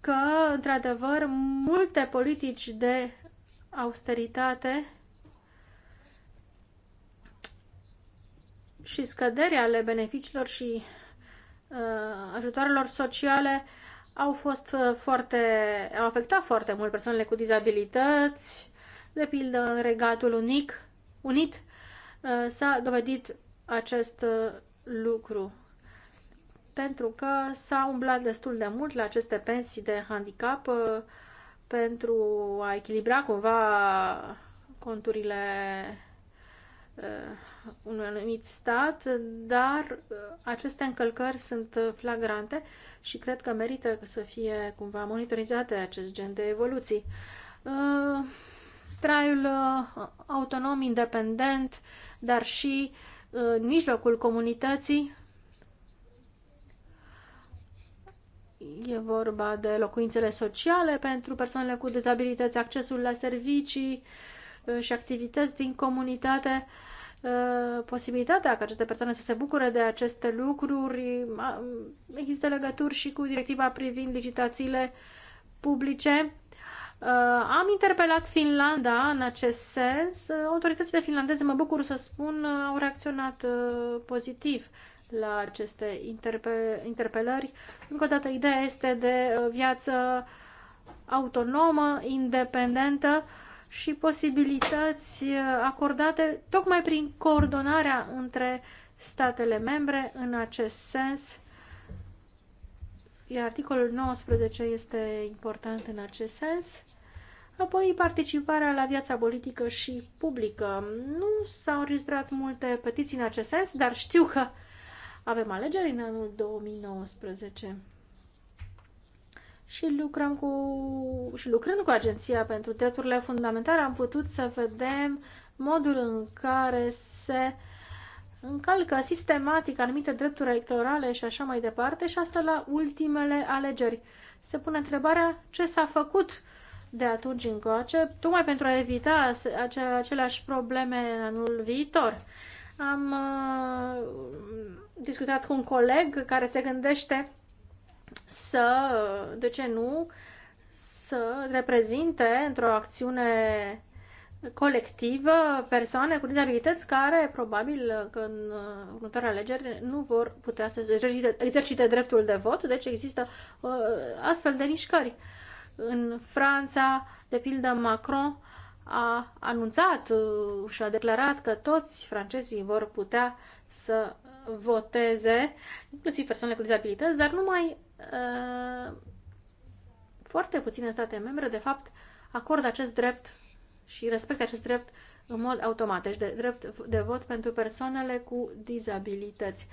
că, într-adevăr, multe politici de austeritate și scăderi ale beneficiilor și uh, ajutoarelor sociale au fost uh, foarte, au afectat foarte mult persoanele cu dizabilități, de pildă în regatul unic, unit uh, s-a dovedit acest uh, lucru pentru că s-a umblat destul de mult la aceste pensii de handicap uh, pentru a echilibra cumva conturile Uh, unui anumit stat, dar uh, aceste încălcări sunt uh, flagrante și cred că merită să fie cumva monitorizate acest gen de evoluții. Traiul autonom, independent, dar și în mijlocul comunității E vorba de locuințele sociale pentru persoanele cu dezabilități, accesul la servicii și activități din comunitate. Uh, posibilitatea ca aceste persoane să se bucure de aceste lucruri. Există legături și cu directiva privind licitațiile publice. Uh, am interpelat Finlanda în acest sens. Autoritățile finlandeze, mă bucur să spun, uh, au reacționat pozitiv la aceste interpe- interpelări. Încă o dată, ideea este de viață autonomă, independentă și posibilități uh, acordate tocmai prin coordonarea între statele membre în acest sens. Iar articolul 19 este important în acest sens. Apoi, participarea la viața politică și publică. Nu s-au înregistrat multe petiții în acest sens, dar știu că avem alegeri în anul 2019 și, lucrăm cu, și lucrând cu Agenția pentru Drepturile Fundamentale am putut să vedem modul în care se încalcă sistematic anumite drepturi electorale și așa mai departe și asta la ultimele alegeri. Se pune întrebarea ce s-a făcut de atunci încoace, tocmai pentru a evita aceleași probleme în anul viitor. Am uh, discutat cu un coleg care se gândește să, de ce nu, să reprezinte într-o acțiune colectivă persoane cu dizabilități care probabil că în următoarea alegeri nu vor putea să exercite, exercite dreptul de vot, deci există uh, astfel de mișcări. În Franța, de pildă, Macron a anunțat uh, și a declarat că toți francezii vor putea să voteze, inclusiv persoanele cu dizabilități, dar numai Uh, foarte puține state membre, de fapt, acordă acest drept și respectă acest drept în mod automat, deci de drept de vot pentru persoanele cu dizabilități.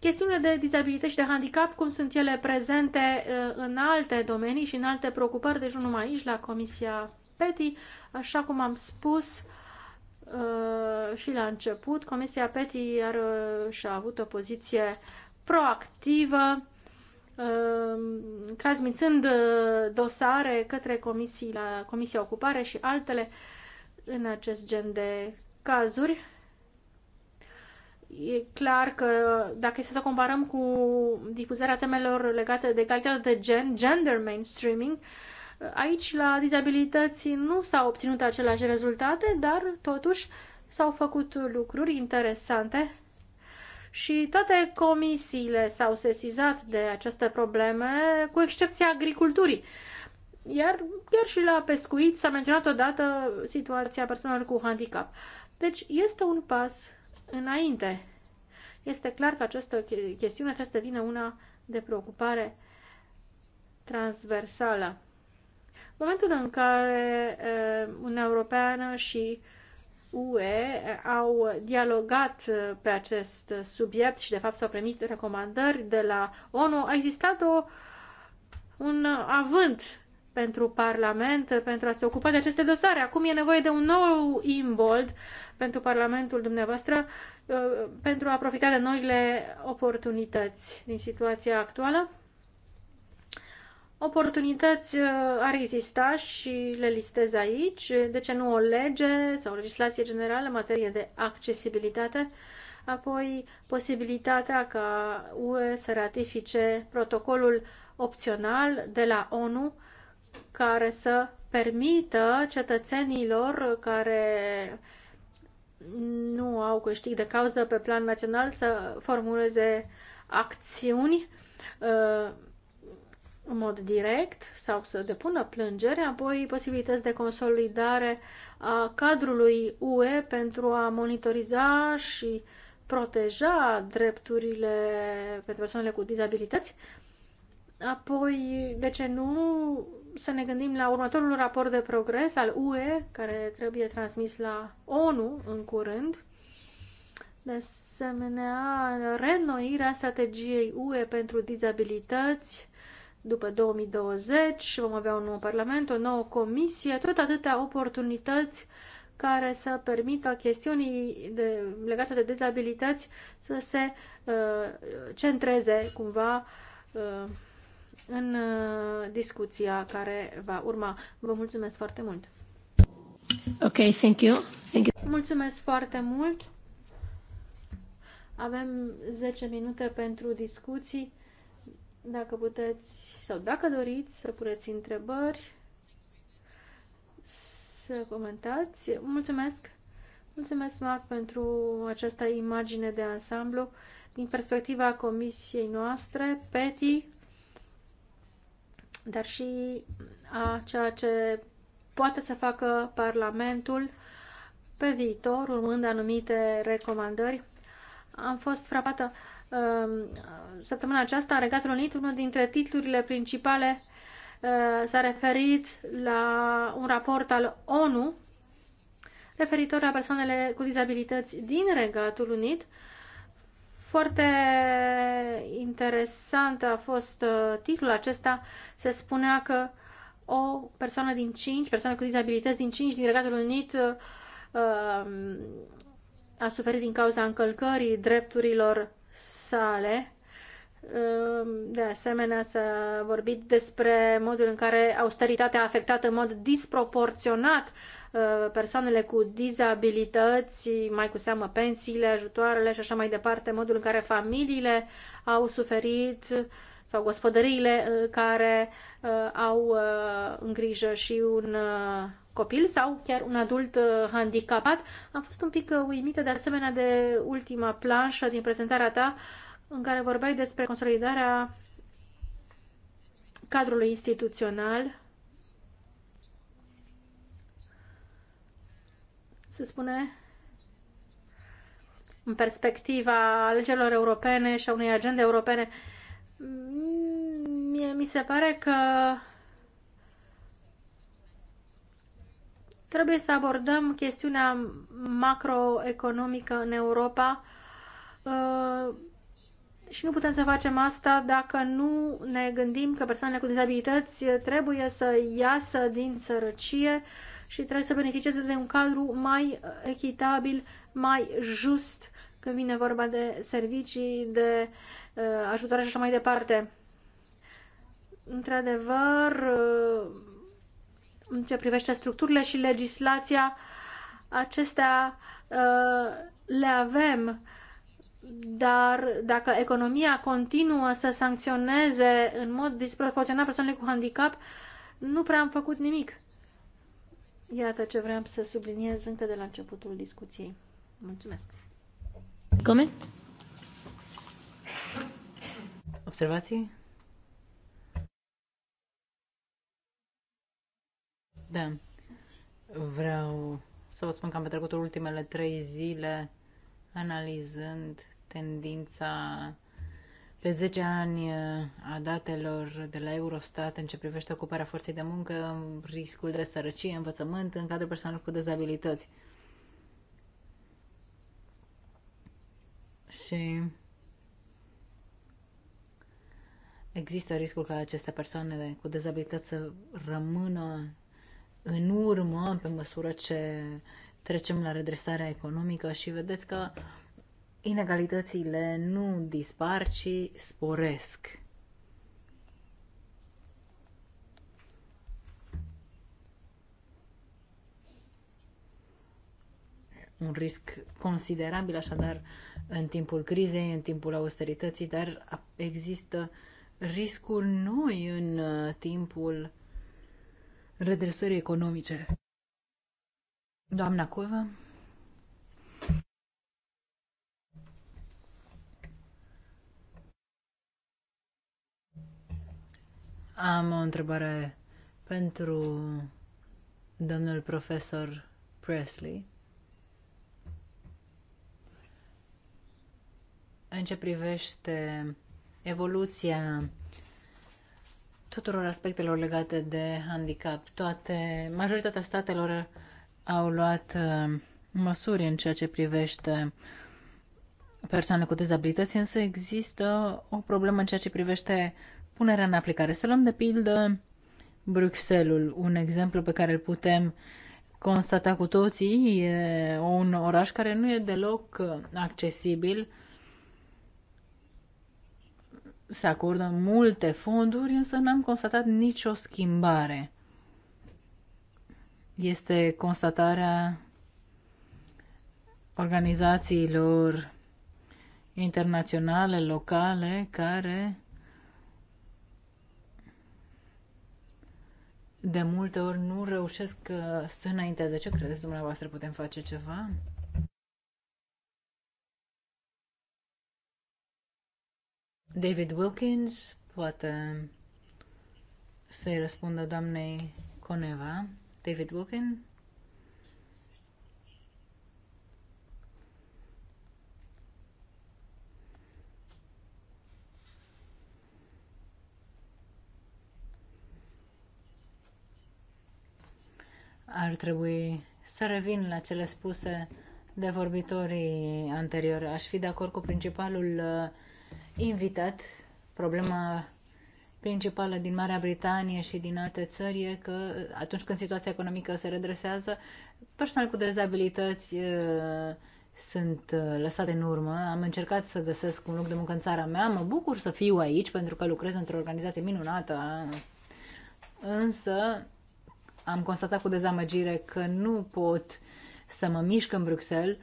Chestiunile de dizabilități și de handicap, cum sunt ele prezente uh, în alte domenii și în alte preocupări, deci nu numai aici, la Comisia PETI, așa cum am spus uh, și la început, Comisia PETI și-a avut o poziție proactivă Um, transmițând uh, dosare către comisii la Comisia Ocupare și altele în acest gen de cazuri. E clar că dacă este să comparăm cu difuzarea temelor legate de calitatea de gen, gender mainstreaming, aici la dizabilități nu s-au obținut aceleași rezultate, dar totuși s-au făcut lucruri interesante și toate comisiile s-au sesizat de aceste probleme, cu excepția agriculturii. Iar chiar și la pescuit s-a menționat odată situația persoanelor cu handicap. Deci este un pas înainte. Este clar că această chestiune trebuie să devină una de preocupare transversală. Momentul în care uh, un Europeană și uh, UE au dialogat uh, pe acest uh, subiect și de fapt s-au primit recomandări de la ONU. A existat o, un avânt pentru Parlament uh, pentru a se ocupa de aceste dosare. Acum e nevoie de un nou imbold pentru Parlamentul dumneavoastră pentru a profita de noile oportunități din situația actuală. Oportunități uh, ar exista și le listez aici. De ce nu o lege sau o legislație generală în materie de accesibilitate? Apoi, posibilitatea ca UE să ratifice protocolul opțional de la ONU care să permită cetățenilor care nu au câștig de cauză pe plan național să formuleze acțiuni uh, în mod direct sau să depună plângere, apoi posibilități de consolidare a cadrului UE pentru a monitoriza și proteja drepturile pentru persoanele cu dizabilități. Apoi, de ce nu, să ne gândim la următorul raport de progres al UE, care trebuie transmis la ONU în curând. De asemenea, renoirea strategiei UE pentru dizabilități, după 2020 vom avea un nou parlament, o nouă comisie, tot atâtea oportunități care să permită chestiunii de, legate de dezabilități să se uh, centreze cumva uh, în uh, discuția care va urma. Vă mulțumesc foarte mult! Ok, thank you. Thank you. Mulțumesc foarte mult! Avem 10 minute pentru discuții dacă puteți sau dacă doriți să puneți întrebări, să comentați. Mulțumesc! Mulțumesc, Marc, pentru această imagine de ansamblu din perspectiva comisiei noastre, PETI, dar și a ceea ce poate să facă Parlamentul pe viitor, urmând anumite recomandări. Am fost frapată Ehm, săptămâna aceasta în Regatul Unit, unul dintre titlurile principale eh, s-a referit la un raport al ONU referitor la persoanele cu dizabilități din Regatul Unit. Foarte interesant a fost eh, titlul acesta. Se spunea că o persoană din 5, persoane cu dizabilități din 5 din Regatul Unit eh, ehm, a suferit din cauza încălcării drepturilor sale. Ehm, de asemenea, s-a vorbit despre modul în care austeritatea a afectat în mod disproporționat ehm, persoanele cu dizabilități, mai cu seamă pensiile, ajutoarele și așa mai departe, modul în care familiile au suferit sau gospodăriile uh, care uh, au uh, în grijă și un copil sau chiar un adult handicapat. Am fost un pic uimită de asemenea de ultima planșă din prezentarea ta în care vorbeai despre consolidarea cadrului instituțional se spune în perspectiva alegerilor europene și a unei agende europene uh, Mie mi se pare că trebuie să abordăm chestiunea macroeconomică în Europa uh, și nu putem să facem asta dacă nu ne gândim că persoanele cu dizabilități trebuie să iasă din sărăcie și trebuie să beneficieze de un cadru mai echitabil, mai just când vine vorba de servicii, de uh, ajutoare și așa mai departe. Într-adevăr, uh, în ce privește structurile și legislația, acestea uh, le avem, dar dacă economia continuă să sancționeze în mod disproporționat persoanele cu handicap, nu prea am făcut nimic. Iată ce vreau să subliniez încă de la începutul discuției. Mulțumesc! Come? Observații? Da. Vreau să vă spun că am petrecut ultimele trei zile analizând tendința pe 10 ani a datelor de la Eurostat în ce privește ocuparea forței de muncă, riscul de sărăcie, învățământ în cadrul persoanelor cu dezabilități. și există riscul ca aceste persoane cu dezabilități să rămână în urmă pe măsură ce trecem la redresarea economică și vedeți că inegalitățile nu dispar, ci sporesc. Un risc considerabil, așadar, uh, în timpul crizei, în timpul austerității, dar există riscuri noi în uh, timpul redresării economice. Doamna Cova? Am o întrebare pentru domnul profesor Presley. în ce privește evoluția tuturor aspectelor legate de handicap. Toate, majoritatea statelor au luat uh, măsuri în ceea ce privește persoanele cu dezabilități, însă există o problemă în ceea ce privește punerea în aplicare. Să luăm de pildă Bruxelles, un exemplu pe care îl putem constata cu toții, e un oraș care nu e deloc uh, accesibil se acordă multe fonduri, însă n-am constatat nicio schimbare. Este constatarea organizațiilor internaționale, locale, care de multe ori nu reușesc uh, să înainteze. Ce credeți dumneavoastră? Putem face ceva? David Wilkins poate să-i răspundă doamnei Coneva. David Wilkins? ar trebui să revin la cele spuse de vorbitorii anteriori. Aș fi de acord cu principalul uh, invitat. Problema principală din Marea Britanie și din alte țări e că uh, atunci când situația economică se redresează, persoanele cu dezabilități uh, sunt uh, lăsate în urmă. Am încercat să găsesc un loc de muncă în țara mea. Mă bucur să fiu aici pentru că lucrez într-o organizație minunată. Însă am constatat cu dezamăgire că nu pot să mă mișc în Bruxelles.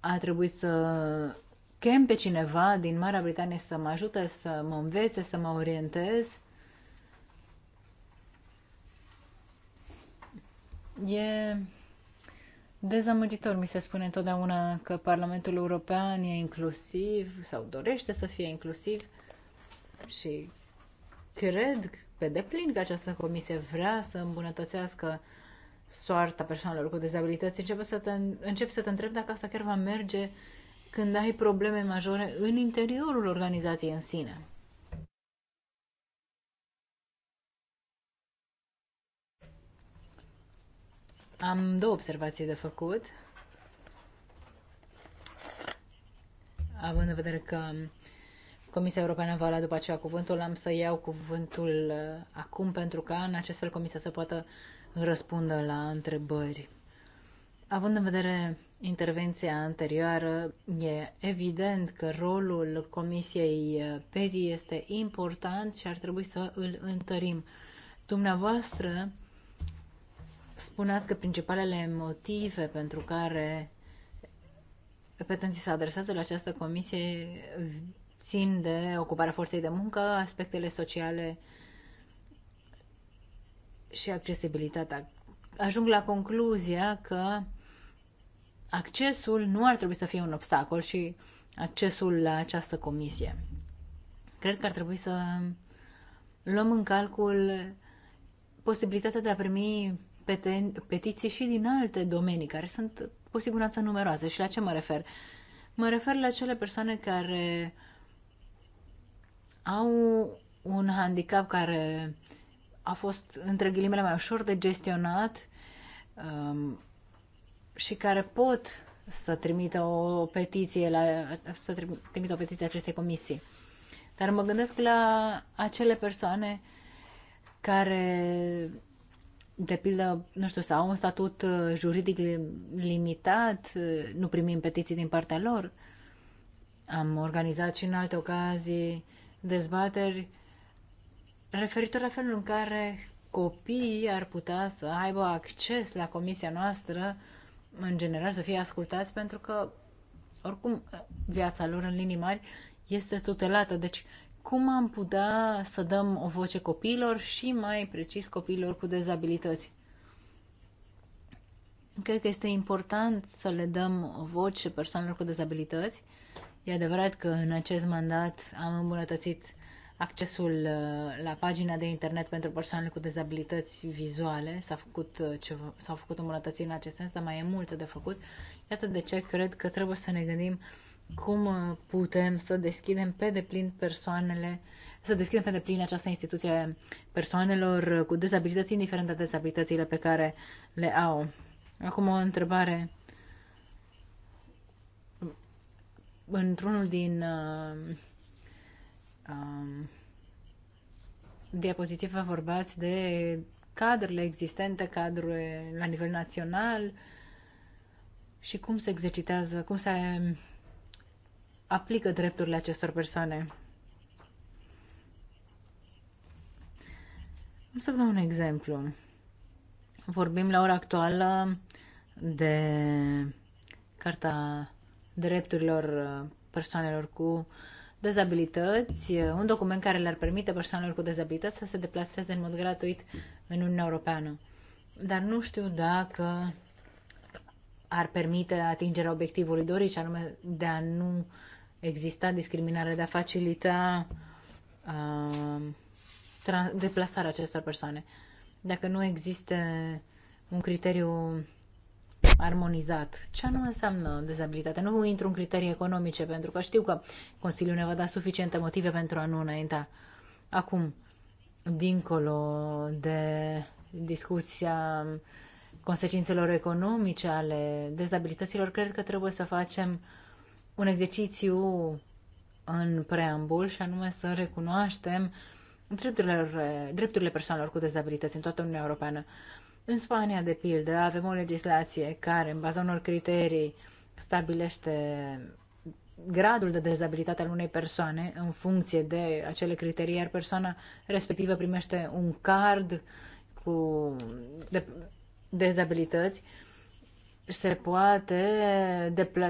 A trebuit să chem pe cineva din Marea Britanie să mă ajute, să mă învețe, să mă orientez, e dezamăgitor. Mi se spune întotdeauna că Parlamentul European e inclusiv sau dorește să fie inclusiv și cred pe deplin că această comisie vrea să îmbunătățească soarta persoanelor cu dezabilități. Încep să te, încep să te întreb dacă asta chiar va merge când ai probleme majore în interiorul organizației în sine. Am două observații de făcut. Având în vedere că Comisia Europeană va lua după aceea cuvântul, am să iau cuvântul uh, acum pentru ca în acest fel Comisia să poată răspundă la întrebări. Având în vedere intervenția anterioară, e evident că rolul Comisiei PETI este important și ar trebui să îl întărim. Dumneavoastră spuneați că principalele motive pentru care petenții se adresează la această comisie țin de ocuparea forței de muncă, aspectele sociale și accesibilitatea. Ajung la concluzia că accesul nu ar trebui să fie un obstacol și accesul la această comisie. Cred că ar trebui să luăm în calcul posibilitatea de a primi petiții și din alte domenii, care sunt cu siguranță numeroase. Și la ce mă refer? Mă refer la cele persoane care au un handicap care a fost, între ghilimele, mai ușor de gestionat, um, și care pot să trimită o petiție la, să trimită o petiție acestei comisii. Dar mă gândesc la acele persoane care de pildă, nu știu, sau au un statut uh, juridic limitat, uh, nu primim petiții din partea lor. Am organizat și în alte ocazii dezbateri referitor la felul în care copiii ar putea să aibă acces la comisia noastră în general, să fie ascultați pentru că, oricum, viața lor în linii mari este tutelată. Deci, cum am putea să dăm o voce copiilor și, mai precis, copiilor cu dezabilități? Cred că este important să le dăm o voce persoanelor cu dezabilități. E adevărat că în acest mandat am îmbunătățit accesul uh, la pagina de internet pentru persoanele cu dezabilități vizuale. S-a făcut uh, ceva, s-au făcut îmbunătățiri în acest sens, dar mai e multe de făcut. Iată de ce cred că trebuie să ne gândim cum uh, putem să deschidem pe deplin persoanele, să deschidem pe deplin această instituție persoanelor cu dezabilități, indiferent de dezabilitățile pe care le au. Acum o întrebare. Într-unul din uh, um, diapozitivă vorbați de cadrele existente, cadre la nivel național și cum se exercitează, cum se aplică drepturile acestor persoane. Am să vă dau un exemplu. Vorbim la ora actuală de Carta Drepturilor Persoanelor cu dezabilități, uh, un document care le-ar permite persoanelor cu dezabilități să se deplaseze în mod gratuit în Uniunea Europeană. Dar nu știu dacă ar permite atingerea obiectivului dorit, și anume de a nu exista discriminare, de a facilita uh, deplasarea acestor persoane. Dacă nu există un criteriu armonizat. Ce anume înseamnă dezabilitate? Nu intru în criterii economice, pentru că știu că Consiliul ne va da suficiente motive pentru a nu înainta. Acum, dincolo de discuția consecințelor economice ale dezabilităților, cred că trebuie să facem un exercițiu în preambul și anume să recunoaștem drepturile, drepturile persoanelor cu dezabilități în toată Uniunea Europeană. În Spania, de pildă, avem o legislație care, în baza unor criterii, stabilește gradul de dezabilitate al unei persoane în funcție de acele criterii, iar persoana respectivă primește un card cu de, dezabilități, se poate,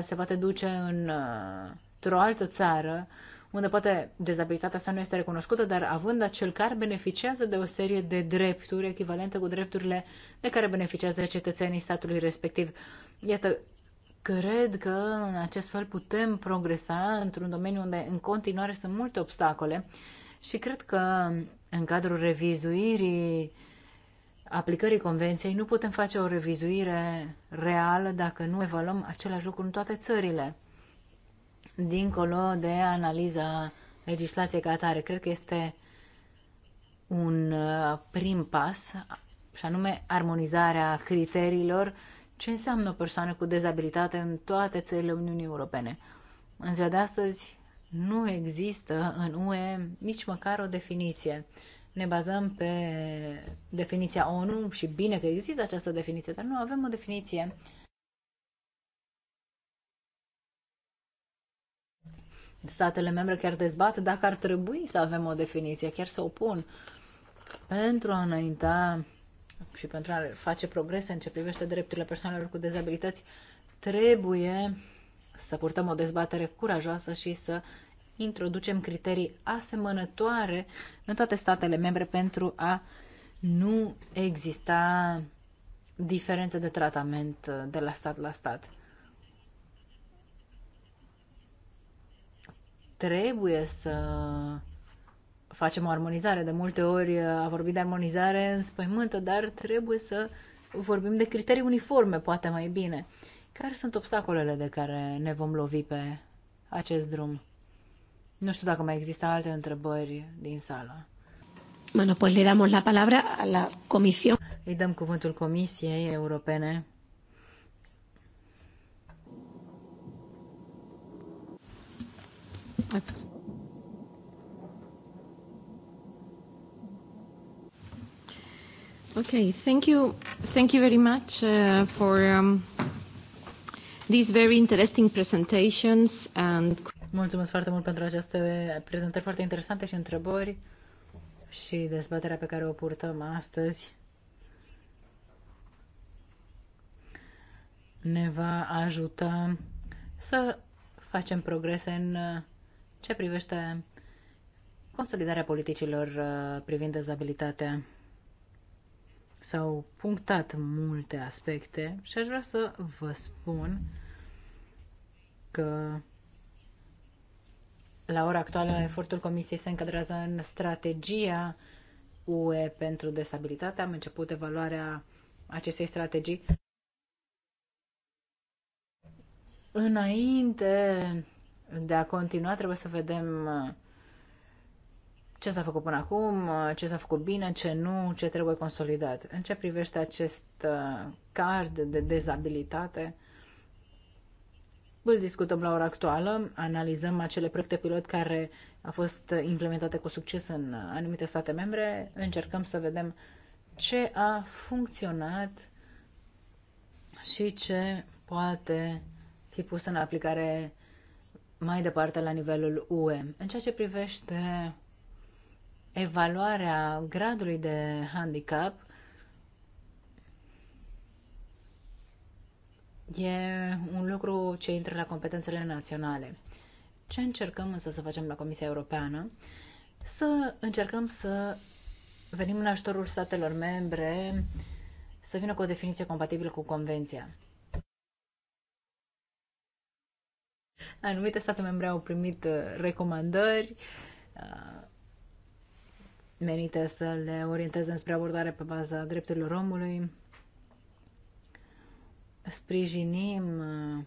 se poate duce în, uh, într-o altă țară unde poate dezabilitatea sa nu este recunoscută, dar având acel car beneficiază de o serie de drepturi echivalente cu drepturile de care beneficiază cetățenii statului respectiv. Iată, cred că în acest fel putem progresa într-un domeniu unde în continuare sunt multe obstacole și cred că în cadrul revizuirii aplicării convenției nu putem face o revizuire reală dacă nu evaluăm același lucru în toate țările dincolo de analiza legislației ca atare. Cred că este un uh, prim pas, și anume armonizarea criteriilor ce înseamnă o persoană cu dezabilitate în toate țările Uniunii Europene. În ziua de astăzi nu există în UE nici măcar o definiție. Ne bazăm pe definiția ONU și bine că există această definiție, dar nu avem o definiție Statele membre chiar dezbat dacă ar trebui să avem o definiție, chiar să opun, pentru a înainta și pentru a face progrese în ce privește drepturile persoanelor cu dezabilități, trebuie să purtăm o dezbatere curajoasă și să introducem criterii asemănătoare în toate statele membre pentru a nu exista diferențe de tratament de la stat la stat. trebuie să facem o armonizare. De multe ori a vorbit de armonizare înspăimântă, dar trebuie să vorbim de criterii uniforme, poate mai bine. Care sunt obstacolele de care ne vom lovi pe acest drum? Nu știu dacă mai există alte întrebări din sală. Bueno, pues le damos la palabra a la comisión. Îi dăm cuvântul Comisiei Europene Okay, thank you. Thank you very much uh, for um, these very interesting presentations and Mulțumesc foarte mult pentru aceste prezentări foarte interesante și întrebări și dezbaterea pe care o purtăm astăzi ne va ajuta să facem progrese în ce privește consolidarea politicilor uh, privind dezabilitatea. S-au punctat multe aspecte și aș vrea să vă spun că la ora actuală efortul Comisiei se încadrează în strategia UE pentru dezabilitate. Am început evaluarea acestei strategii. Înainte de a continua, trebuie să vedem uh, ce s-a făcut până acum, uh, ce s-a făcut bine, ce nu, ce trebuie consolidat. În ce privește acest uh, card de dezabilitate, îl discutăm la ora actuală, analizăm acele proiecte pilot care au fost implementate cu succes în anumite state membre, încercăm să vedem ce a funcționat și ce poate fi pus în aplicare mai departe la nivelul UE. În ceea ce privește evaluarea gradului de handicap, e un lucru ce intră la competențele naționale. Ce încercăm însă să facem la Comisia Europeană? Să încercăm să venim în ajutorul statelor membre să vină cu o definiție compatibilă cu Convenția. Anumite state membre au primit uh, recomandări uh, menite să le orienteze spre abordare pe baza drepturilor omului. Sprijinim uh,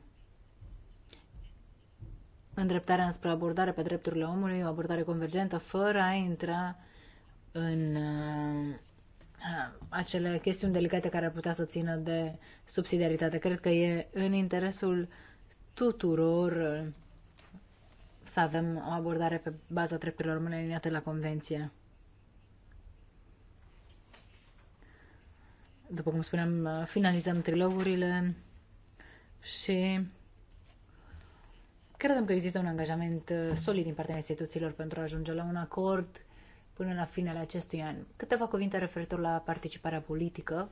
îndreptarea spre abordare pe drepturile omului, o abordare convergentă, fără a intra în acele chestiuni delicate care ar putea să țină de subsidiaritate. Cred că e în interesul uh, tuturor uh, să avem o abordare pe baza treptelor umane aliniate la Convenție. După cum spuneam, uh, finalizăm trilogurile și credem că există un angajament uh, solid din partea instituțiilor pentru a ajunge la un acord până la finele acestui an. Câteva cuvinte referitor la participarea politică.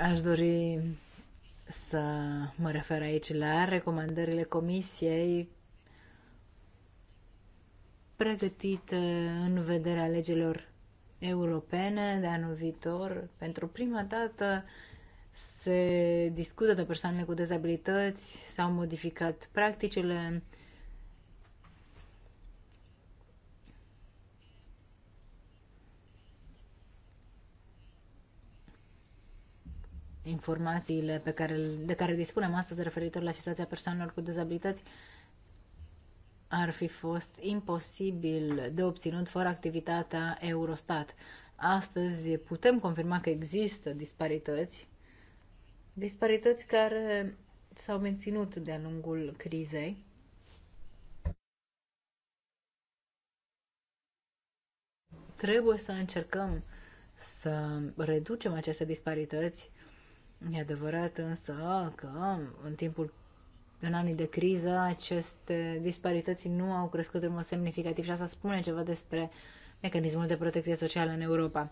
Aș dori să mă refer aici la recomandările Comisiei pregătite în vederea legilor europene de anul viitor. Pentru prima dată se discută de persoanele cu dezabilități, s-au modificat practicile informațiile pe care, de care dispunem astăzi referitor la situația persoanelor cu dezabilități ar fi fost imposibil de obținut fără activitatea Eurostat. Astăzi putem confirma că există disparități, disparități care s-au menținut de-a lungul crizei. Trebuie să încercăm să reducem aceste disparități E adevărat însă că în timpul în anii de criză aceste disparități nu au crescut în mod semnificativ și asta spune ceva despre mecanismul de protecție socială în Europa.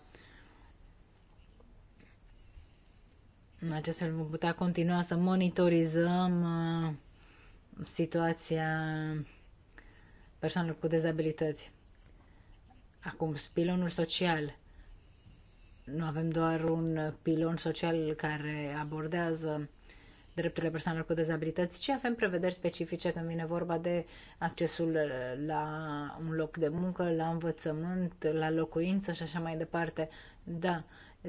În acest fel vom putea continua să monitorizăm uh, situația persoanelor cu dezabilități. Acum, spilonul social – nu avem doar un pilon social care abordează drepturile persoanelor cu dezabilități, ci avem prevederi specifice când vine vorba de accesul la un loc de muncă, la învățământ, la locuință și așa mai departe. Da,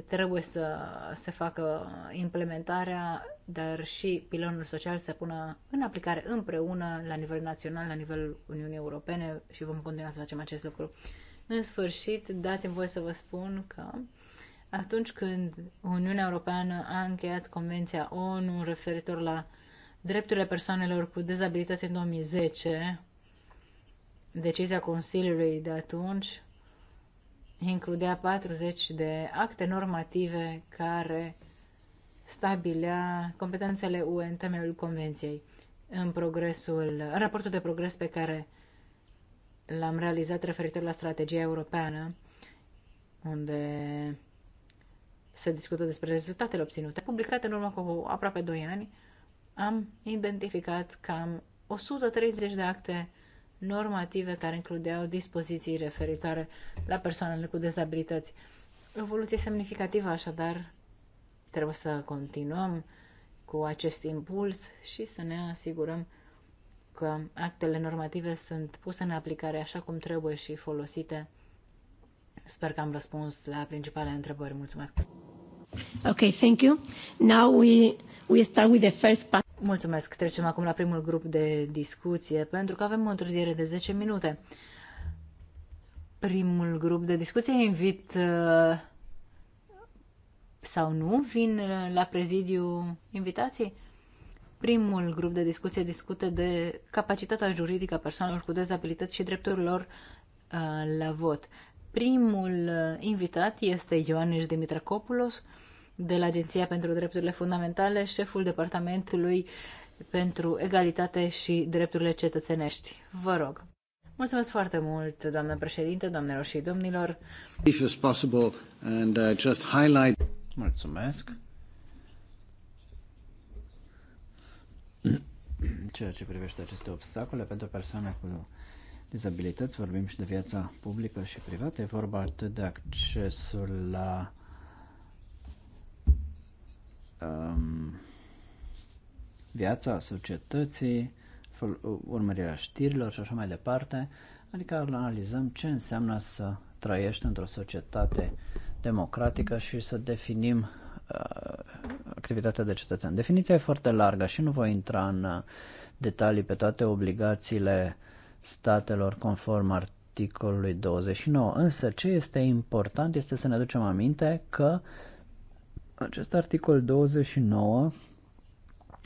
trebuie să se facă implementarea, dar și pilonul social să pună în aplicare împreună la nivel național, la nivel Uniunii Europene și vom continua să facem acest lucru. În sfârșit, dați-mi voie să vă spun că atunci când Uniunea Europeană a încheiat Convenția ONU referitor la drepturile persoanelor cu dezabilități în 2010, decizia Consiliului de atunci includea 40 de acte normative care stabilea competențele UE în temeiul Convenției. În, progresul, în raportul de progres pe care l-am realizat referitor la strategia europeană, unde se discută despre rezultatele obținute. publicate în urmă cu aproape 2 ani, am identificat cam 130 de acte normative care includeau dispoziții referitoare la persoanele cu dezabilități. Evoluție semnificativă, așadar, trebuie să continuăm cu acest impuls și să ne asigurăm că actele normative sunt puse în aplicare așa cum trebuie și folosite Sper că am răspuns la principalele întrebări. Mulțumesc! Ok, thank you. Now we, we start with the first part. Mulțumesc. Trecem acum la primul grup de discuție, pentru că avem o întârziere de 10 minute. Primul grup de discuție invit uh, sau nu, vin uh, la prezidiu invitații. Primul grup de discuție discută de capacitatea juridică a persoanelor cu dezabilități și drepturilor uh, la vot. Primul uh, invitat este Ioanis Dimitracopoulos, de la Agenția pentru Drepturile Fundamentale, șeful Departamentului pentru Egalitate și Drepturile Cetățenești. Vă rog. Mulțumesc foarte mult, doamnă președinte, doamnelor și domnilor. If it's possible, and uh, just highlight... Mulțumesc. Ceea ce privește aceste obstacole pentru persoane cu dizabilități, vorbim și de viața publică și privată, e vorba atât de accesul la um, viața societății, urmărirea știrilor și așa mai departe, adică analizăm ce înseamnă să trăiești într-o societate democratică și să definim uh, activitatea de cetățean. Definiția e foarte largă și nu voi intra în uh, detalii pe toate obligațiile uh, statelor conform articolului 29. Însă ce este important este să ne aducem aminte că acest articol 29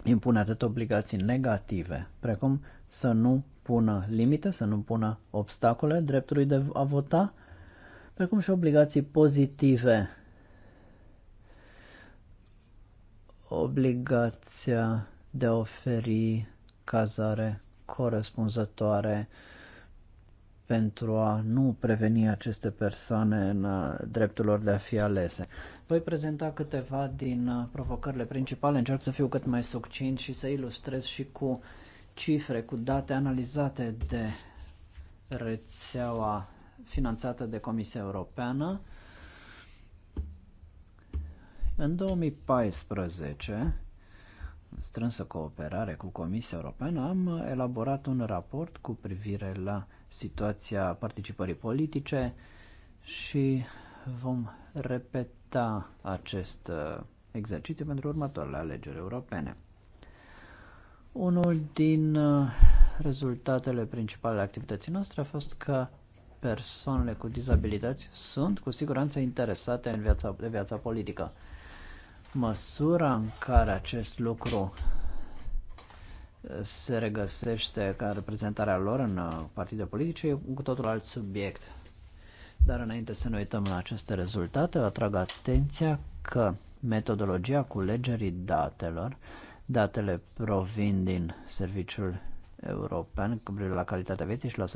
impune atât obligații negative, precum să nu pună limite, să nu pună obstacole dreptului de a vota, precum și obligații pozitive. Obligația de a oferi cazare corespunzătoare pentru a nu preveni aceste persoane în uh, dreptul lor de a fi alese. Voi prezenta câteva din uh, provocările principale, încerc să fiu cât mai succint și să ilustrez și cu cifre, cu date analizate de rețeaua finanțată de Comisia Europeană. În 2014, strânsă cooperare cu Comisia Europeană, am elaborat un raport cu privire la situația participării politice și vom repeta acest uh, exercițiu pentru următoarele alegeri europene. Unul din uh, rezultatele principale ale activității noastre a fost că persoanele cu dizabilități sunt cu siguranță interesate în viața, de viața politică. Măsura în care acest lucru uh, se regăsește ca reprezentarea lor în uh, partide politice e cu totul alt subiect. Dar înainte să ne uităm la aceste rezultate, atrag atenția că metodologia culegerii datelor, datele provin din Serviciul European cu privire la calitatea vieții și la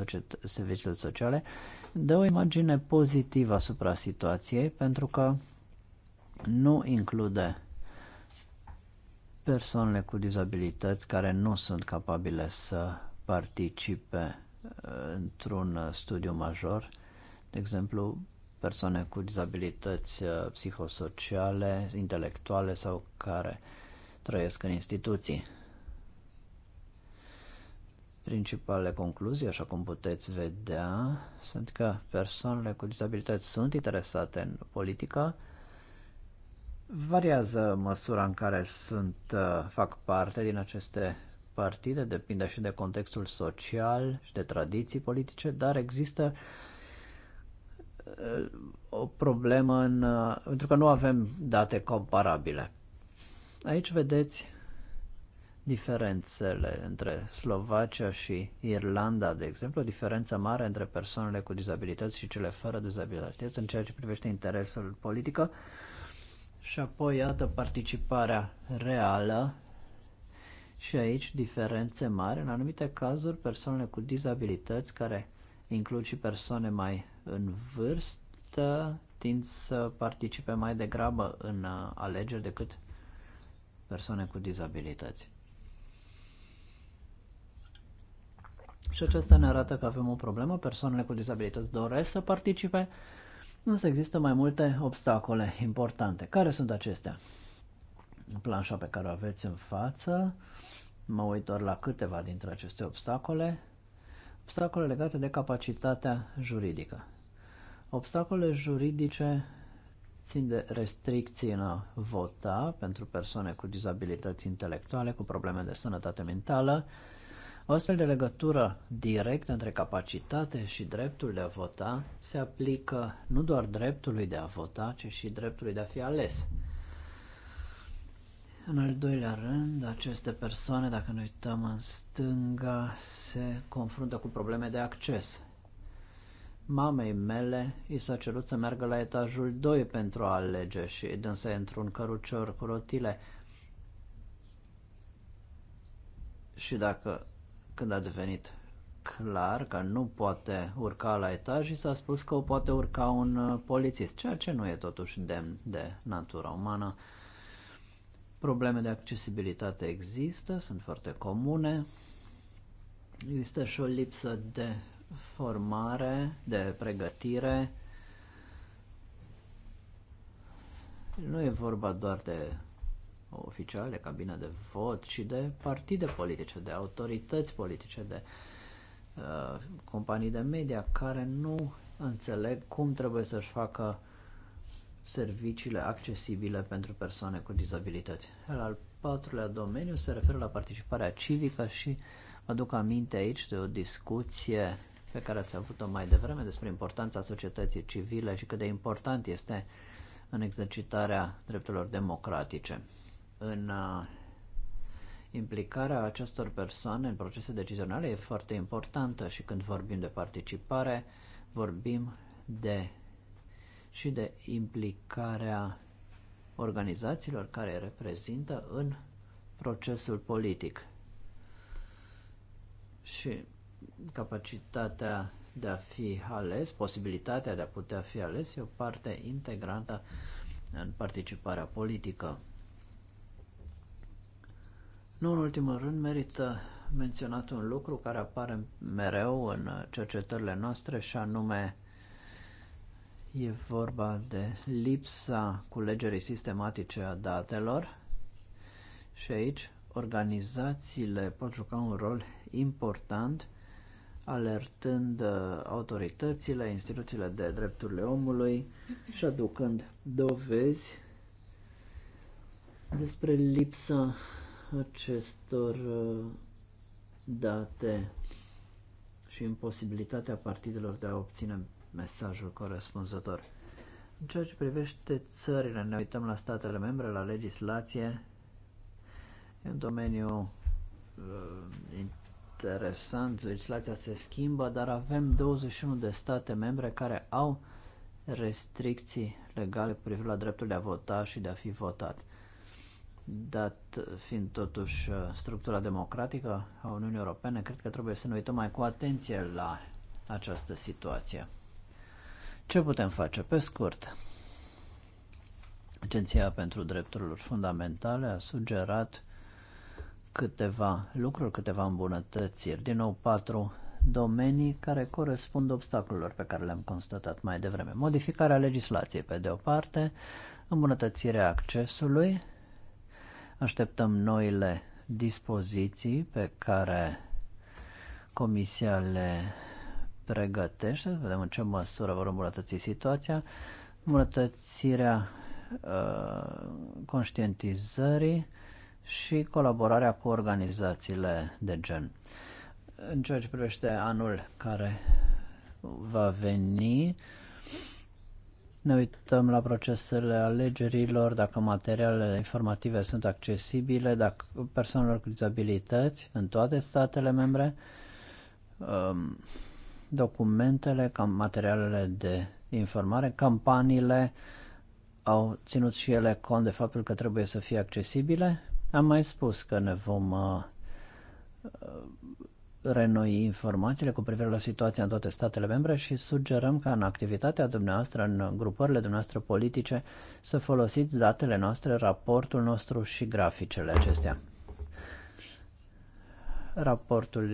serviciile sociale, dă o imagine pozitivă asupra situației pentru că nu include persoanele cu dizabilități care nu sunt capabile să participe uh, într-un uh, studiu major, de exemplu, persoane cu dizabilități uh, psihosociale, intelectuale sau care trăiesc în instituții. Principalele concluzii, așa cum puteți vedea, sunt că persoanele cu dizabilități sunt interesate în politică, Variază măsura în care sunt, uh, fac parte din aceste partide, depinde și de contextul social și de tradiții politice, dar există uh, o problemă în, uh, pentru că nu avem date comparabile. Aici vedeți diferențele între Slovacia și Irlanda, de exemplu, o diferență mare între persoanele cu dizabilități și cele fără dizabilități în ceea ce privește interesul politică. Uh, și apoi, iată, participarea reală și aici diferențe mari. În anumite cazuri, persoanele cu dizabilități, care includ și persoane mai în vârstă, tind să participe mai degrabă în uh, alegeri decât persoane cu dizabilități. Și aceasta ne arată că avem o problemă. Persoanele cu dizabilități doresc să participe, Însă există mai multe obstacole importante. Care sunt acestea? Planșa pe care o aveți în față, mă uit doar la câteva dintre aceste obstacole. Obstacole legate de capacitatea juridică. Obstacole juridice țin de restricții în a vota pentru persoane cu dizabilități intelectuale, cu probleme de sănătate mentală, o astfel de legătură directă între capacitate și dreptul de a vota se aplică nu doar dreptului de a vota, ci și dreptului de a fi ales. În al doilea rând, aceste persoane, dacă ne uităm în stânga, se confruntă cu probleme de acces. Mamei mele i s-a cerut să meargă la etajul 2 pentru a alege și dânsa într-un cărucior cu rotile. Și dacă când a devenit clar că nu poate urca la etaj și s-a spus că o poate urca un uh, polițist, ceea ce nu e totuși demn de natura umană. Probleme de accesibilitate există, sunt foarte comune. Există și o lipsă de formare, de pregătire. Nu e vorba doar de oficiali, de cabine de vot și de partide politice, de autorități politice, de uh, companii de media care nu înțeleg cum trebuie să-și facă serviciile accesibile pentru persoane cu dizabilități. El al patrulea domeniu se referă la participarea civică și aduc aminte aici de o discuție pe care ați avut-o mai devreme despre importanța societății civile și cât de important este în exercitarea drepturilor democratice în uh, implicarea acestor persoane în procese decizionale e foarte importantă și când vorbim de participare, vorbim de și de implicarea organizațiilor care reprezintă în procesul politic. Și capacitatea de a fi ales, posibilitatea de a putea fi ales, e o parte integrantă în participarea politică. Nu în ultimul rând merită menționat un lucru care apare mereu în cercetările noastre și anume e vorba de lipsa culegerii sistematice a datelor și aici organizațiile pot juca un rol important alertând uh, autoritățile, instituțiile de drepturile omului și aducând dovezi despre lipsa acestor uh, date și imposibilitatea partidelor de a obține mesajul corespunzător. În ceea ce privește țările, ne uităm la statele membre, la legislație, e un domeniu uh, interesant, legislația se schimbă, dar avem 21 de state membre care au restricții legale privind la dreptul de a vota și de a fi votat dat fiind totuși uh, structura democratică a Uniunii Europene, cred că trebuie să ne uităm mai cu atenție la această situație. Ce putem face? Pe scurt, Agenția pentru Drepturile Fundamentale a sugerat câteva lucruri, câteva îmbunătățiri, din nou patru domenii care corespund obstacolelor pe care le-am constatat mai devreme. Modificarea legislației, pe de o parte, îmbunătățirea accesului Așteptăm noile dispoziții pe care Comisia le pregătește, să vedem în ce măsură vor îmbunătăți situația, îmbunătățirea uh, conștientizării și colaborarea cu organizațiile de gen. În ceea ce privește anul care va veni, ne uităm la procesele alegerilor, dacă materialele informative sunt accesibile, dacă persoanelor cu dizabilități în toate statele membre, um, documentele, cam materialele de informare, campaniile au ținut și ele cont de faptul că trebuie să fie accesibile. Am mai spus că ne vom uh, renoi informațiile cu privire la situația în toate statele membre și sugerăm ca în activitatea dumneavoastră, în grupările dumneavoastră politice, să folosiți datele noastre, raportul nostru și graficele acestea. Raportul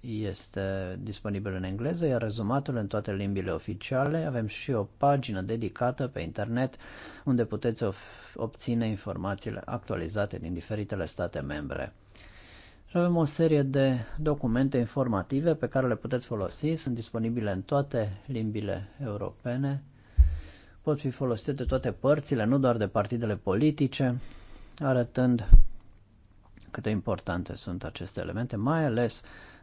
este disponibil în engleză, iar rezumatul în toate limbile oficiale. Avem și o pagină dedicată pe internet unde puteți obține informațiile actualizate din diferitele state membre avem o serie de documente informative pe care le puteți folosi, sunt disponibile în toate limbile europene, pot fi folosite de toate părțile, nu doar de partidele politice, arătând cât de importante sunt aceste elemente, mai ales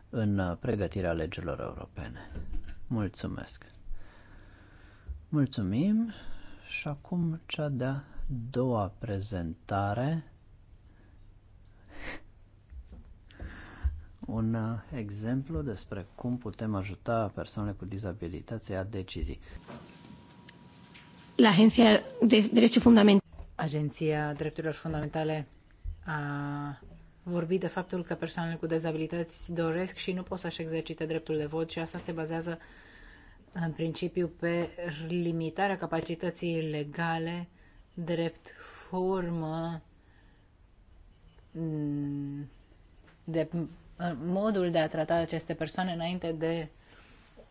în pregătirea legilor europene. Mulțumesc! Mulțumim și acum cea de-a doua prezentare un uh, exemplu despre cum putem ajuta persoanele cu dizabilități să ia decizii. La Agenția de Drepturi Fundamentale. Agenția Drepturilor Fundamentale a vorbit de faptul că persoanele cu dezabilități doresc și nu pot să-și exercite dreptul de vot și asta se bazează în principiu pe limitarea capacității legale drept formă mm, de modul de a trata aceste persoane înainte de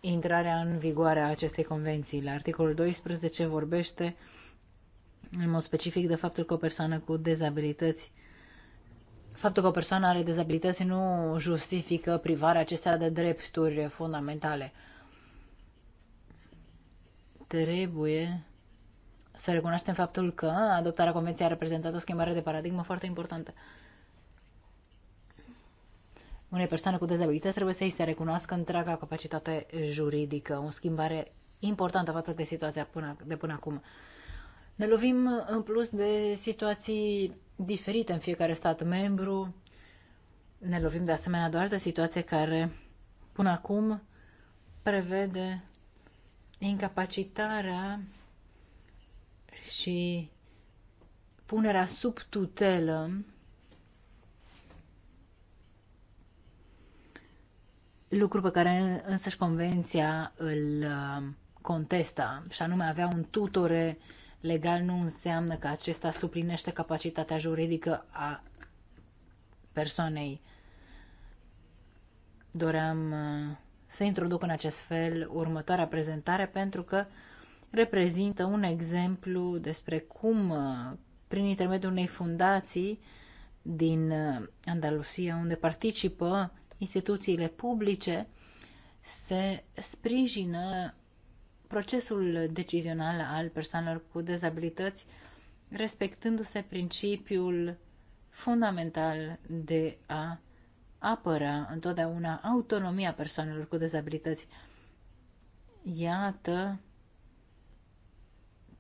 intrarea în vigoare a acestei convenții. La articolul 12 vorbește în mod specific de faptul că o persoană cu dezabilități Faptul că o persoană are dezabilități nu justifică privarea acestea de drepturi fundamentale. Trebuie să recunoaștem faptul că adoptarea convenției a reprezentat o schimbare de paradigmă foarte importantă unei persoane cu dezabilități trebuie să îi se recunoască întreaga capacitate juridică, o schimbare importantă față de situația până, de până acum. Ne lovim în plus de situații diferite în fiecare stat membru, ne lovim de asemenea de o altă situație care până acum prevede incapacitarea și punerea sub tutelă lucru pe care însăși convenția îl uh, contestă, și anume avea un tutore legal nu înseamnă că acesta suplinește capacitatea juridică a persoanei. Doream uh, să introduc în acest fel următoarea prezentare pentru că reprezintă un exemplu despre cum, uh, prin intermediul unei fundații din Andalusia, unde participă instituțiile publice se sprijină procesul decizional al persoanelor cu dezabilități, respectându-se principiul fundamental de a apăra întotdeauna autonomia persoanelor cu dezabilități. Iată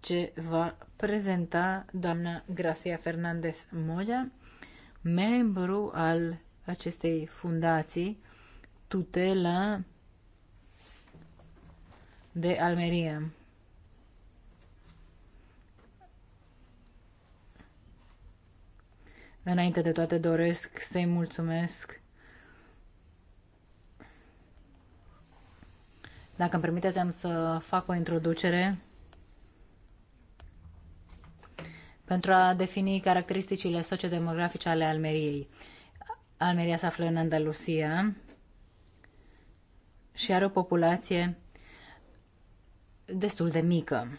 ce va prezenta doamna Gracia Fernandez Moya, membru al acestei fundații, tutela de Almeria. Înainte de toate doresc să-i mulțumesc Dacă îmi permiteți, am să fac o introducere pentru a defini caracteristicile sociodemografice ale Almeriei. Almeria se află în Andalusia și are o populație destul de mică.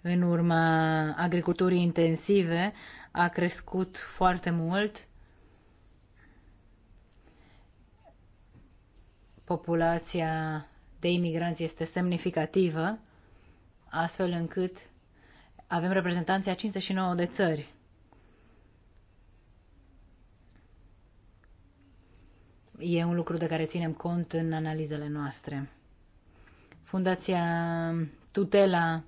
În urma agriculturii intensive a crescut foarte mult populația de imigranți este semnificativă, astfel încât avem reprezentanții a 59 de țări. E un lucru de care ținem cont în analizele noastre. Fundația Tutela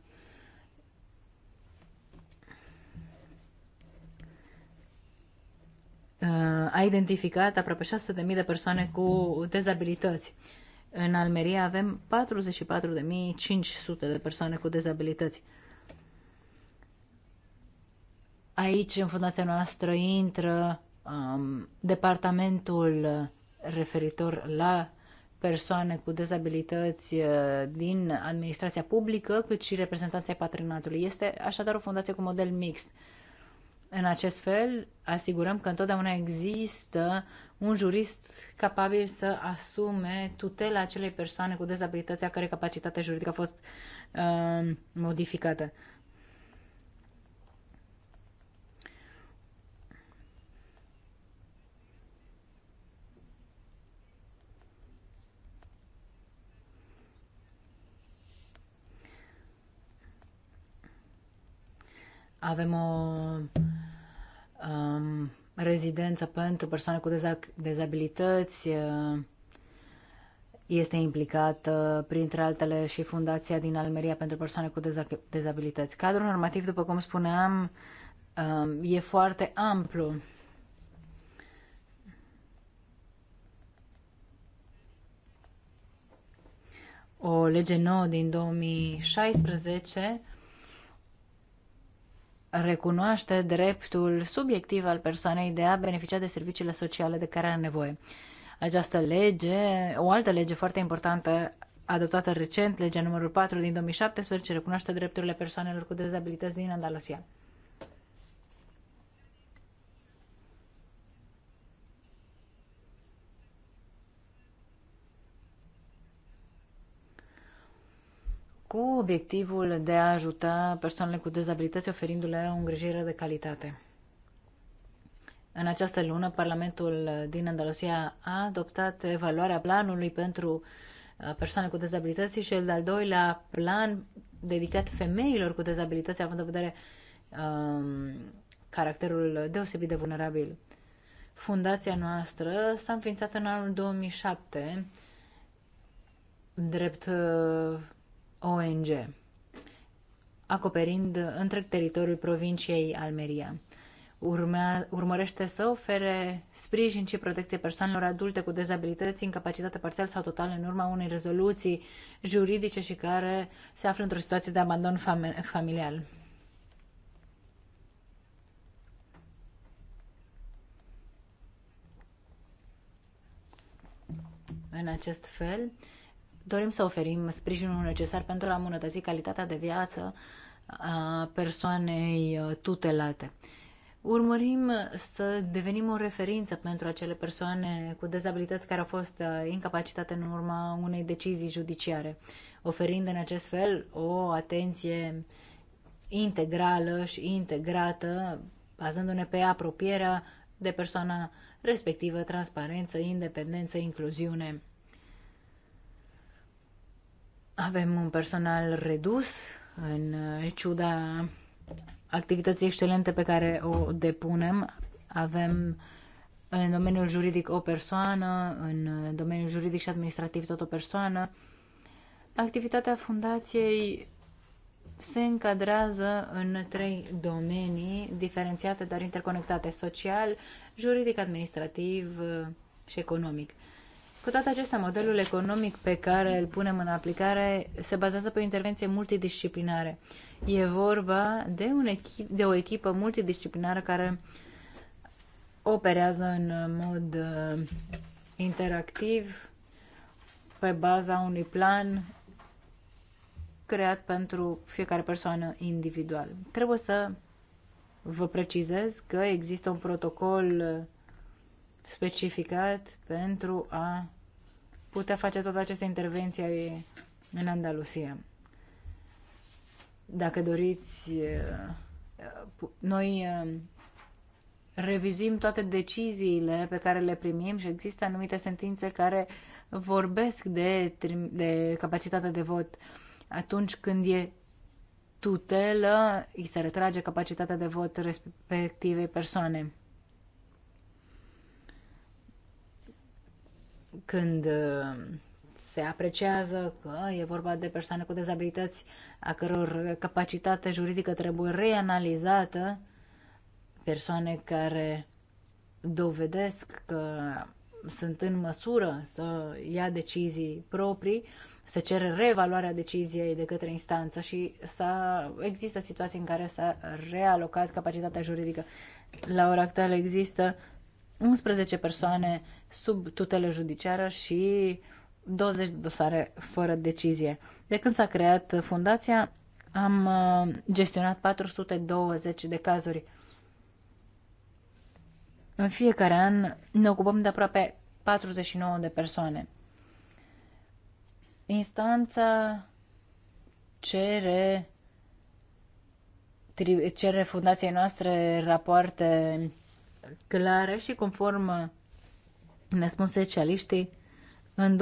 a identificat aproape 600.000 de persoane cu dezabilități. În Almeria avem 44.500 de persoane cu dezabilități. Aici, în fundația noastră, intră um, departamentul referitor la persoane cu dezabilități uh, din administrația publică, cât și reprezentanția patronatului. Este așadar o fundație cu model mixt. În acest fel, asigurăm că întotdeauna există un jurist capabil să asume tutela acelei persoane cu dezabilități a cărei capacitate juridică a fost uh, modificată. Avem o um, rezidență pentru persoane cu dezabilități. Uh, este implicată, printre altele, și Fundația din Almeria pentru persoane cu dezabilități. Cadrul normativ, după cum spuneam, um, e foarte amplu. o lege nouă din 2016 recunoaște dreptul subiectiv al persoanei de a beneficia de serviciile sociale de care are nevoie. Această lege, o altă lege foarte importantă adoptată recent, legea numărul 4 din 2017, recunoaște drepturile persoanelor cu dezabilități din Andalusia. cu obiectivul de a ajuta persoanele cu dezabilități oferindu-le o îngrijire de calitate. În această lună, Parlamentul din Andalusia a adoptat evaluarea planului pentru uh, persoane cu dezabilități și el de-al doilea plan dedicat femeilor cu dezabilități, având în vedere um, caracterul deosebit de vulnerabil. Fundația noastră s-a înființat în anul 2007 drept uh, ONG, acoperind întreg teritoriul provinciei Almeria. Urmea, urmărește să ofere sprijin și protecție persoanelor adulte cu dezabilități, incapacitate parțială sau totală în urma unei rezoluții juridice și care se află într-o situație de abandon fam- familial. În acest fel, uh, dorim să oferim sprijinul necesar pentru a îmbunătăți calitatea de viață a persoanei uh, tutelate. Urmărim să devenim o referință pentru acele persoane cu dezabilități care au fost uh, incapacitate în urma unei decizii judiciare, oferind în acest fel o atenție integrală și integrată, bazându-ne pe apropierea de persoana respectivă, transparență, independență, incluziune avem un personal redus, în ciuda activității excelente pe care o depunem. Avem în domeniul juridic o persoană, în domeniul juridic și administrativ tot o persoană. Activitatea fundației se încadrează în trei domenii diferențiate, dar interconectate, social, juridic, administrativ și economic. Cu toate acestea, modelul economic pe care îl punem în aplicare se bazează pe o intervenție multidisciplinare. E vorba de, un echip, de o echipă multidisciplinară care operează în mod uh, interactiv pe baza unui plan creat pentru fiecare persoană individual. Trebuie să vă precizez că există un protocol uh, specificat pentru a putea face toată această intervenție în Andalusia. Dacă doriți, eh, noi eh, revizuim toate deciziile pe care le primim și există anumite sentințe care vorbesc de, de capacitatea de vot atunci când e tutelă, îi se retrage capacitatea de vot respectivei persoane. când uh, se apreciază că e vorba de persoane cu dezabilități a căror capacitate juridică trebuie reanalizată, persoane care dovedesc că sunt în măsură să ia decizii proprii, se cere reevaluarea deciziei de către instanță și s-a, există situații în care s-a realocat capacitatea juridică. La ora actuală există 11 persoane sub tutelă judiciară și 20 de dosare fără decizie. De când s-a creat fundația, am uh, gestionat 420 de cazuri. În fiecare an ne ocupăm de aproape 49 de persoane. Instanța cere, cere fundației noastre rapoarte clare și conform ne spun specialiștii, în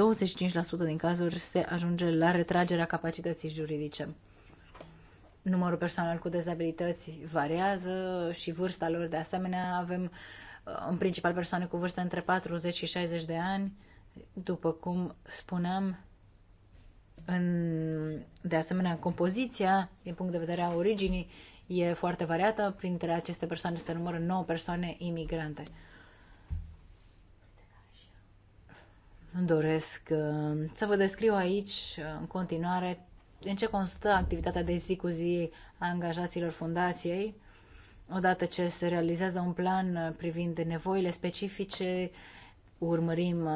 25% din cazuri se ajunge la retragerea capacității juridice. Numărul persoanelor cu dezabilități variază și vârsta lor. De asemenea, avem uh, în principal persoane cu vârste între 40 și 60 de ani. După cum spuneam, în, de asemenea, compoziția, din punct de vedere a originii, e foarte variată. Printre aceste persoane se numără 9 persoane imigrante. doresc uh, să vă descriu aici uh, în continuare în ce constă activitatea de zi cu zi a angajaților fundației, odată ce se realizează un plan uh, privind nevoile specifice, urmărim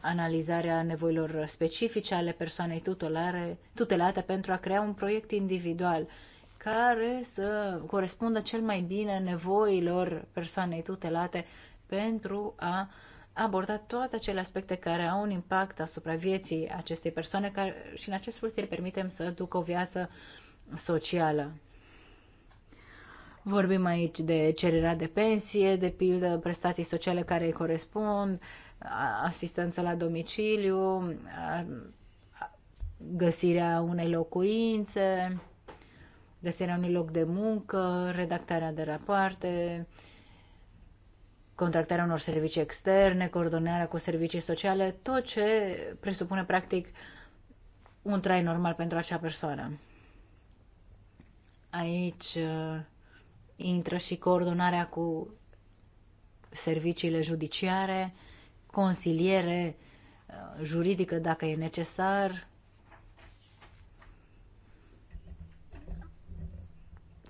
analizarea nevoilor specifice ale persoanei tutelare, tutelate pentru a crea un proiect individual care să corespundă cel mai bine nevoilor persoanei tutelate pentru a uh, abordat toate acele aspecte care au un impact asupra vieții acestei persoane care, și în acest fel să-i permitem să ducă o viață socială. Vorbim aici de cererea de pensie, de pildă prestații sociale care îi corespund, asistență la domiciliu, găsirea unei locuințe, găsirea unui loc de muncă, redactarea de rapoarte, contractarea unor servicii externe, coordonarea cu servicii sociale, tot ce presupune practic un trai normal pentru acea persoană. Aici uh, intră și coordonarea cu serviciile judiciare, consiliere uh, juridică dacă e necesar,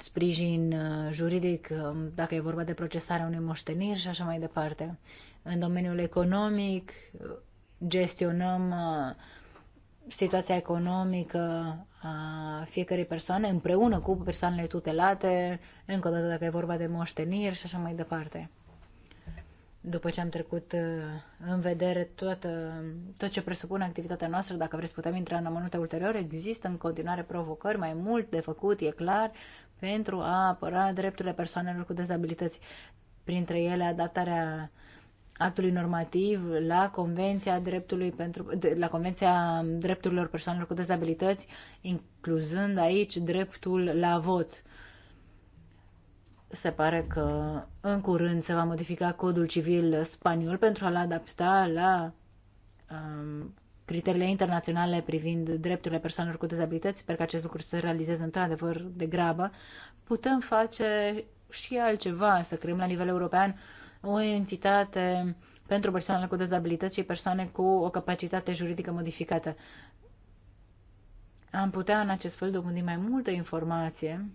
sprijin uh, juridic, um, dacă e vorba de procesarea unei moșteniri și așa mai departe. În domeniul economic uh, gestionăm uh, situația economică a fiecărei persoane împreună cu persoanele tutelate, încă o dată dacă e vorba de moșteniri și așa mai departe după ce am trecut uh, în vedere toată, tot ce presupune activitatea noastră, dacă vreți putem intra în amănunte ulterior, există în continuare provocări, mai mult de făcut, e clar, pentru a apăra drepturile persoanelor cu dezabilități, printre ele adaptarea actului normativ la Convenția, dreptului pentru, la Convenția Drepturilor Persoanelor cu Dezabilități, incluzând aici dreptul la vot se pare că în curând se va modifica codul civil spaniol pentru a-l adapta la um, criteriile internaționale privind drepturile persoanelor cu dezabilități. Sper că acest lucru se realizeze într-adevăr de grabă. Putem face și altceva, să creăm la nivel european o entitate pentru persoanele cu dezabilități și persoane cu o capacitate juridică modificată. Am putea în acest fel dobândi mai multă informație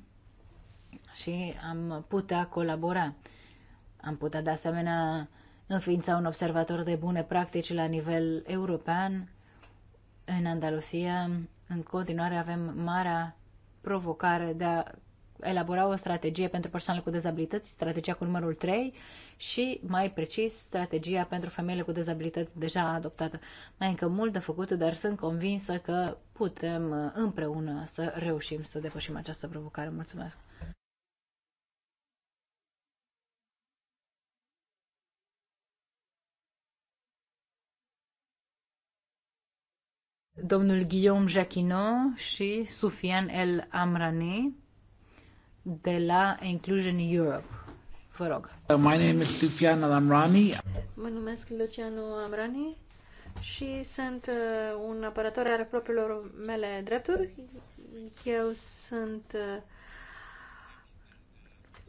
și am putea colabora. Am putea de asemenea înființa un observator de bune practici la nivel european. În Andalusia, în continuare, avem marea provocare de a elabora o strategie pentru persoanele cu dezabilități, strategia cu numărul 3 și, mai precis, strategia pentru femeile cu dezabilități deja adoptată. Mai încă mult de făcut, dar sunt convinsă că putem împreună să reușim să depășim această provocare. Mulțumesc! domnul Guillaume Jacquinot și Sufian El Amrani de la Inclusion Europe. Vă rog. Uh, my name is Sufian El Amrani. Mă numesc Luciano Amrani și sunt uh, un apărător al propriilor mele drepturi. Eu sunt uh,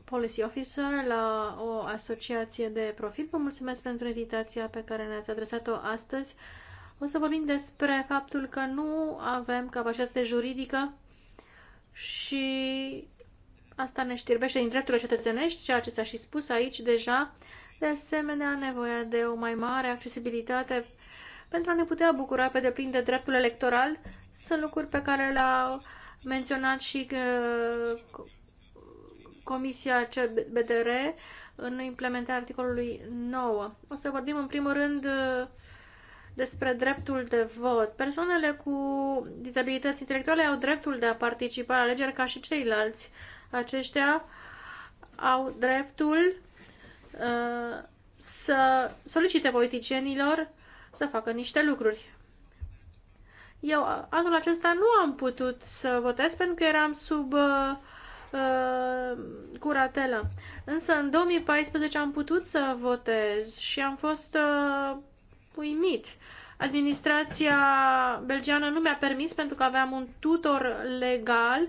policy officer la o asociație de profil. Vă mulțumesc pentru invitația pe care ne-ați adresat-o astăzi. Uh, o să vorbim despre faptul că nu avem capacitate juridică și asta ne știrbește din drepturile cetățenești, ceea ce s-a și spus aici deja. De asemenea, nevoia de o mai mare accesibilitate pentru a ne putea bucura pe deplin de dreptul electoral sunt lucruri pe care le-au menționat și uh, Comisia CBDR în implementarea articolului 9. O să vorbim în primul rând uh, despre dreptul de vot. Persoanele cu dizabilități intelectuale au dreptul de a participa la alegeri ca și ceilalți. Aceștia au dreptul uh, să solicite politicienilor să facă niște lucruri. Eu anul acesta nu am putut să votez pentru că eram sub uh, uh, curatelă. Însă în 2014 am putut să votez și am fost uh, uimit. Administrația belgiană nu mi-a permis pentru că aveam un tutor legal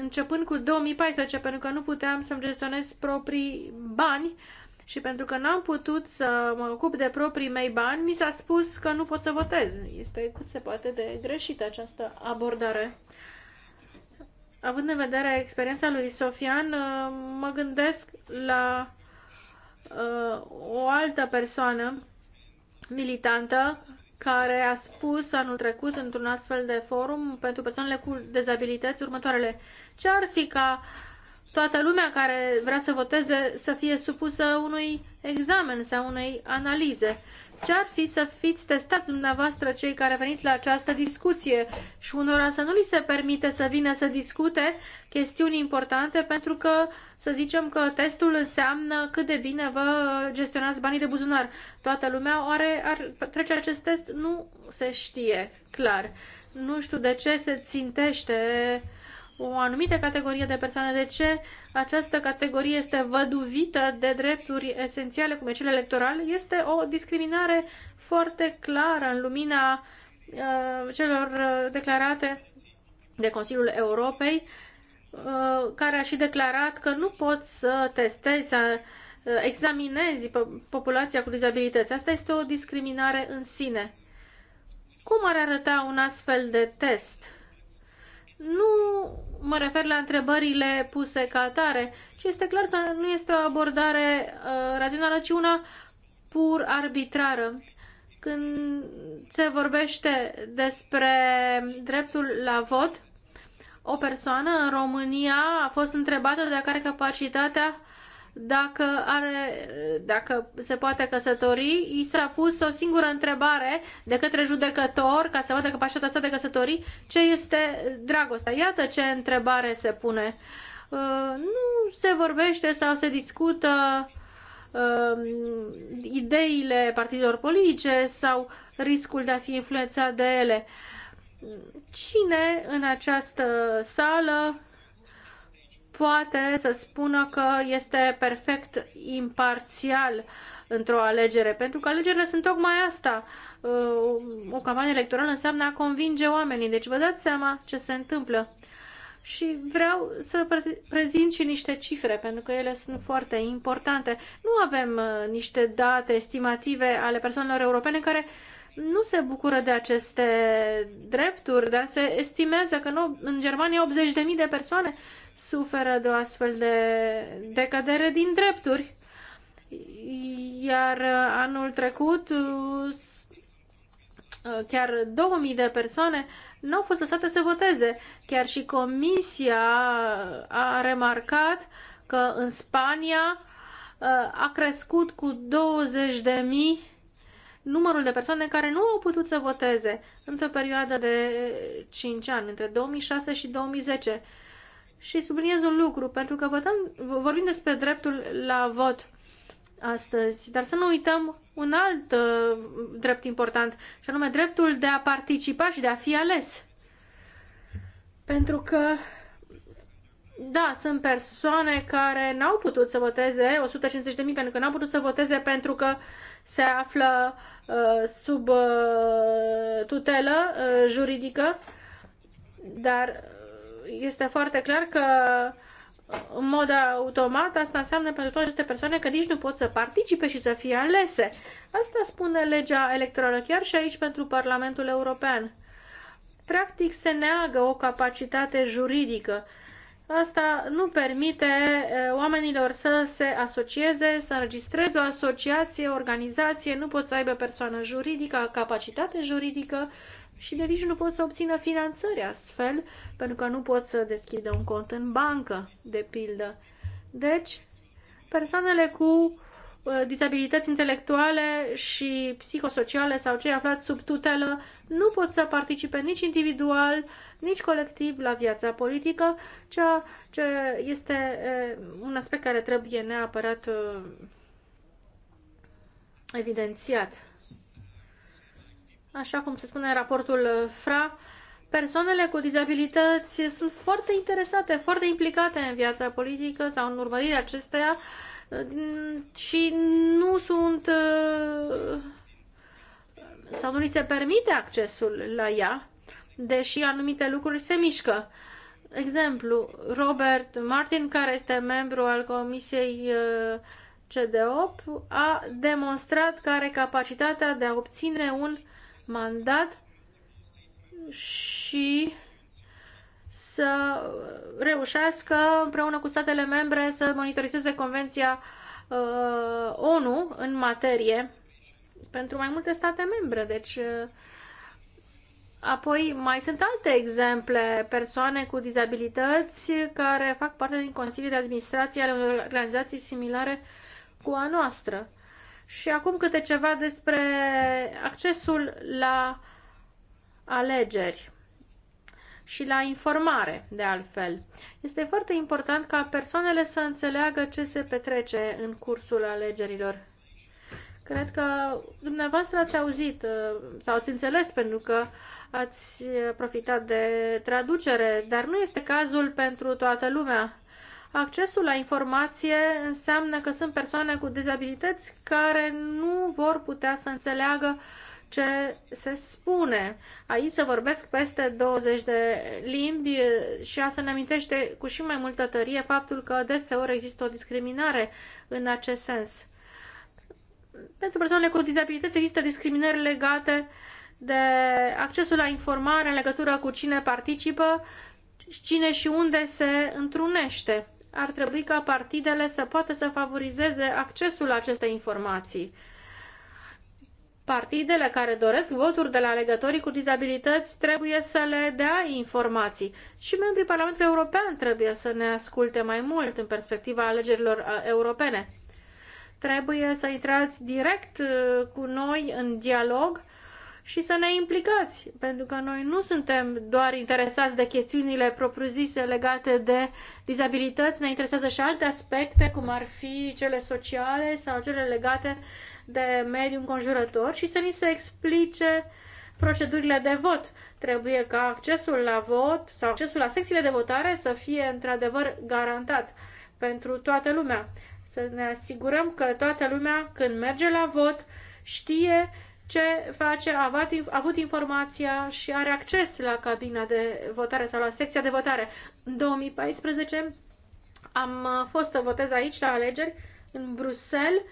începând cu 2014 pentru că nu puteam să-mi gestionez proprii bani și pentru că n-am putut să mă ocup de proprii mei bani, mi s-a spus că nu pot să votez. Este cât se poate de greșită această abordare. Având în vedere experiența lui Sofian, uh, mă gândesc la uh, o altă persoană militantă care a spus anul trecut într-un astfel de forum pentru persoanele cu dezabilități următoarele. Ce ar fi ca toată lumea care vrea să voteze să fie supusă unui examen sau unei analize? ce ar fi să fiți testați dumneavoastră cei care veniți la această discuție și unora să nu li se permite să vină să discute chestiuni importante pentru că să zicem că testul înseamnă cât de bine vă gestionați banii de buzunar. Toată lumea oare ar trece acest test? Nu se știe clar. Nu știu de ce se țintește uh, o anumită categorie de persoane, de ce această categorie este văduvită de drepturi esențiale, cum e cel electoral, este o discriminare foarte clară în lumina uh, celor uh, declarate de Consiliul Europei, uh, care a și declarat că nu poți să testezi, să uh, examinezi populația cu dizabilități. Asta este o discriminare în sine. Cum ar arăta un astfel de test? nu mă refer la întrebările puse ca atare și este clar că nu este o abordare uh, rațională, ci una pur arbitrară. Când se vorbește despre dreptul la vot, o persoană în România a fost întrebată de care capacitatea uh, dacă, are, dacă se poate căsători, i s-a pus o singură întrebare de către judecător ca să vadă că pașata sa de căsători, ce este dragostea. Iată ce întrebare se pune. Uh, nu se vorbește sau se discută uh, ideile partidelor politice sau riscul de a fi influențat de ele. Cine în această sală poate să spună că este perfect imparțial într-o alegere, pentru că alegerile sunt tocmai asta. Uh, o campanie electorală înseamnă a convinge oamenii, deci vă dați seama ce se întâmplă. Și vreau să prezint și niște cifre, pentru că ele sunt foarte importante. Nu avem uh, niște date estimative ale persoanelor europene care nu se bucură de aceste drepturi, dar se estimează că în Germania 80.000 de persoane suferă de o astfel de decădere din drepturi. Iar uh, anul trecut, uh, uh, chiar 2000 de persoane nu au fost lăsate să voteze. Chiar și Comisia a remarcat că în Spania a crescut cu 20 de mii numărul de persoane care nu au putut să voteze într-o perioadă de 5 ani, între 2006 și 2010 și subliniez un lucru, pentru că votăm, vorbim despre dreptul la vot astăzi, dar să nu uităm un alt uh, drept important, și anume dreptul de a participa și de a fi ales. Pentru că, da, sunt persoane care n-au putut să voteze, 150.000 pentru că n-au putut să voteze pentru că se află uh, sub uh, tutelă uh, juridică, dar este foarte clar că în mod automat asta înseamnă pentru toate aceste persoane că nici nu pot să participe și să fie alese. Asta spune legea electorală chiar și aici pentru Parlamentul European. Practic se neagă o capacitate juridică. Asta nu permite oamenilor să se asocieze, să înregistreze o asociație, o organizație, nu pot să aibă persoană juridică, capacitate juridică și de nici nu pot să obțină finanțări astfel, pentru că nu pot să deschidă un cont în bancă, de pildă. Deci, persoanele cu uh, dizabilități intelectuale și psihosociale sau cei aflați sub tutelă nu pot să participe nici individual, nici colectiv la viața politică, ceea ce este uh, un aspect care trebuie neapărat uh, evidențiat așa cum se spune în raportul uh, FRA, persoanele cu dizabilități sunt foarte interesate, foarte implicate în viața politică sau în urmărirea acesteia uh, și nu sunt uh, sau nu li se permite accesul la ea, deși anumite lucruri se mișcă. Exemplu, Robert Martin, care este membru al Comisiei CDOP, a demonstrat că are capacitatea de a obține un mandat și să reușească împreună cu statele membre să monitorizeze Convenția uh, ONU în materie pentru mai multe state membre. Deci, uh, apoi mai sunt alte exemple, persoane cu dizabilități care fac parte din Consiliul de Administrație ale unor organizații similare cu a noastră. Uh, și acum câte ceva despre accesul la alegeri și la informare, de altfel. Este foarte important ca persoanele să înțeleagă ce se petrece în cursul alegerilor. Cred că dumneavoastră ați auzit uh, sau ați înțeles pentru că ați profitat de traducere, dar nu este cazul pentru toată lumea. Accesul la informație înseamnă că sunt persoane cu dizabilități care nu vor putea să înțeleagă ce se spune. Aici se vorbesc peste 20 de limbi și asta ne amintește cu și mai multă tărie faptul că deseori există o discriminare în acest sens. Pentru persoanele cu dizabilități există discriminări legate de accesul la informare în legătură cu cine participă, cine și unde se întrunește ar trebui ca partidele să poată să favorizeze accesul la aceste informații. Partidele care doresc voturi de la alegătorii cu dizabilități trebuie să le dea informații și membrii Parlamentului European trebuie să ne asculte mai mult în perspectiva alegerilor uh, europene. Trebuie să intrați direct uh, cu noi în dialog și să ne implicați, pentru că noi nu suntem doar interesați de chestiunile propriu-zise legate de dizabilități, ne interesează și alte aspecte, cum ar fi cele sociale sau cele legate de mediul înconjurător și să ni se explice procedurile de vot. Trebuie ca accesul la vot sau accesul la secțiile de votare să fie într-adevăr garantat pentru toată lumea. Să ne asigurăm că toată lumea, când merge la vot, știe ce face, a avut, avut informația și are acces la cabina de votare sau la secția de votare. În 2014 am uh, fost să votez aici la alegeri în Bruxelles.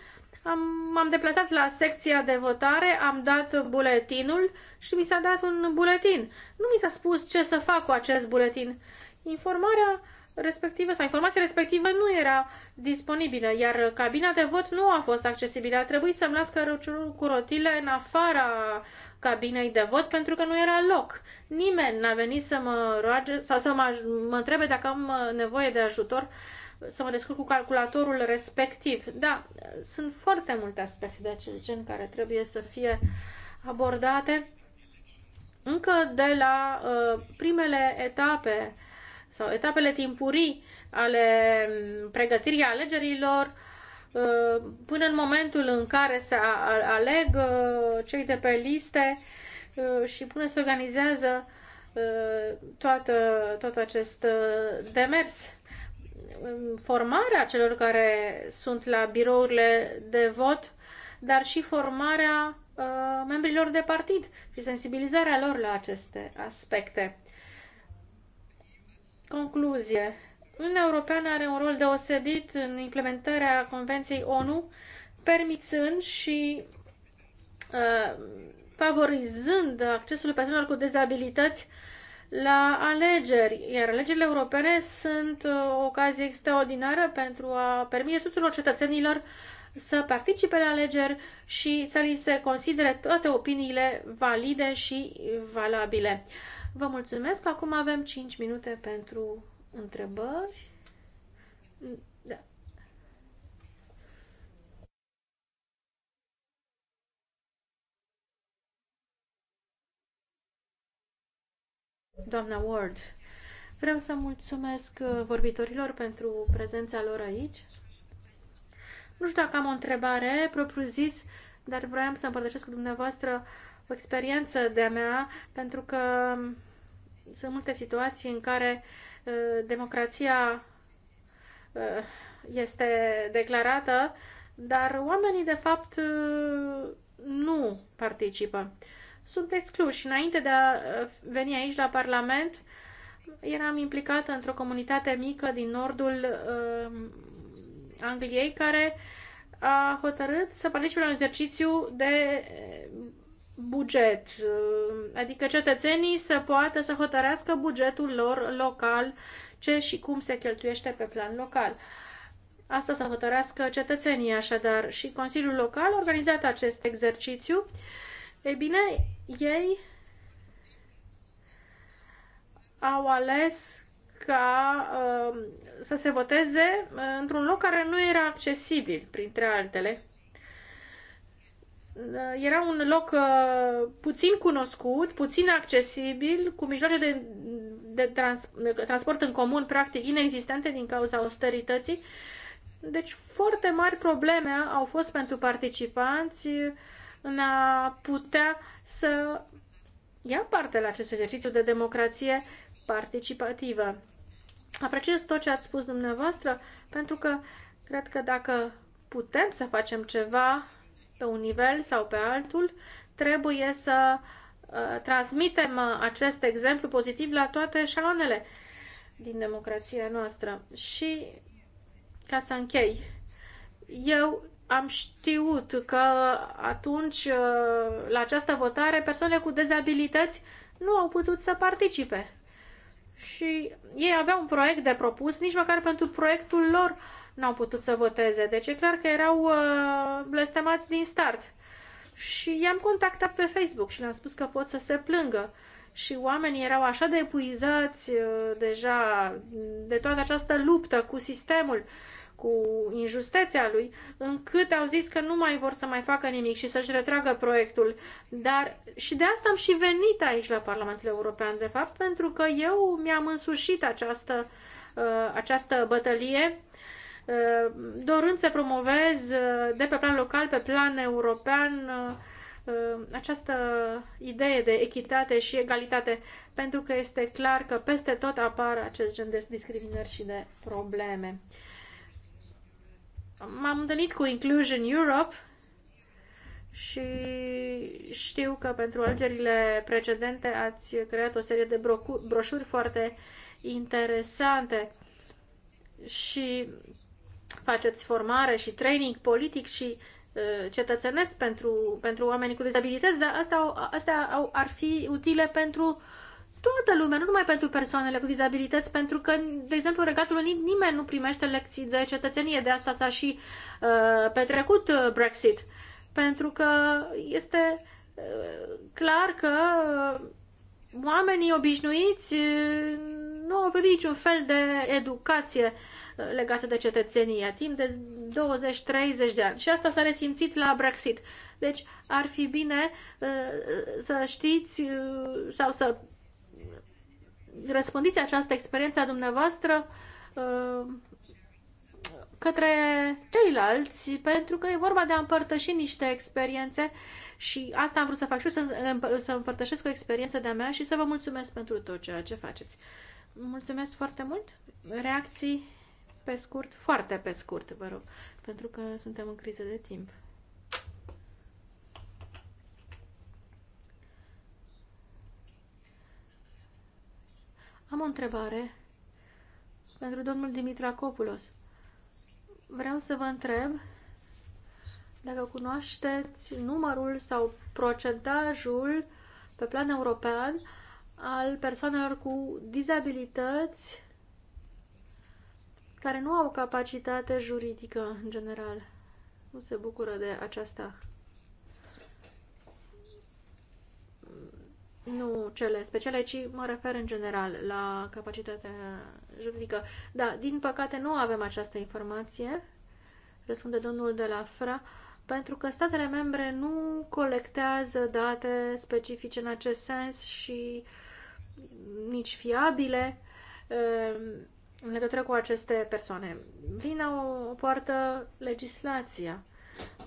Am, m-am deplasat la secția de votare, am dat buletinul și mi s-a dat un buletin. Nu mi s-a spus ce să fac cu acest buletin. Informarea respectivă sau informația respectivă nu era disponibilă, iar cabina de vot nu a fost accesibilă. A trebuit să-mi las căruciorul cu rotile în afara cabinei de vot pentru că nu era loc. Nimeni n-a venit să mă roage sau să mă, mă întrebe dacă am uh, nevoie de ajutor uh, să mă descurc cu calculatorul respectiv. Da, uh, sunt foarte multe aspecte de acest gen care trebuie să fie abordate încă de la uh, primele etape uh, sau etapele timpurii ale pregătirii alegerilor uh, până în momentul în care se aleg uh, cei de pe liste uh, și până se organizează toată, tot acest demers. Formarea celor care sunt la birourile de vot, dar și formarea membrilor de partid și sensibilizarea lor la aceste aspecte. Concluzie. Uniunea Europeană are un rol deosebit în implementarea Convenției ONU, permițând și uh, favorizând accesul persoanelor cu dezabilități la alegeri, iar alegerile europene sunt uh, o ocazie extraordinară pentru a permite tuturor cetățenilor să participe la alegeri și să li se considere toate opiniile valide și valabile. Vă mulțumesc. Acum avem 5 minute pentru întrebări. Da. Doamna Ward, vreau să mulțumesc uh, vorbitorilor pentru prezența lor aici. Nu știu dacă am o întrebare propriu-zis, dar vreau să împărtășesc cu dumneavoastră uh, o experiență de-a mea, pentru că sunt multe situații în care uh, democrația uh, este declarată, dar oamenii, de fapt, uh, nu participă. Sunt excluși. Înainte de a uh, veni aici la Parlament, eram implicată într-o comunitate mică din nordul uh, Angliei care a hotărât să participe la un exercițiu de uh, buget, uh, adică cetățenii să poată să hotărească bugetul lor local, ce și cum se cheltuiește pe plan local. Asta să hotărească cetățenii, așadar, și Consiliul Local a organizat acest exercițiu. Ei bine, ei au ales ca uh, să se voteze într-un loc care nu era accesibil, printre altele. Eh, era un loc uh, puțin cunoscut, puțin accesibil, cu mijloace de, de trans, transport în comun practic inexistente din cauza austerității. Deci foarte mari probleme au fost pentru participanți în a putea să ia parte la acest exercițiu de democrație participativă. Apreciez tot ce ați spus dumneavoastră, pentru că cred că dacă putem să facem ceva pe un nivel sau pe altul, trebuie să uh, transmitem acest exemplu pozitiv la toate șalonele din democrația noastră. Și ca să închei, eu am știut că atunci uh, la această votare persoane cu dezabilități nu au putut să participe. Și ei aveau un proiect de propus, nici măcar pentru proiectul lor uh, nu au putut să voteze. Deci e clar că erau uh, blestemați din start. Și i-am contactat pe Facebook și le-am spus că pot să se plângă. Și oamenii erau așa de epuizați uh, deja de toată această luptă cu sistemul, cu injusteția lui, încât au zis că nu mai vor să mai facă nimic și să-și retragă proiectul. Dar și de asta am și venit aici la Parlamentul European, de fapt, pentru că eu mi-am însușit această, uh, această bătălie Uh, dorând să promovez uh, de pe plan local, pe plan european, uh, această idee de echitate și egalitate, pentru că este clar că peste tot apar acest gen de discriminări și de probleme. M-am întâlnit cu Inclusion Europe și știu că pentru algerile precedente ați creat o serie de broșuri foarte interesante și faceți formare și training politic și uh, cetățenesc pentru, pentru oamenii cu dizabilități, dar asta, astea au, ar fi utile pentru toată lumea, nu numai pentru persoanele cu dizabilități, pentru că, de exemplu, în Regatul Unit nimeni nu primește lecții de cetățenie, de asta s-a și uh, petrecut uh, Brexit, pentru că este uh, clar că uh, oamenii obișnuiți uh, nu au primit niciun fel de educație uh, legate de cetățenia timp de 20-30 de ani. Și asta s-a resimțit la Brexit. Deci ar fi bine uh, să știți uh, sau să răspândiți această experiență a dumneavoastră uh, către ceilalți, pentru că e vorba de a împărtăși niște experiențe și asta am vrut să fac și eu, să, să împărtășesc o experiență de-a mea și să vă mulțumesc pentru tot ceea ce faceți. Mulțumesc foarte mult! Reacții pe scurt, foarte pe scurt, vă rog, pentru că suntem în criză de timp. Am o întrebare pentru domnul Dimitra Copulos. Vreau să vă întreb dacă cunoașteți numărul sau procentajul pe plan european al persoanelor cu dizabilități care nu au capacitate juridică în general. Nu se bucură de aceasta. Nu cele speciale, ci mă refer în general la capacitatea juridică. Da, din păcate nu avem această informație, răspunde domnul de la FRA, pentru că statele membre nu colectează date specifice în acest sens și nici fiabile ehm, în legătură cu aceste persoane. Vina o, o poartă legislația.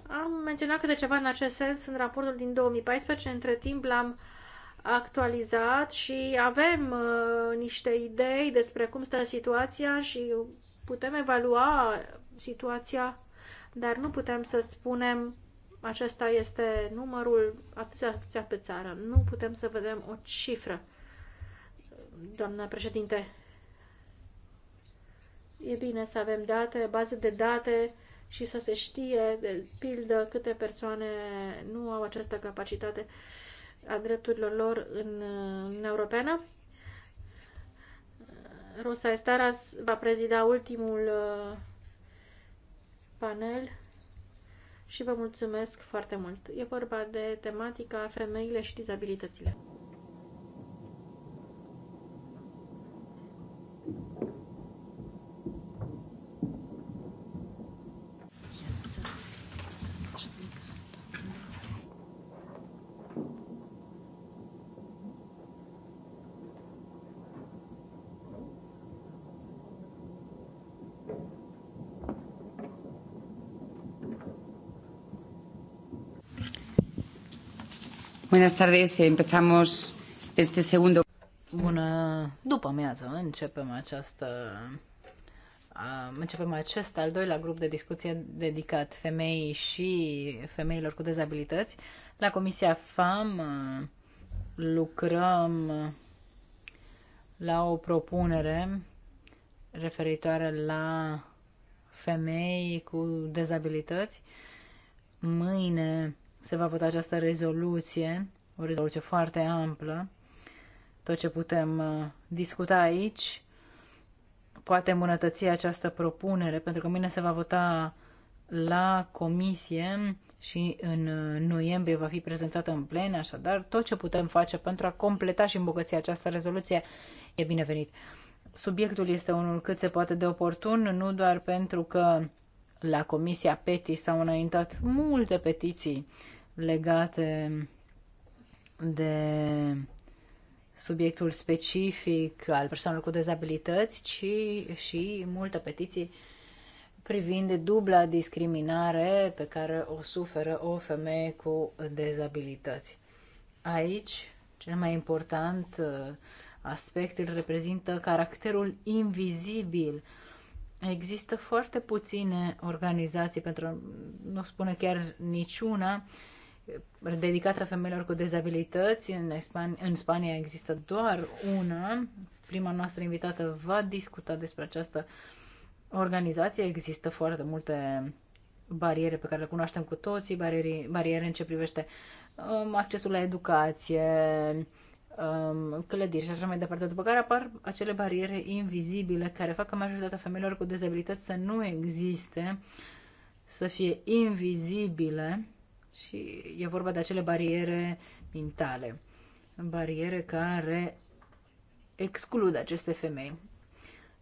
Am menționat câte ceva în acest sens în raportul din 2014, între timp l-am actualizat și avem uh, niște idei despre cum stă situația și putem evalua situația, dar nu putem să spunem acesta este numărul atâția, atâția pe țară. Nu putem să vedem o cifră, doamna președinte. E bine să avem date, baze de date și să se știe, de pildă, câte persoane nu au această capacitate a drepturilor lor în Uniunea Europeană. Rosa Estaras va prezida ultimul uh, panel și vă mulțumesc foarte mult. E vorba de tematica femeile și dizabilitățile. Buenas tardes, empezamos este segundo. Bună după amiază, începem această începem acest al doilea grup de discuție dedicat femeii și femeilor cu dezabilități. La Comisia FAM lucrăm la o propunere referitoare la femei cu dezabilități. Mâine se va vota această rezoluție, o rezoluție foarte amplă. Tot ce putem uh, discuta aici poate îmbunătăți această propunere, pentru că mâine se va vota la comisie și în uh, noiembrie va fi prezentată în plen, așadar tot ce putem face pentru a completa și îmbogăți această rezoluție e binevenit. Subiectul este unul cât se poate de oportun, nu doar pentru că la Comisia PETI s-au înaintat multe petiții legate de subiectul specific al persoanelor cu dezabilități, ci și multe petiții privind dubla discriminare pe care o suferă o femeie cu dezabilități. Aici, cel mai important uh, aspect îl reprezintă caracterul invizibil. Există foarte puține organizații, pentru nu spune chiar niciuna, dedicată femeilor cu dezabilități. În, Span- în Spania există doar una. Prima noastră invitată va discuta despre această organizație. Există foarte multe bariere pe care le cunoaștem cu toții, barierii, bariere în ce privește um, accesul la educație, um, clădiri și așa mai departe. După care apar acele bariere invizibile care fac ca majoritatea femeilor cu dezabilități să nu existe, să fie invizibile și e vorba de acele bariere mentale, bariere care exclud aceste femei.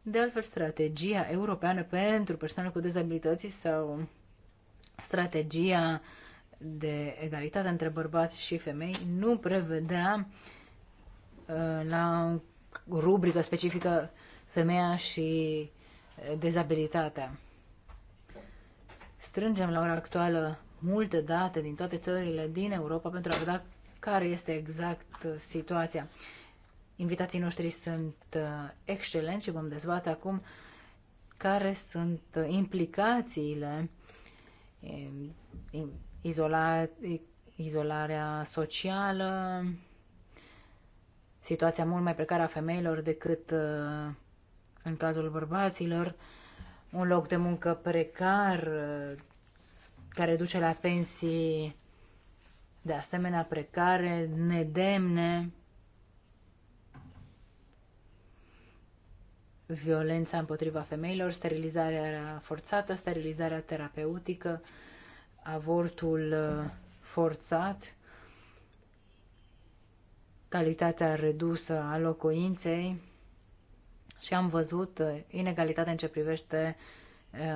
De altfel, strategia europeană pentru persoane cu dezabilități sau strategia de egalitate între bărbați și femei nu prevedea uh, la o rubrică specifică femeia și dezabilitatea. Strângem la ora actuală multe date din toate țările din Europa pentru a vedea care este exact uh, situația. Invitații noștri sunt uh, excelenți și vom dezbate acum care sunt uh, implicațiile um, izola, izolarea socială, situația mult mai precară a femeilor decât în cazul bărbaților, un loc de muncă precar care duce la pensii de asemenea precare, nedemne, violența împotriva femeilor, sterilizarea forțată, sterilizarea terapeutică, avortul uh, forțat, calitatea redusă a locuinței și am văzut uh, inegalitatea în ce privește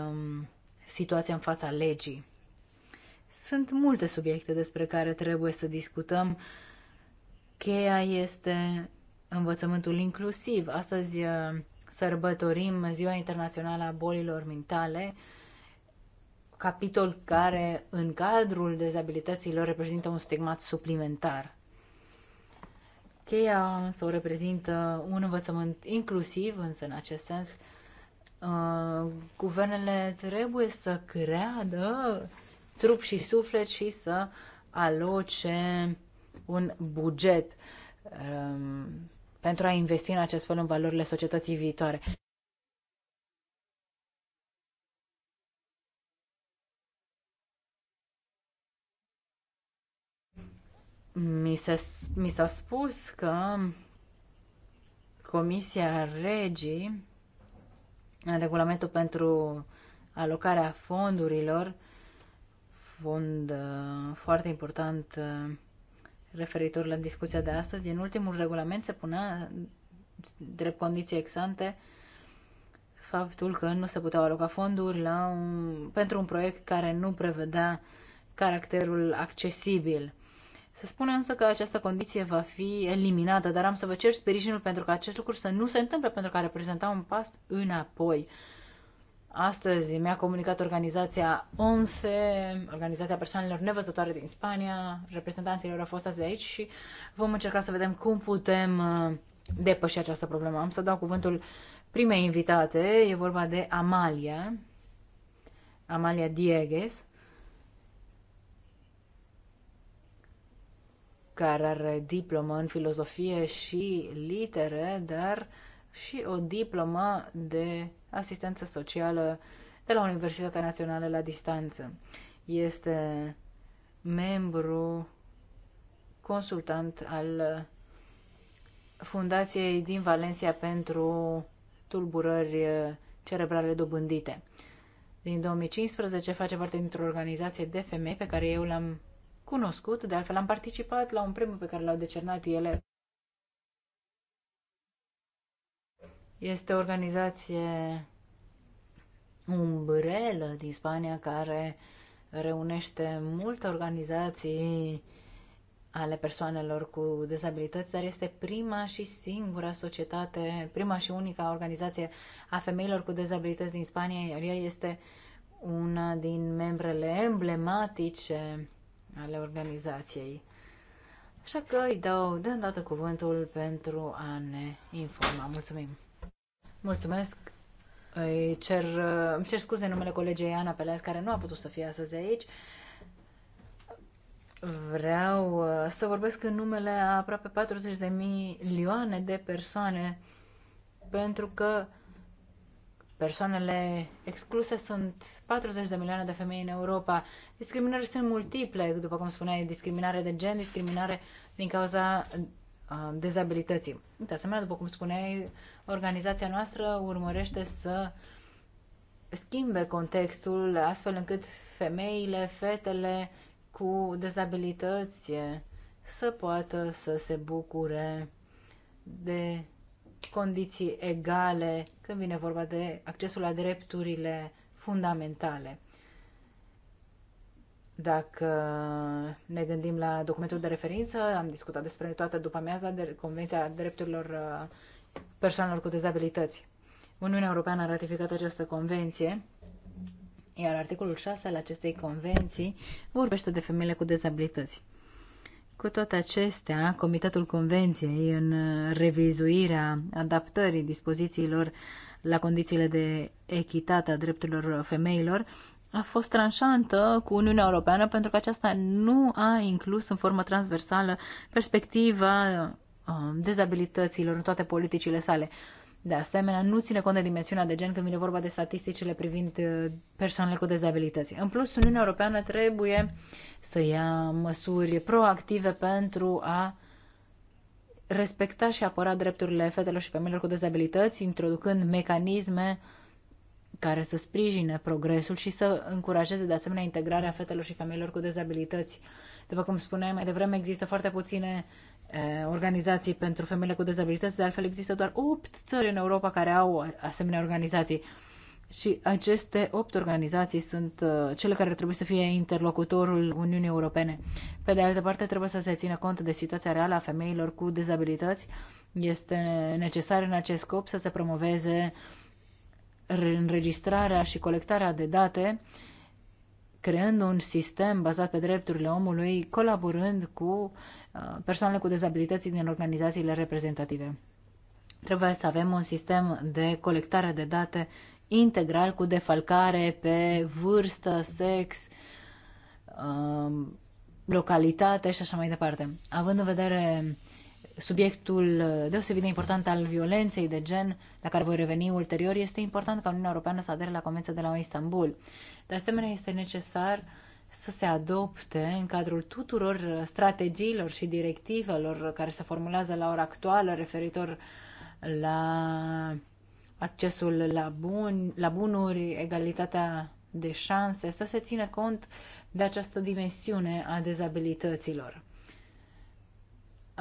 um, situația în fața legii. Sunt multe subiecte despre care trebuie să discutăm. Cheia este învățământul inclusiv. Astăzi uh, sărbătorim Ziua Internațională a Bolilor Mentale, capitol care în cadrul dezabilităților reprezintă un stigmat suplimentar. Cheia însă o reprezintă un învățământ inclusiv, însă în acest sens uh, guvernele trebuie să creadă trup și suflet și să aloce un buget um, pentru a investi în acest fel în valorile societății viitoare. Mi, se, mi s-a spus că Comisia Regii, în regulamentul pentru alocarea fondurilor, fond uh, foarte important uh, referitor la discuția de astăzi. Din ultimul regulament se punea drept condiție exante faptul că nu se puteau aloca fonduri la un, pentru un proiect care nu prevedea caracterul accesibil. Se spune însă că această condiție va fi eliminată, dar am să vă cer sprijinul pentru că acest lucru să nu se întâmple, pentru că reprezenta un pas înapoi Astăzi mi-a comunicat organizația ONSE, Organizația Persoanelor Nevăzătoare din Spania, reprezentanții lor au fost azi aici și vom încerca să vedem cum putem uh, depăși această problemă. Am să dau cuvântul primei invitate, e vorba de Amalia, Amalia Dieges, care are diplomă în filozofie și litere, dar și o diplomă de asistență socială de la Universitatea Națională la distanță. Este membru consultant al Fundației din Valencia pentru tulburări cerebrale dobândite. Din 2015 face parte dintr-o organizație de femei pe care eu l-am cunoscut, de altfel am participat la un premiu pe care l-au decernat ele Este o organizație umbrelă din Spania care reunește multe organizații ale persoanelor cu dezabilități, dar este prima și singura societate, prima și unica organizație a femeilor cu dezabilități din Spania, iar ea este una din membrele emblematice ale organizației. Așa că îi dau de îndată cuvântul pentru a ne informa. Mulțumim! Mulțumesc. Îi cer, uh, îmi cer scuze în numele colegei Ana Peleas, care nu a putut să fie astăzi aici. Vreau uh, să vorbesc în numele a aproape 40 de milioane de persoane, pentru că persoanele excluse sunt 40 de milioane de femei în Europa. Discriminări sunt multiple, după cum spuneai, discriminare de gen, discriminare din cauza uh, dezabilității. De asemenea, după cum spuneai, Organizația noastră urmărește să schimbe contextul astfel încât femeile, fetele cu dezabilități să poată să se bucure de condiții egale când vine vorba de accesul la drepturile fundamentale. Dacă ne gândim la documentul de referință, am discutat despre toată după amiaza de Convenția Drepturilor uh, persoanelor cu dezabilități. Uniunea Europeană a ratificat această convenție, iar articolul 6 al acestei convenții vorbește de femeile cu dezabilități. Cu toate acestea, Comitetul Convenției, în revizuirea adaptării dispozițiilor la condițiile de echitate a drepturilor femeilor, a fost tranșantă cu Uniunea Europeană pentru că aceasta nu a inclus în formă transversală perspectiva Um, dezabilităților în toate politicile sale. De asemenea, nu ține cont de dimensiunea de gen când vine vorba de statisticile privind uh, persoanele cu dezabilități. În plus, Uniunea Europeană trebuie să ia măsuri proactive pentru a respecta și apăra drepturile fetelor și femeilor cu dezabilități, introducând mecanisme care să sprijine progresul și să încurajeze de asemenea integrarea fetelor și femeilor cu dezabilități. După cum spuneam mai devreme, există foarte puține Eh, organizații pentru femeile cu dezabilități, de altfel există doar 8 țări în Europa care au asemenea organizații. Și aceste opt organizații sunt eh, cele care trebuie să fie interlocutorul Uniunii Europene. Pe de altă parte, trebuie să se țină cont de situația reală a femeilor cu dezabilități. Este necesar în acest scop să se promoveze înregistrarea și colectarea de date uh, creând un sistem bazat pe drepturile omului, colaborând cu uh, persoanele cu dezabilități din organizațiile reprezentative. Trebuie să avem un sistem de colectare de date integral cu defalcare pe vârstă, sex, um, localitate și așa mai departe. Având în vedere subiectul uh, deosebit de important al violenței de gen, la care voi reveni ulterior, este important ca Uniunea Europeană să adere la Convenția de la Istanbul. De asemenea, este necesar să se adopte în cadrul tuturor uh, strategiilor și directivelor care se formulează la ora actuală referitor la accesul la, bun, la bunuri, egalitatea de șanse, să se țină cont de această dimensiune a dezabilităților.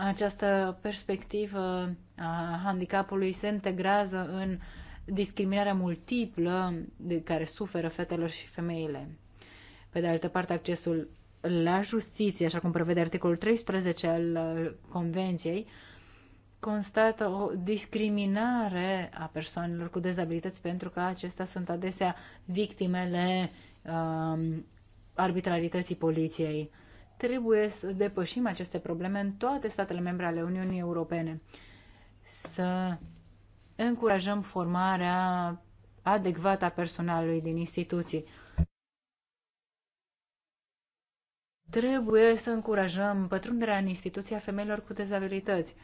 Această perspectivă a handicapului se integrează în discriminarea multiplă de care suferă fetelor și femeile. Pe de altă parte, accesul la justiție, așa cum prevede articolul 13 al uh, Convenției, constată o discriminare a persoanelor cu dezabilități pentru că acestea sunt adesea victimele um, arbitrarității poliției. Trebuie să depășim aceste probleme în toate statele membre ale Uniunii Europene. Să încurajăm formarea adecvată a personalului din instituții. Trebuie să încurajăm pătrunderea în instituția femeilor cu dezabilități,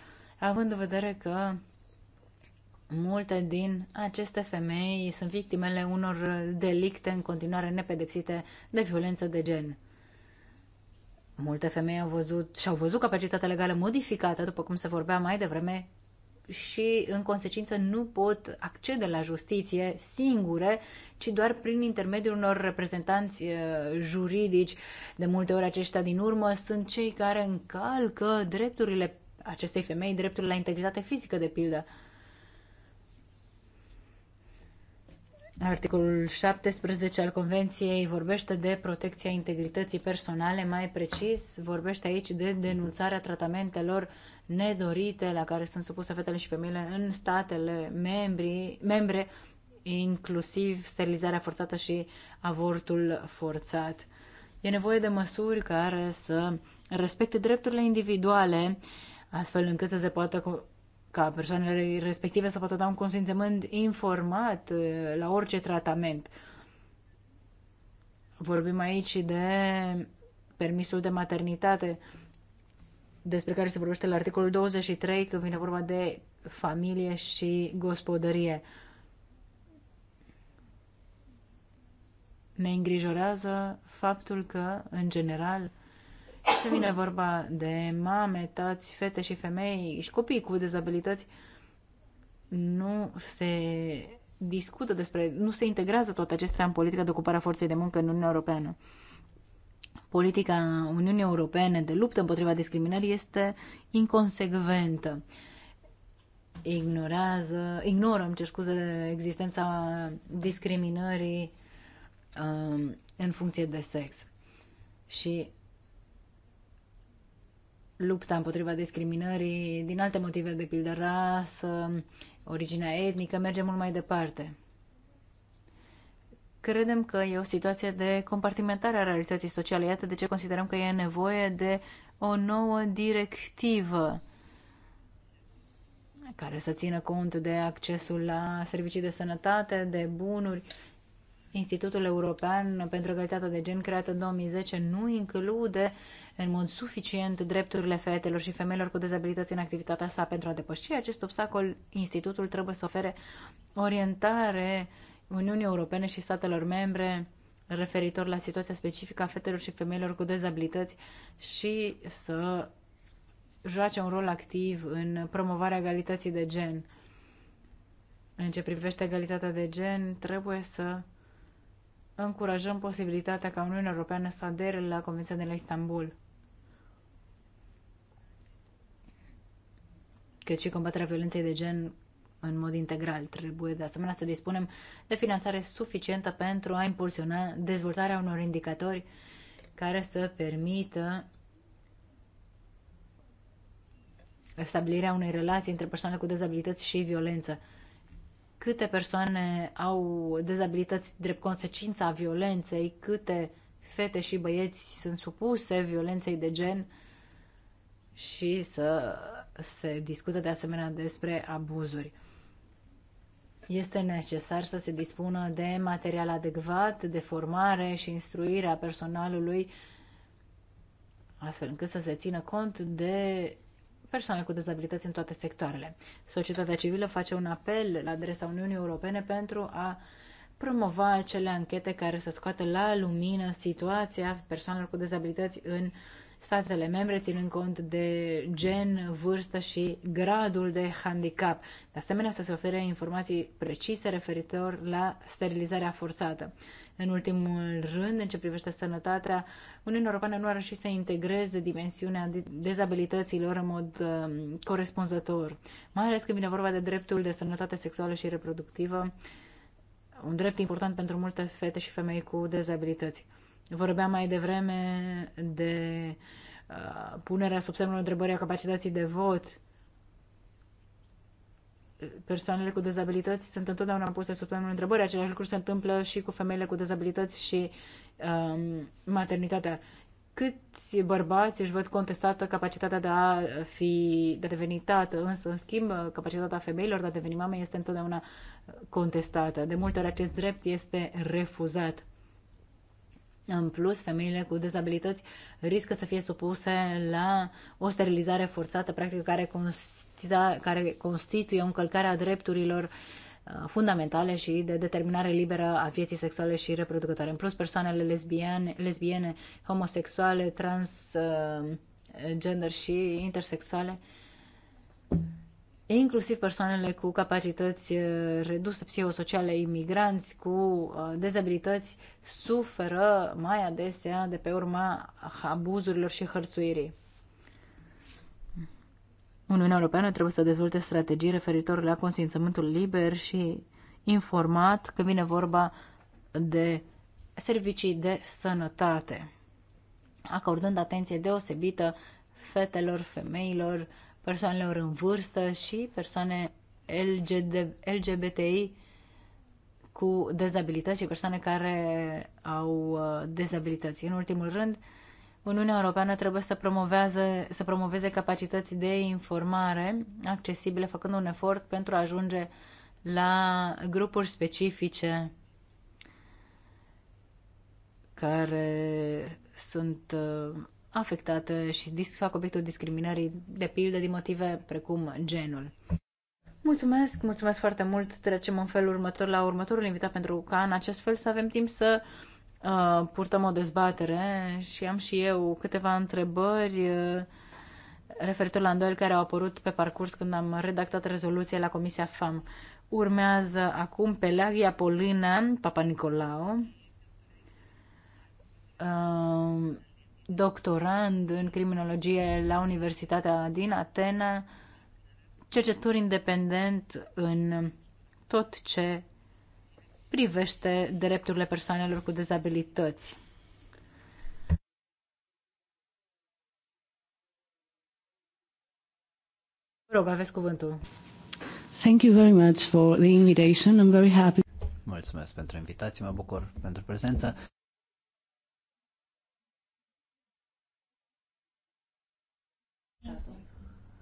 având în vedere că multe din aceste femei sunt victimele unor delicte în continuare nepedepsite de violență de gen. Multe femei au văzut și au văzut capacitatea legală modificată, după cum se vorbea mai devreme, și în consecință nu pot accede la justiție singure, ci doar prin intermediul unor reprezentanți eh, juridici. De multe ori aceștia din urmă sunt cei care încalcă drepturile acestei femei, drepturile la integritate fizică, de pildă. Articolul 17 al Convenției vorbește de protecția integrității personale, mai precis vorbește aici de denunțarea tratamentelor nedorite la care sunt supuse fetele și femeile în statele membri, membre, inclusiv sterilizarea forțată și avortul forțat. E nevoie de măsuri care să respecte drepturile individuale, astfel încât să se poată ca persoanele respective să poată da un consimțământ informat uh, la orice tratament. Vorbim aici de permisul de maternitate despre care se vorbește la articolul 23 când vine vorba de familie și gospodărie. Ne îngrijorează faptul că, în general, când vine vorba de mame, tați, fete și femei și copii cu dezabilități, nu se discută despre, nu se integrează toate acestea în politica de ocupare a forței de muncă în Uniunea Europeană. Politica Uniunii Europene de luptă împotriva discriminării este inconsecventă. Ignorează, ignorăm, ce scuze, existența discriminării um, în funcție de sex. Și lupta împotriva discriminării din alte motive, de pildă rasă, originea etnică, merge mult mai departe. Credem că e o situație de compartimentare a realității sociale. Iată de ce considerăm că e nevoie de o nouă directivă care să țină cont de accesul la servicii de sănătate, de bunuri Institutul European pentru Egalitatea de Gen, creat în 2010, nu include în mod suficient drepturile fetelor și femeilor cu dezabilități în activitatea sa. Pentru a depăși acest obstacol, Institutul trebuie să ofere orientare Uniunii Europene și statelor membre referitor la situația specifică a fetelor și femeilor cu dezabilități și să joace un rol activ în promovarea egalității de gen. În ce privește egalitatea de gen, trebuie să încurajăm posibilitatea ca Uniunea Europeană să adere la Convenția de la Istanbul. cât și combaterea violenței de gen în mod integral. Trebuie de asemenea să dispunem de finanțare suficientă pentru a impulsiona dezvoltarea unor indicatori care să permită stabilirea unei relații între persoanele cu dezabilități și violență câte persoane au dezabilități drept consecința violenței, câte fete și băieți sunt supuse violenței de gen și să se discută de asemenea despre abuzuri. Este necesar să se dispună de material adecvat, de formare și instruire a personalului, astfel încât să se țină cont de persoane cu dezabilități în toate sectoarele. Societatea civilă face un apel la adresa Uniunii Europene pentru a promova acele anchete care să scoată la lumină situația persoanelor cu dezabilități în statele membre, ținând cont de gen, vârstă și gradul de handicap. De asemenea, să se ofere informații precise referitor la sterilizarea forțată. În ultimul rând, în ce privește sănătatea, Uniunea Europeană nu a reușit să integreze dimensiunea dezabilităților în mod um, corespunzător, mai ales când vine vorba de dreptul de sănătate sexuală și reproductivă, un drept important pentru multe fete și femei cu dezabilități. Vorbeam mai devreme de uh, punerea sub semnul întrebării a capacității de vot. Persoanele cu dezabilități sunt întotdeauna puse sub semnul întrebării. Același lucru se întâmplă și cu femeile cu dezabilități și um, maternitatea. Câți bărbați își văd contestată capacitatea de a fi, de a deveni tată, însă, în schimb, capacitatea femeilor de a deveni mame este întotdeauna contestată. De multe ori acest drept este refuzat. În plus, femeile cu dezabilități riscă să fie supuse la o sterilizare forțată, practică care, consti- care constituie o încălcare a drepturilor Uh, fundamentale și de determinare liberă a vieții sexuale și reproducătoare. În plus, persoanele lesbiene, lesbiene homosexuale, transgender uh, și intersexuale, inclusiv persoanele cu capacități uh, reduse psihosociale, imigranți cu dezabilități, suferă mai adesea de pe urma abuzurilor și hărțuirii. Uniunea Europeană trebuie să dezvolte strategii referitor la consimțământul liber și informat când vine vorba de servicii de sănătate, acordând atenție deosebită fetelor, femeilor, persoanelor în vârstă și persoane LGBTI cu dezabilități și persoane care au uh, dezabilități. În ultimul rând, Uniunea Europeană trebuie să, promovează, să promoveze capacități de informare accesibile, făcând un efort pentru a ajunge la grupuri specifice care sunt uh, afectate și fac obiectul discriminării, de pildă, din motive precum genul. Mulțumesc, mulțumesc foarte mult. Trecem în felul următor la următorul invitat pentru ca în acest fel să avem timp să uh, Uh, purtăm o dezbatere și am și eu câteva întrebări uh, referitor la îndoieli care au apărut pe parcurs când am redactat rezoluția la Comisia FAM. Urmează acum Pelagia Polina Papa Nicolau, uh, doctorand în criminologie la Universitatea din Atena, cercetător independent în tot ce privește drepturile persoanelor cu dezabilități. Vă rog, aveți cuvântul. Thank you very much for the invitation. I'm very happy. Mulțumesc pentru invitație, mă bucur pentru prezență.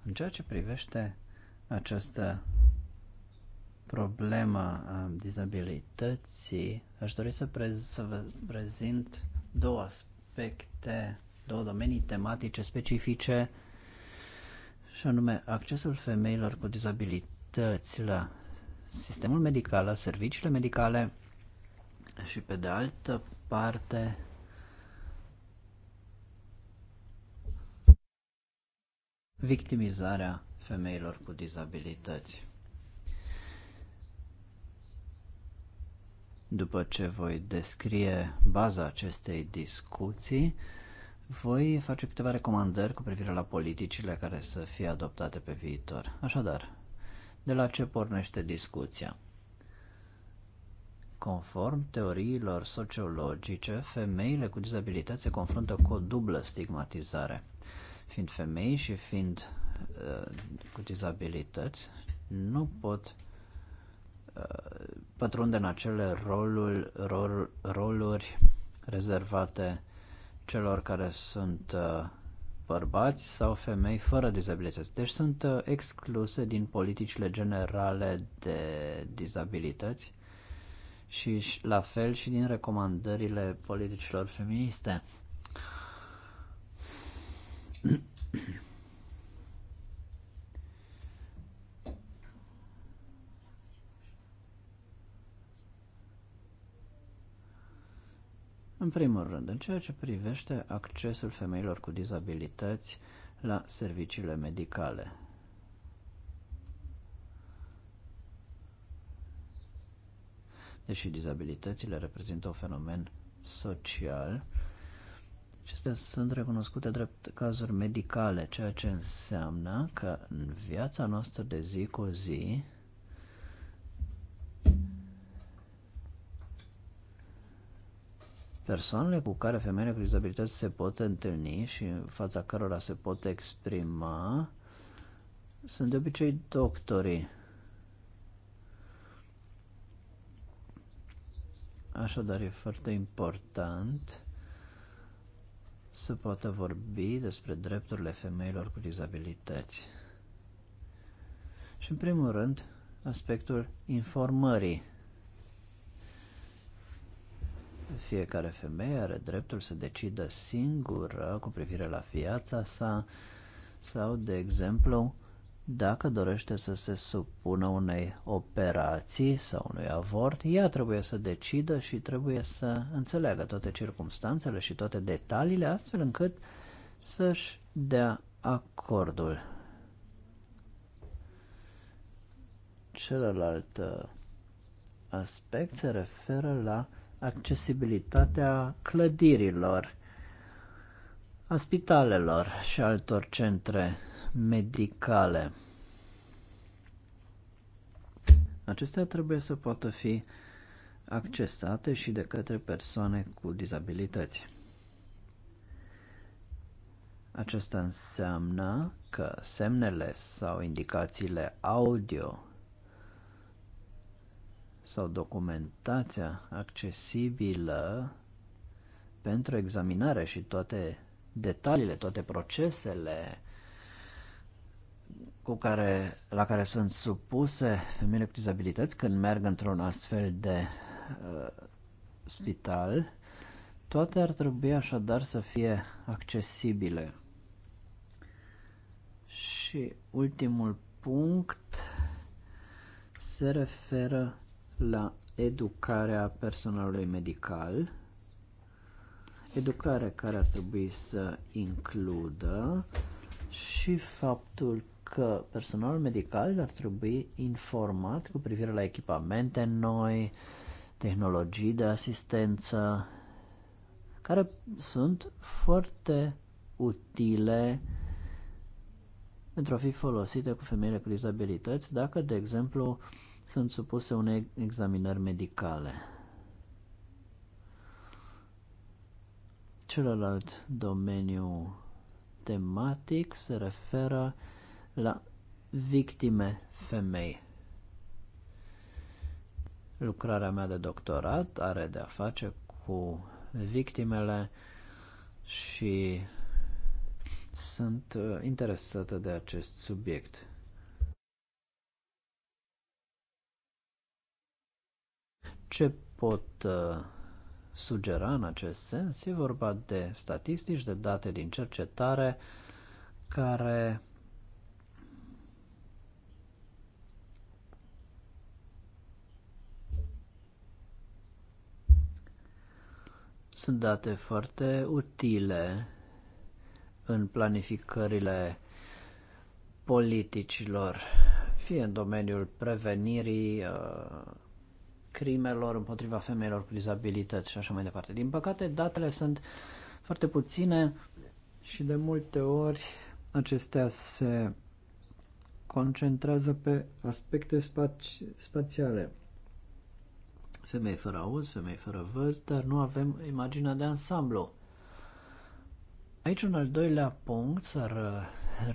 În ceea ce privește această problema dizabilității, aș dori să, prez, să vă prezint două aspecte, două domenii tematice specifice, și anume accesul femeilor cu dizabilități la sistemul medical, la serviciile medicale și, pe de altă parte, victimizarea femeilor cu dizabilități. După ce voi descrie baza acestei discuții, voi face câteva recomandări cu privire la politicile care să fie adoptate pe viitor. Așadar, de la ce pornește discuția? Conform teoriilor sociologice, femeile cu dizabilități se confruntă cu o dublă stigmatizare. Fiind femei și fiind uh, cu dizabilități, nu pot pătrunde în acele rolul, rol, roluri rezervate celor care sunt uh, bărbați sau femei fără dizabilități. Deci sunt uh, excluse din politicile generale de dizabilități și la fel și din recomandările politicilor feministe. În primul rând, în ceea ce privește accesul femeilor cu dizabilități la serviciile medicale. Deși dizabilitățile reprezintă un fenomen social, acestea sunt recunoscute drept cazuri medicale, ceea ce înseamnă că în viața noastră de zi cu zi persoanele cu care femeile cu dizabilități se pot întâlni și în fața cărora se pot exprima sunt de obicei doctorii. Așadar, e foarte important să poată vorbi despre drepturile femeilor cu dizabilități. Și, în primul rând, aspectul informării fiecare femeie are dreptul să decidă singură cu privire la viața sa sau, de exemplu, dacă dorește să se supună unei operații sau unui avort, ea trebuie să decidă și trebuie să înțeleagă toate circumstanțele și toate detaliile, astfel încât să-și dea acordul. Celălalt uh, aspect se referă la accesibilitatea clădirilor, a spitalelor și altor centre medicale. Acestea trebuie să poată fi accesate și de către persoane cu dizabilități. Aceasta înseamnă că semnele sau indicațiile audio sau documentația accesibilă pentru examinare și toate detaliile, toate procesele cu care, la care sunt supuse femeile cu dizabilități când merg într-un astfel de uh, spital, toate ar trebui așadar să fie accesibile. Și ultimul punct se referă la educarea personalului medical, educarea care ar trebui să includă și faptul că personalul medical ar trebui informat cu privire la echipamente noi, tehnologii de asistență, care sunt foarte utile pentru a fi folosite cu femeile cu dizabilități, dacă, de exemplu, sunt supuse unei examinări medicale. Celălalt domeniu tematic se referă la victime femei. Lucrarea mea de doctorat are de a face cu victimele și sunt interesată de acest subiect. Ce pot uh, sugera în acest sens? E vorba de statistici, de date din cercetare care sunt date foarte utile în planificările politicilor, fie în domeniul prevenirii, uh, crimelor împotriva femeilor cu dizabilități și așa mai departe. Din păcate, datele sunt foarte puține și de multe ori acestea se concentrează pe aspecte spați spațiale. Femei fără auz, femei fără văz, dar nu avem imaginea de ansamblu. Aici un al doilea punct s-ar uh,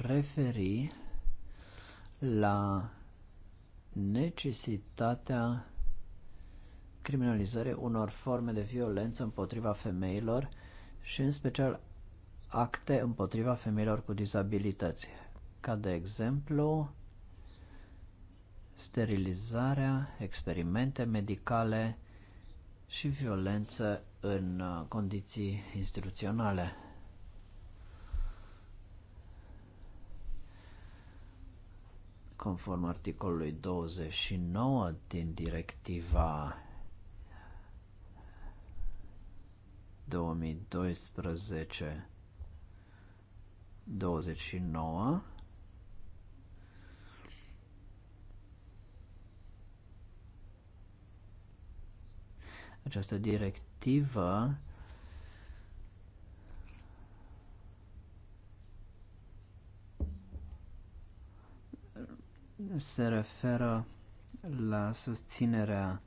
referi la necesitatea criminalizării unor forme de violență împotriva femeilor și în special acte împotriva femeilor cu dizabilități, ca de exemplu sterilizarea, experimente medicale și violență în uh, condiții instituționale. Conform articolului 29 din directiva 2012 29 Această directivă se referă la susținerea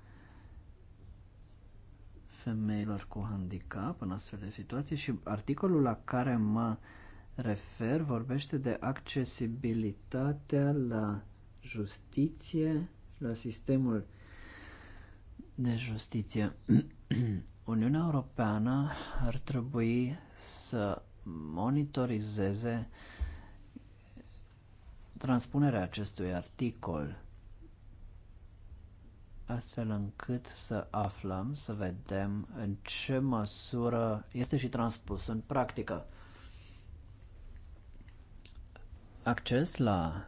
femeilor cu handicap în astfel de situații și articolul la care mă refer vorbește de accesibilitatea la justiție, la sistemul de justiție. Uniunea Europeană ar trebui să monitorizeze transpunerea acestui articol astfel încât să aflăm, să vedem în ce măsură este și transpus în practică. Acces la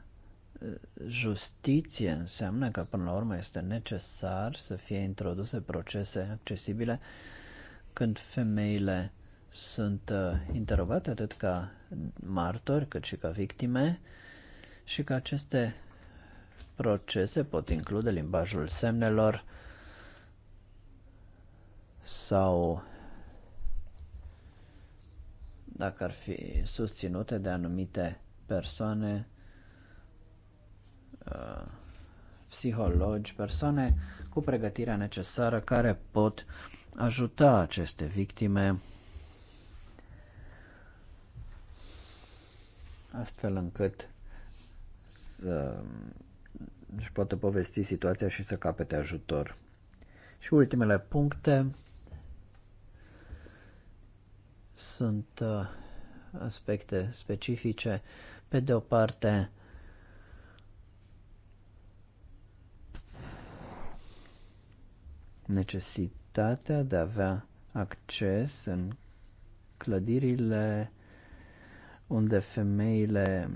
uh, justiție înseamnă că până la urmă este necesar să fie introduse procese accesibile când femeile sunt uh, interogate atât ca martori cât și ca victime și că aceste procese pot include limbajul semnelor sau dacă ar fi susținute de anumite persoane, uh, psihologi, persoane cu pregătirea necesară care pot ajuta aceste victime astfel încât să își poată povesti situația și să capete ajutor. Și ultimele puncte sunt uh, aspecte specifice. Pe de o parte, necesitatea de a avea acces în clădirile unde femeile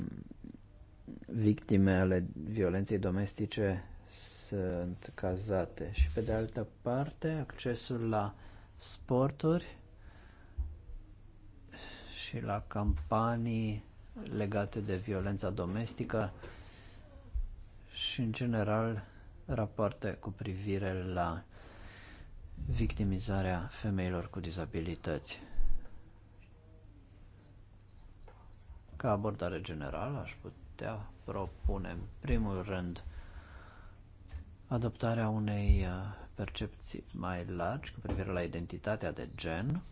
victime ale violenței domestice sunt cazate și pe de altă parte accesul la sporturi și la campanii legate de violența domestică și în general rapoarte cu privire la victimizarea femeilor cu dizabilități. Ca abordare generală aș putea putea propune? În primul rând, adoptarea unei uh, percepții mai largi cu privire la identitatea de gen.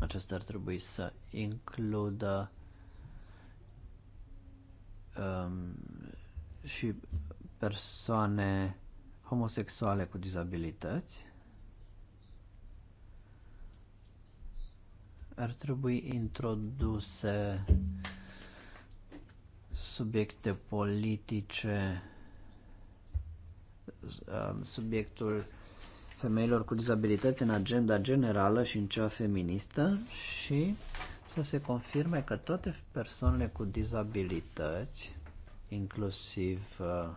Acesta ar trebui să includă um, și persoane homosexuale cu dizabilități. Ar trebui introduse subiecte politice, um, subiectul femeilor cu dizabilități în agenda generală și în cea feministă și să se confirme că toate persoanele cu dizabilități, inclusiv uh,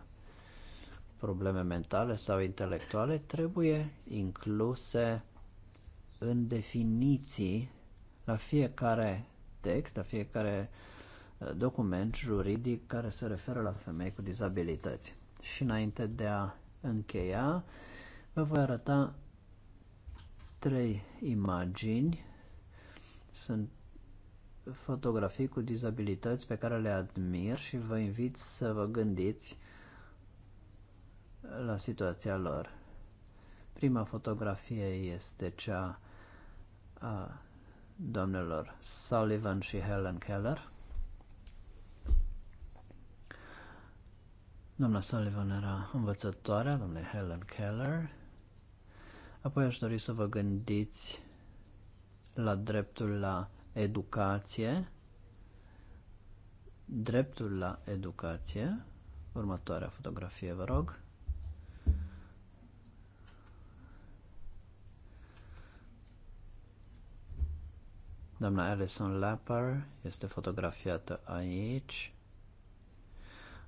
probleme mentale sau intelectuale, trebuie incluse în definiții la fiecare text, la fiecare uh, document juridic care se referă la femei cu dizabilități. Și înainte de a încheia, vă voi arăta trei imagini. Sunt fotografii cu dizabilități pe care le admir și vă invit să vă gândiți la situația lor. Prima fotografie este cea a doamnelor Sullivan și Helen Keller. Doamna Sullivan era învățătoarea, domnule Helen Keller. Apoi aș dori să vă gândiți la dreptul la educație. Dreptul la educație. Următoarea fotografie, vă rog. Doamna Alison Lapper este fotografiată aici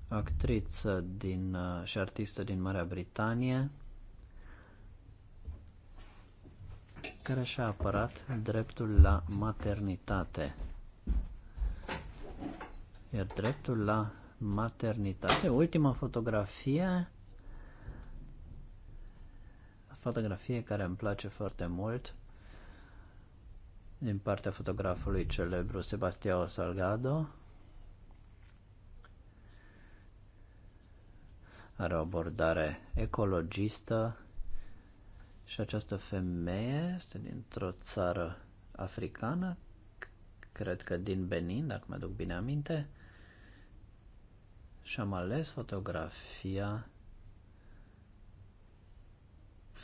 actriță din, uh, și artistă din Marea Britanie, care și-a apărat dreptul la maternitate. Iar dreptul la maternitate, ultima fotografie, fotografie care îmi place foarte mult, din partea fotografului celebru Sebastiao Salgado, are o abordare ecologistă și această femeie este dintr-o țară africană, cred că din Benin, dacă mă duc bine aminte, și am ales fotografia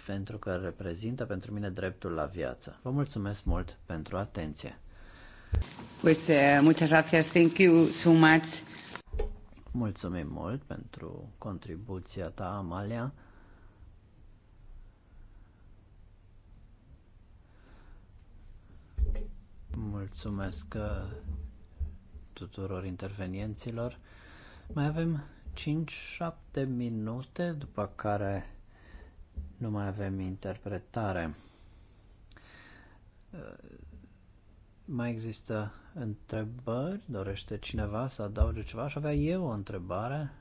pentru că reprezintă pentru mine dreptul la viață. Vă mulțumesc mult pentru atenție. Pues, uh, muchas gracias. Thank you so much. Mulțumim mult pentru contribuția ta, Amalia. Mulțumesc uh, tuturor intervenienților. Mai avem 5-7 minute, după care nu mai avem interpretare. Uh, mai există întrebări? Dorește cineva să adauge ceva? Aș avea eu o întrebare.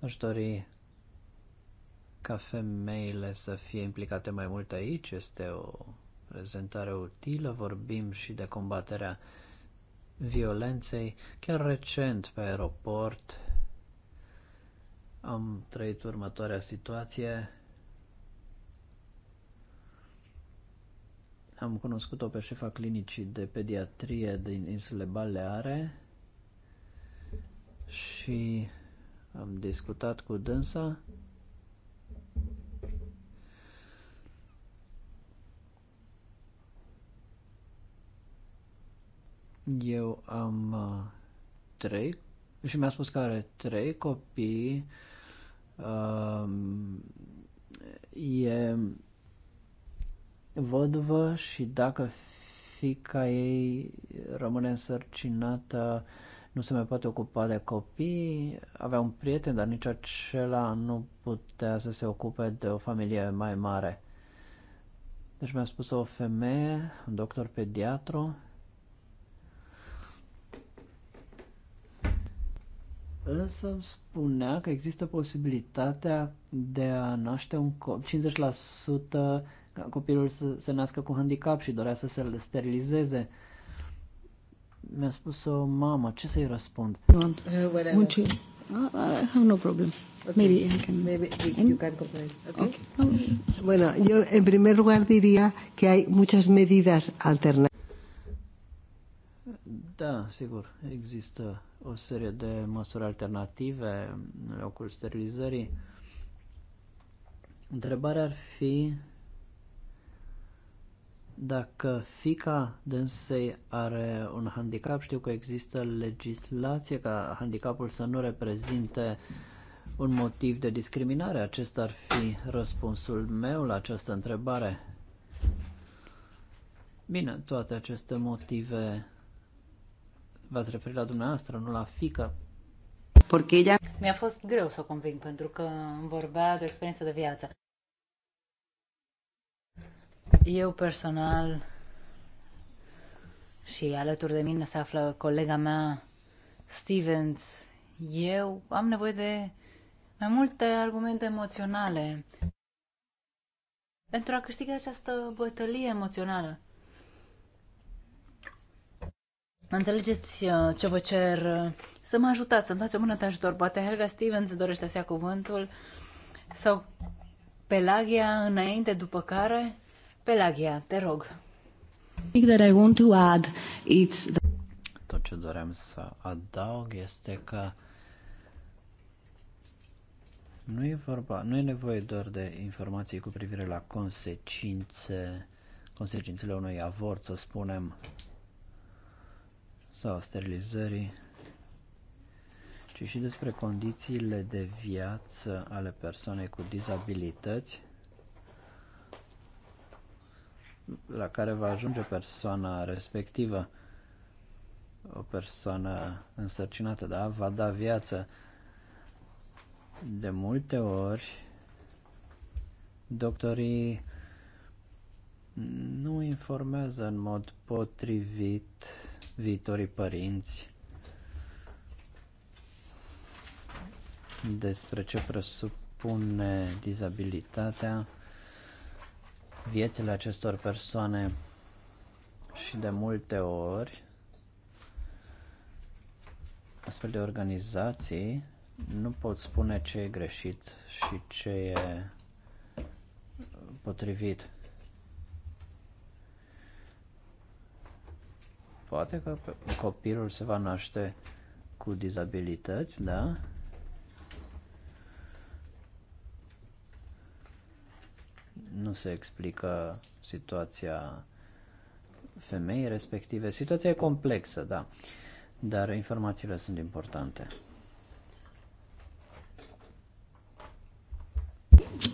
Aș dori ca femeile să fie implicate mai mult aici. Este o prezentare utilă. Vorbim și de combaterea violenței. Chiar recent pe aeroport am trăit următoarea situație Am cunoscut-o pe șefa clinicii de pediatrie din insulele Baleare și am discutat cu dânsa. Eu am uh, trei și mi-a spus că are trei copii. Um, e văduvă și dacă fica ei rămâne însărcinată, nu se mai poate ocupa de copii, avea un prieten, dar nici acela nu putea să se ocupe de o familie mai mare. Deci mi-a spus o femeie, un doctor pediatru, însă îmi spunea că există posibilitatea de a naște un copil, ca copilul să se nască cu handicap și dorea să se sterilizeze. Mi-a spus o mamă, ce să-i răspund? nu, uh, you? Uh, uh, I have no problem. Okay. Maybe I can. Maybe you can complain. Okay. okay. Bueno, yo en primer lugar diría que hay muchas medidas alternativas. Da, sigur, există o serie de măsuri alternative în locul sterilizării. Întrebarea ar fi dacă fica dânsei are un handicap, știu că există legislație ca handicapul să nu reprezinte un motiv de discriminare. Acesta ar fi răspunsul meu la această întrebare. Bine, toate aceste motive v-ați referit la dumneavoastră, nu la fică. Porque ella... Mi-a fost greu să o conving pentru că vorbea de o experiență de viață. Eu personal și alături de mine se află colega mea, Stevens, eu am nevoie de mai multe argumente emoționale pentru a câștiga această bătălie emoțională. Înțelegeți uh, ce vă cer? Să mă ajutați, să-mi dați o mână de ajutor. Poate Helga Stevens dorește să ia cuvântul sau Pelagia înainte, după care Pelagia, te rog. Tot ce doream să adaug este că nu e vorba, nu e nevoie doar de informații cu privire la consecințe, consecințele unui avort, să spunem, sau sterilizării, ci și despre condițiile de viață ale persoanei cu dizabilități la care va ajunge persoana respectivă. O persoană însărcinată, da? Va da viață. De multe ori, doctorii nu informează în mod potrivit viitorii părinți despre ce presupune dizabilitatea viețile acestor persoane și de multe ori astfel de organizații nu pot spune ce e greșit și ce e potrivit. Poate că copilul se va naște cu dizabilități, da? nu se explică situația femeii respective. Situația e complexă, da, dar informațiile sunt importante.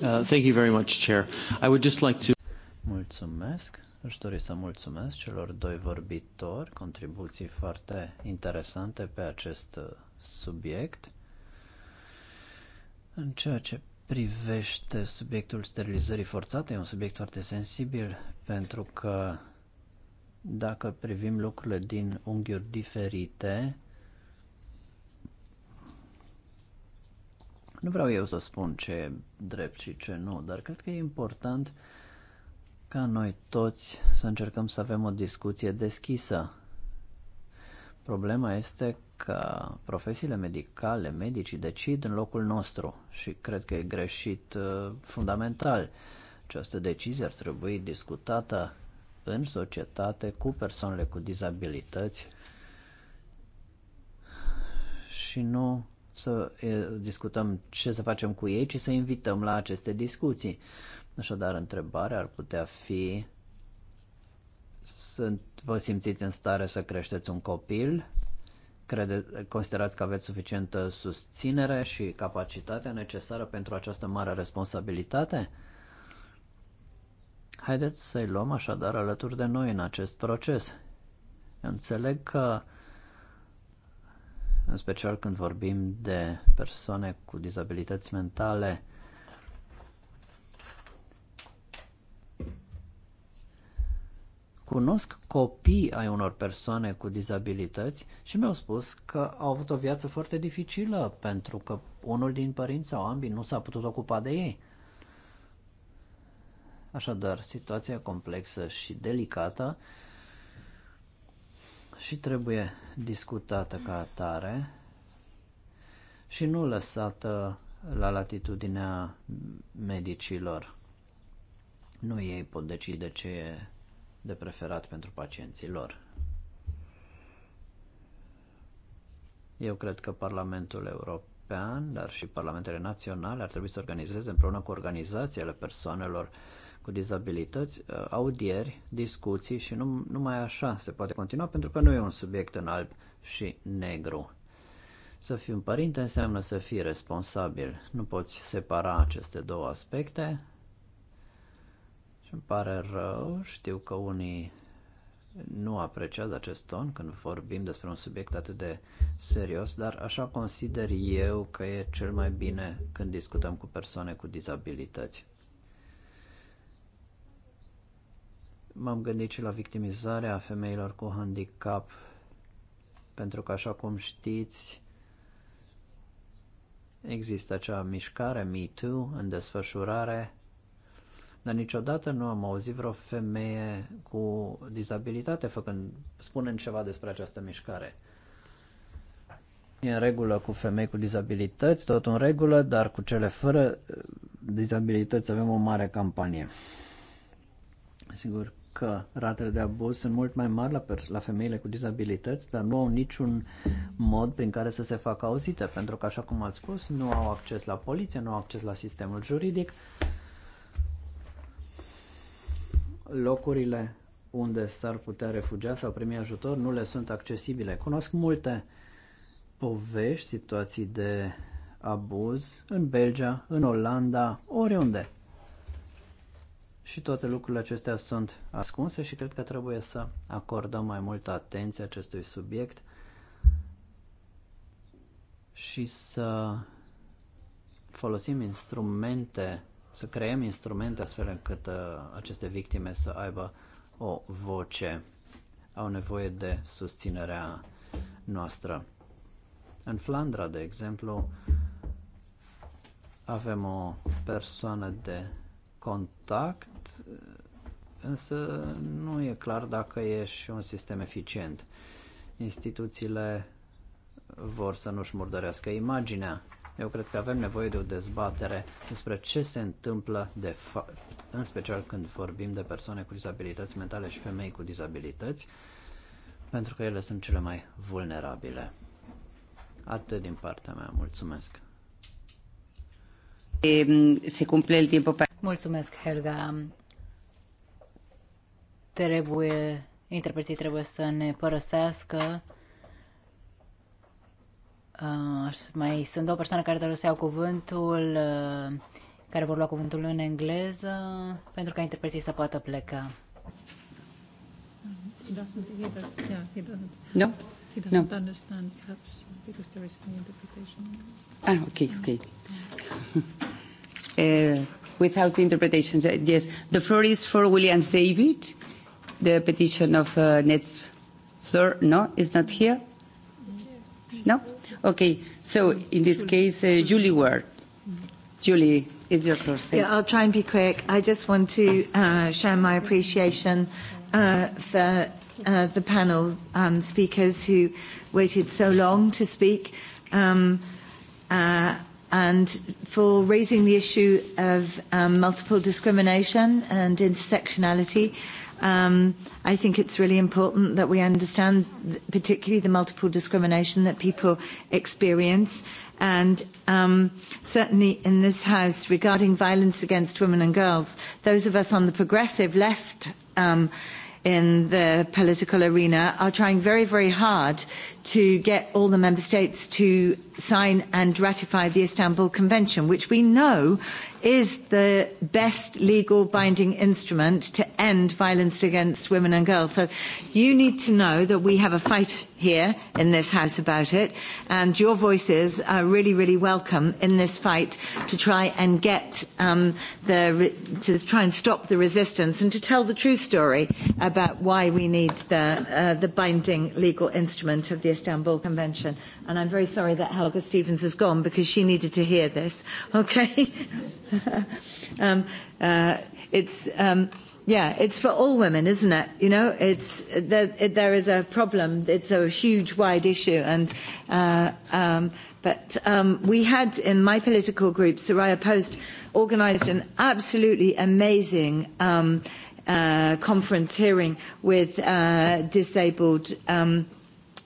Uh, thank you very much, Chair. I would just like to... Mulțumesc. Aș dori să mulțumesc celor doi vorbitori, contribuții foarte interesante pe acest uh, subiect. În ceea ce privește subiectul sterilizării forțate, e un subiect foarte sensibil pentru că dacă privim lucrurile din unghiuri diferite, nu vreau eu să spun ce e drept și ce nu, dar cred că e important ca noi toți să încercăm să avem o discuție deschisă. Problema este că profesiile medicale, medicii decid în locul nostru și cred că e greșit uh, fundamental. Această decizie ar trebui discutată în societate cu persoanele cu dizabilități și nu să discutăm ce să facem cu ei, ci să invităm la aceste discuții. Așadar, întrebarea ar putea fi sunt, vă simțiți în stare să creșteți un copil? crede, considerați că aveți suficientă susținere și capacitatea necesară pentru această mare responsabilitate? Haideți să-i luăm așadar alături de noi în acest proces. Înțeleg că, în special când vorbim de persoane cu dizabilități mentale, cunosc copii ai unor persoane cu dizabilități și mi-au spus că au avut o viață foarte dificilă pentru că unul din părinți sau ambii nu s-a putut ocupa de ei. Așadar, situația complexă și delicată și trebuie discutată ca atare și nu lăsată la latitudinea medicilor. Nu ei pot decide ce e de preferat pentru pacienții lor. Eu cred că Parlamentul European, dar și Parlamentele Naționale ar trebui să organizeze împreună cu organizațiile persoanelor cu dizabilități, uh, audieri, discuții și nu, numai așa se poate continua pentru că nu e un subiect în alb și negru. Să fii un părinte înseamnă să fii responsabil. Nu poți separa aceste două aspecte, și îmi pare rău, știu că unii nu apreciază acest ton când vorbim despre un subiect atât de serios, dar așa consider eu că e cel mai bine când discutăm cu persoane cu dizabilități. M-am gândit și la victimizarea femeilor cu handicap, pentru că, așa cum știți, există acea mișcare Me Too în desfășurare dar niciodată nu am auzit vreo femeie cu dizabilitate făcând, spunând ceva despre această mișcare. E în regulă cu femei cu dizabilități, tot în regulă, dar cu cele fără uh, dizabilități avem o mare campanie. Sigur că ratele de abuz sunt mult mai mari la, la femeile cu dizabilități, dar nu au niciun mod prin care să se facă auzite, pentru că, așa cum ați spus, nu au acces la poliție, nu au acces la sistemul juridic locurile unde s-ar putea refugia sau primi ajutor nu le sunt accesibile. Cunosc multe povești, situații de abuz în Belgia, în Olanda, oriunde. Și toate lucrurile acestea sunt ascunse și cred că trebuie să acordăm mai multă atenție acestui subiect și să folosim instrumente să creăm instrumente astfel încât uh, aceste victime să aibă o voce. Au nevoie de susținerea noastră. În Flandra, de exemplu, avem o persoană de contact, însă nu e clar dacă e și un sistem eficient. Instituțiile vor să nu-și murdărească imaginea eu cred că avem nevoie de o dezbatere despre ce se întâmplă de fapt, în special când vorbim de persoane cu dizabilități mentale și femei cu dizabilități, pentru că ele sunt cele mai vulnerabile. Atât din partea mea. Mulțumesc. Ehm, se cumple timpul pe... Mulțumesc, Helga. Trebuie, interpreții trebuie să ne părăsească. Uh, mai sunt două persoane care doresc să iau cuvântul, uh, care vor lua cuvântul în engleză, pentru ca interpreții să poată pleca. No? He doesn't no. understand perhaps because there is no interpretation. Ah, okay, okay. uh, without interpretations, uh, yes. The floor is for Williams David. The petition of uh, Nets Floor, no, is not here. No? Okay, so in this case, uh, Julie Ward. Julie, is your floor. Thank yeah, I'll try and be quick. I just want to uh, share my appreciation uh, for uh, the panel um, speakers who waited so long to speak um, uh, and for raising the issue of um, multiple discrimination and intersectionality. Uh, Um, I think it's really important that we understand particularly the multiple discrimination that people experience and um, certainly in this House regarding violence against women and girls, those of us on the progressive left um, in the political arena are trying very, very hard to get all the member states to sign and ratify the Istanbul Convention, which we know is the best legal binding instrument to end violence against women and girls. So you need to know that we have a fight here in this House about it, and your voices are really, really welcome in this fight to try and get um, the to try and stop the resistance and to tell the true story about why we need the uh, the binding legal instrument of the Istanbul Convention. And I'm very sorry that Helga Stevens has gone because she needed to hear this. Okay. um, uh, it's. Um, yeah, it's for all women, isn't it? You know, it's there, it, there is a problem. It's a huge, wide issue, and uh, um, but um, we had in my political group, Soraya Post, organised an absolutely amazing. Um, uh, conference hearing with uh, disabled um,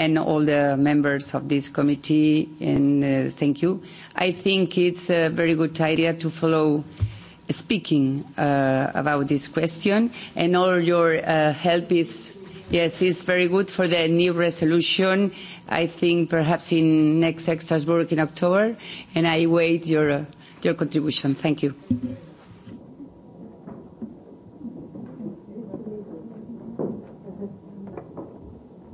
and all the members of this committee, and uh, thank you. I think it's a very good idea to follow speaking uh, about this question, and all your uh, help is, yes, is very good for the new resolution. I think perhaps in next Strasbourg in October, and I wait your, uh, your contribution. Thank you.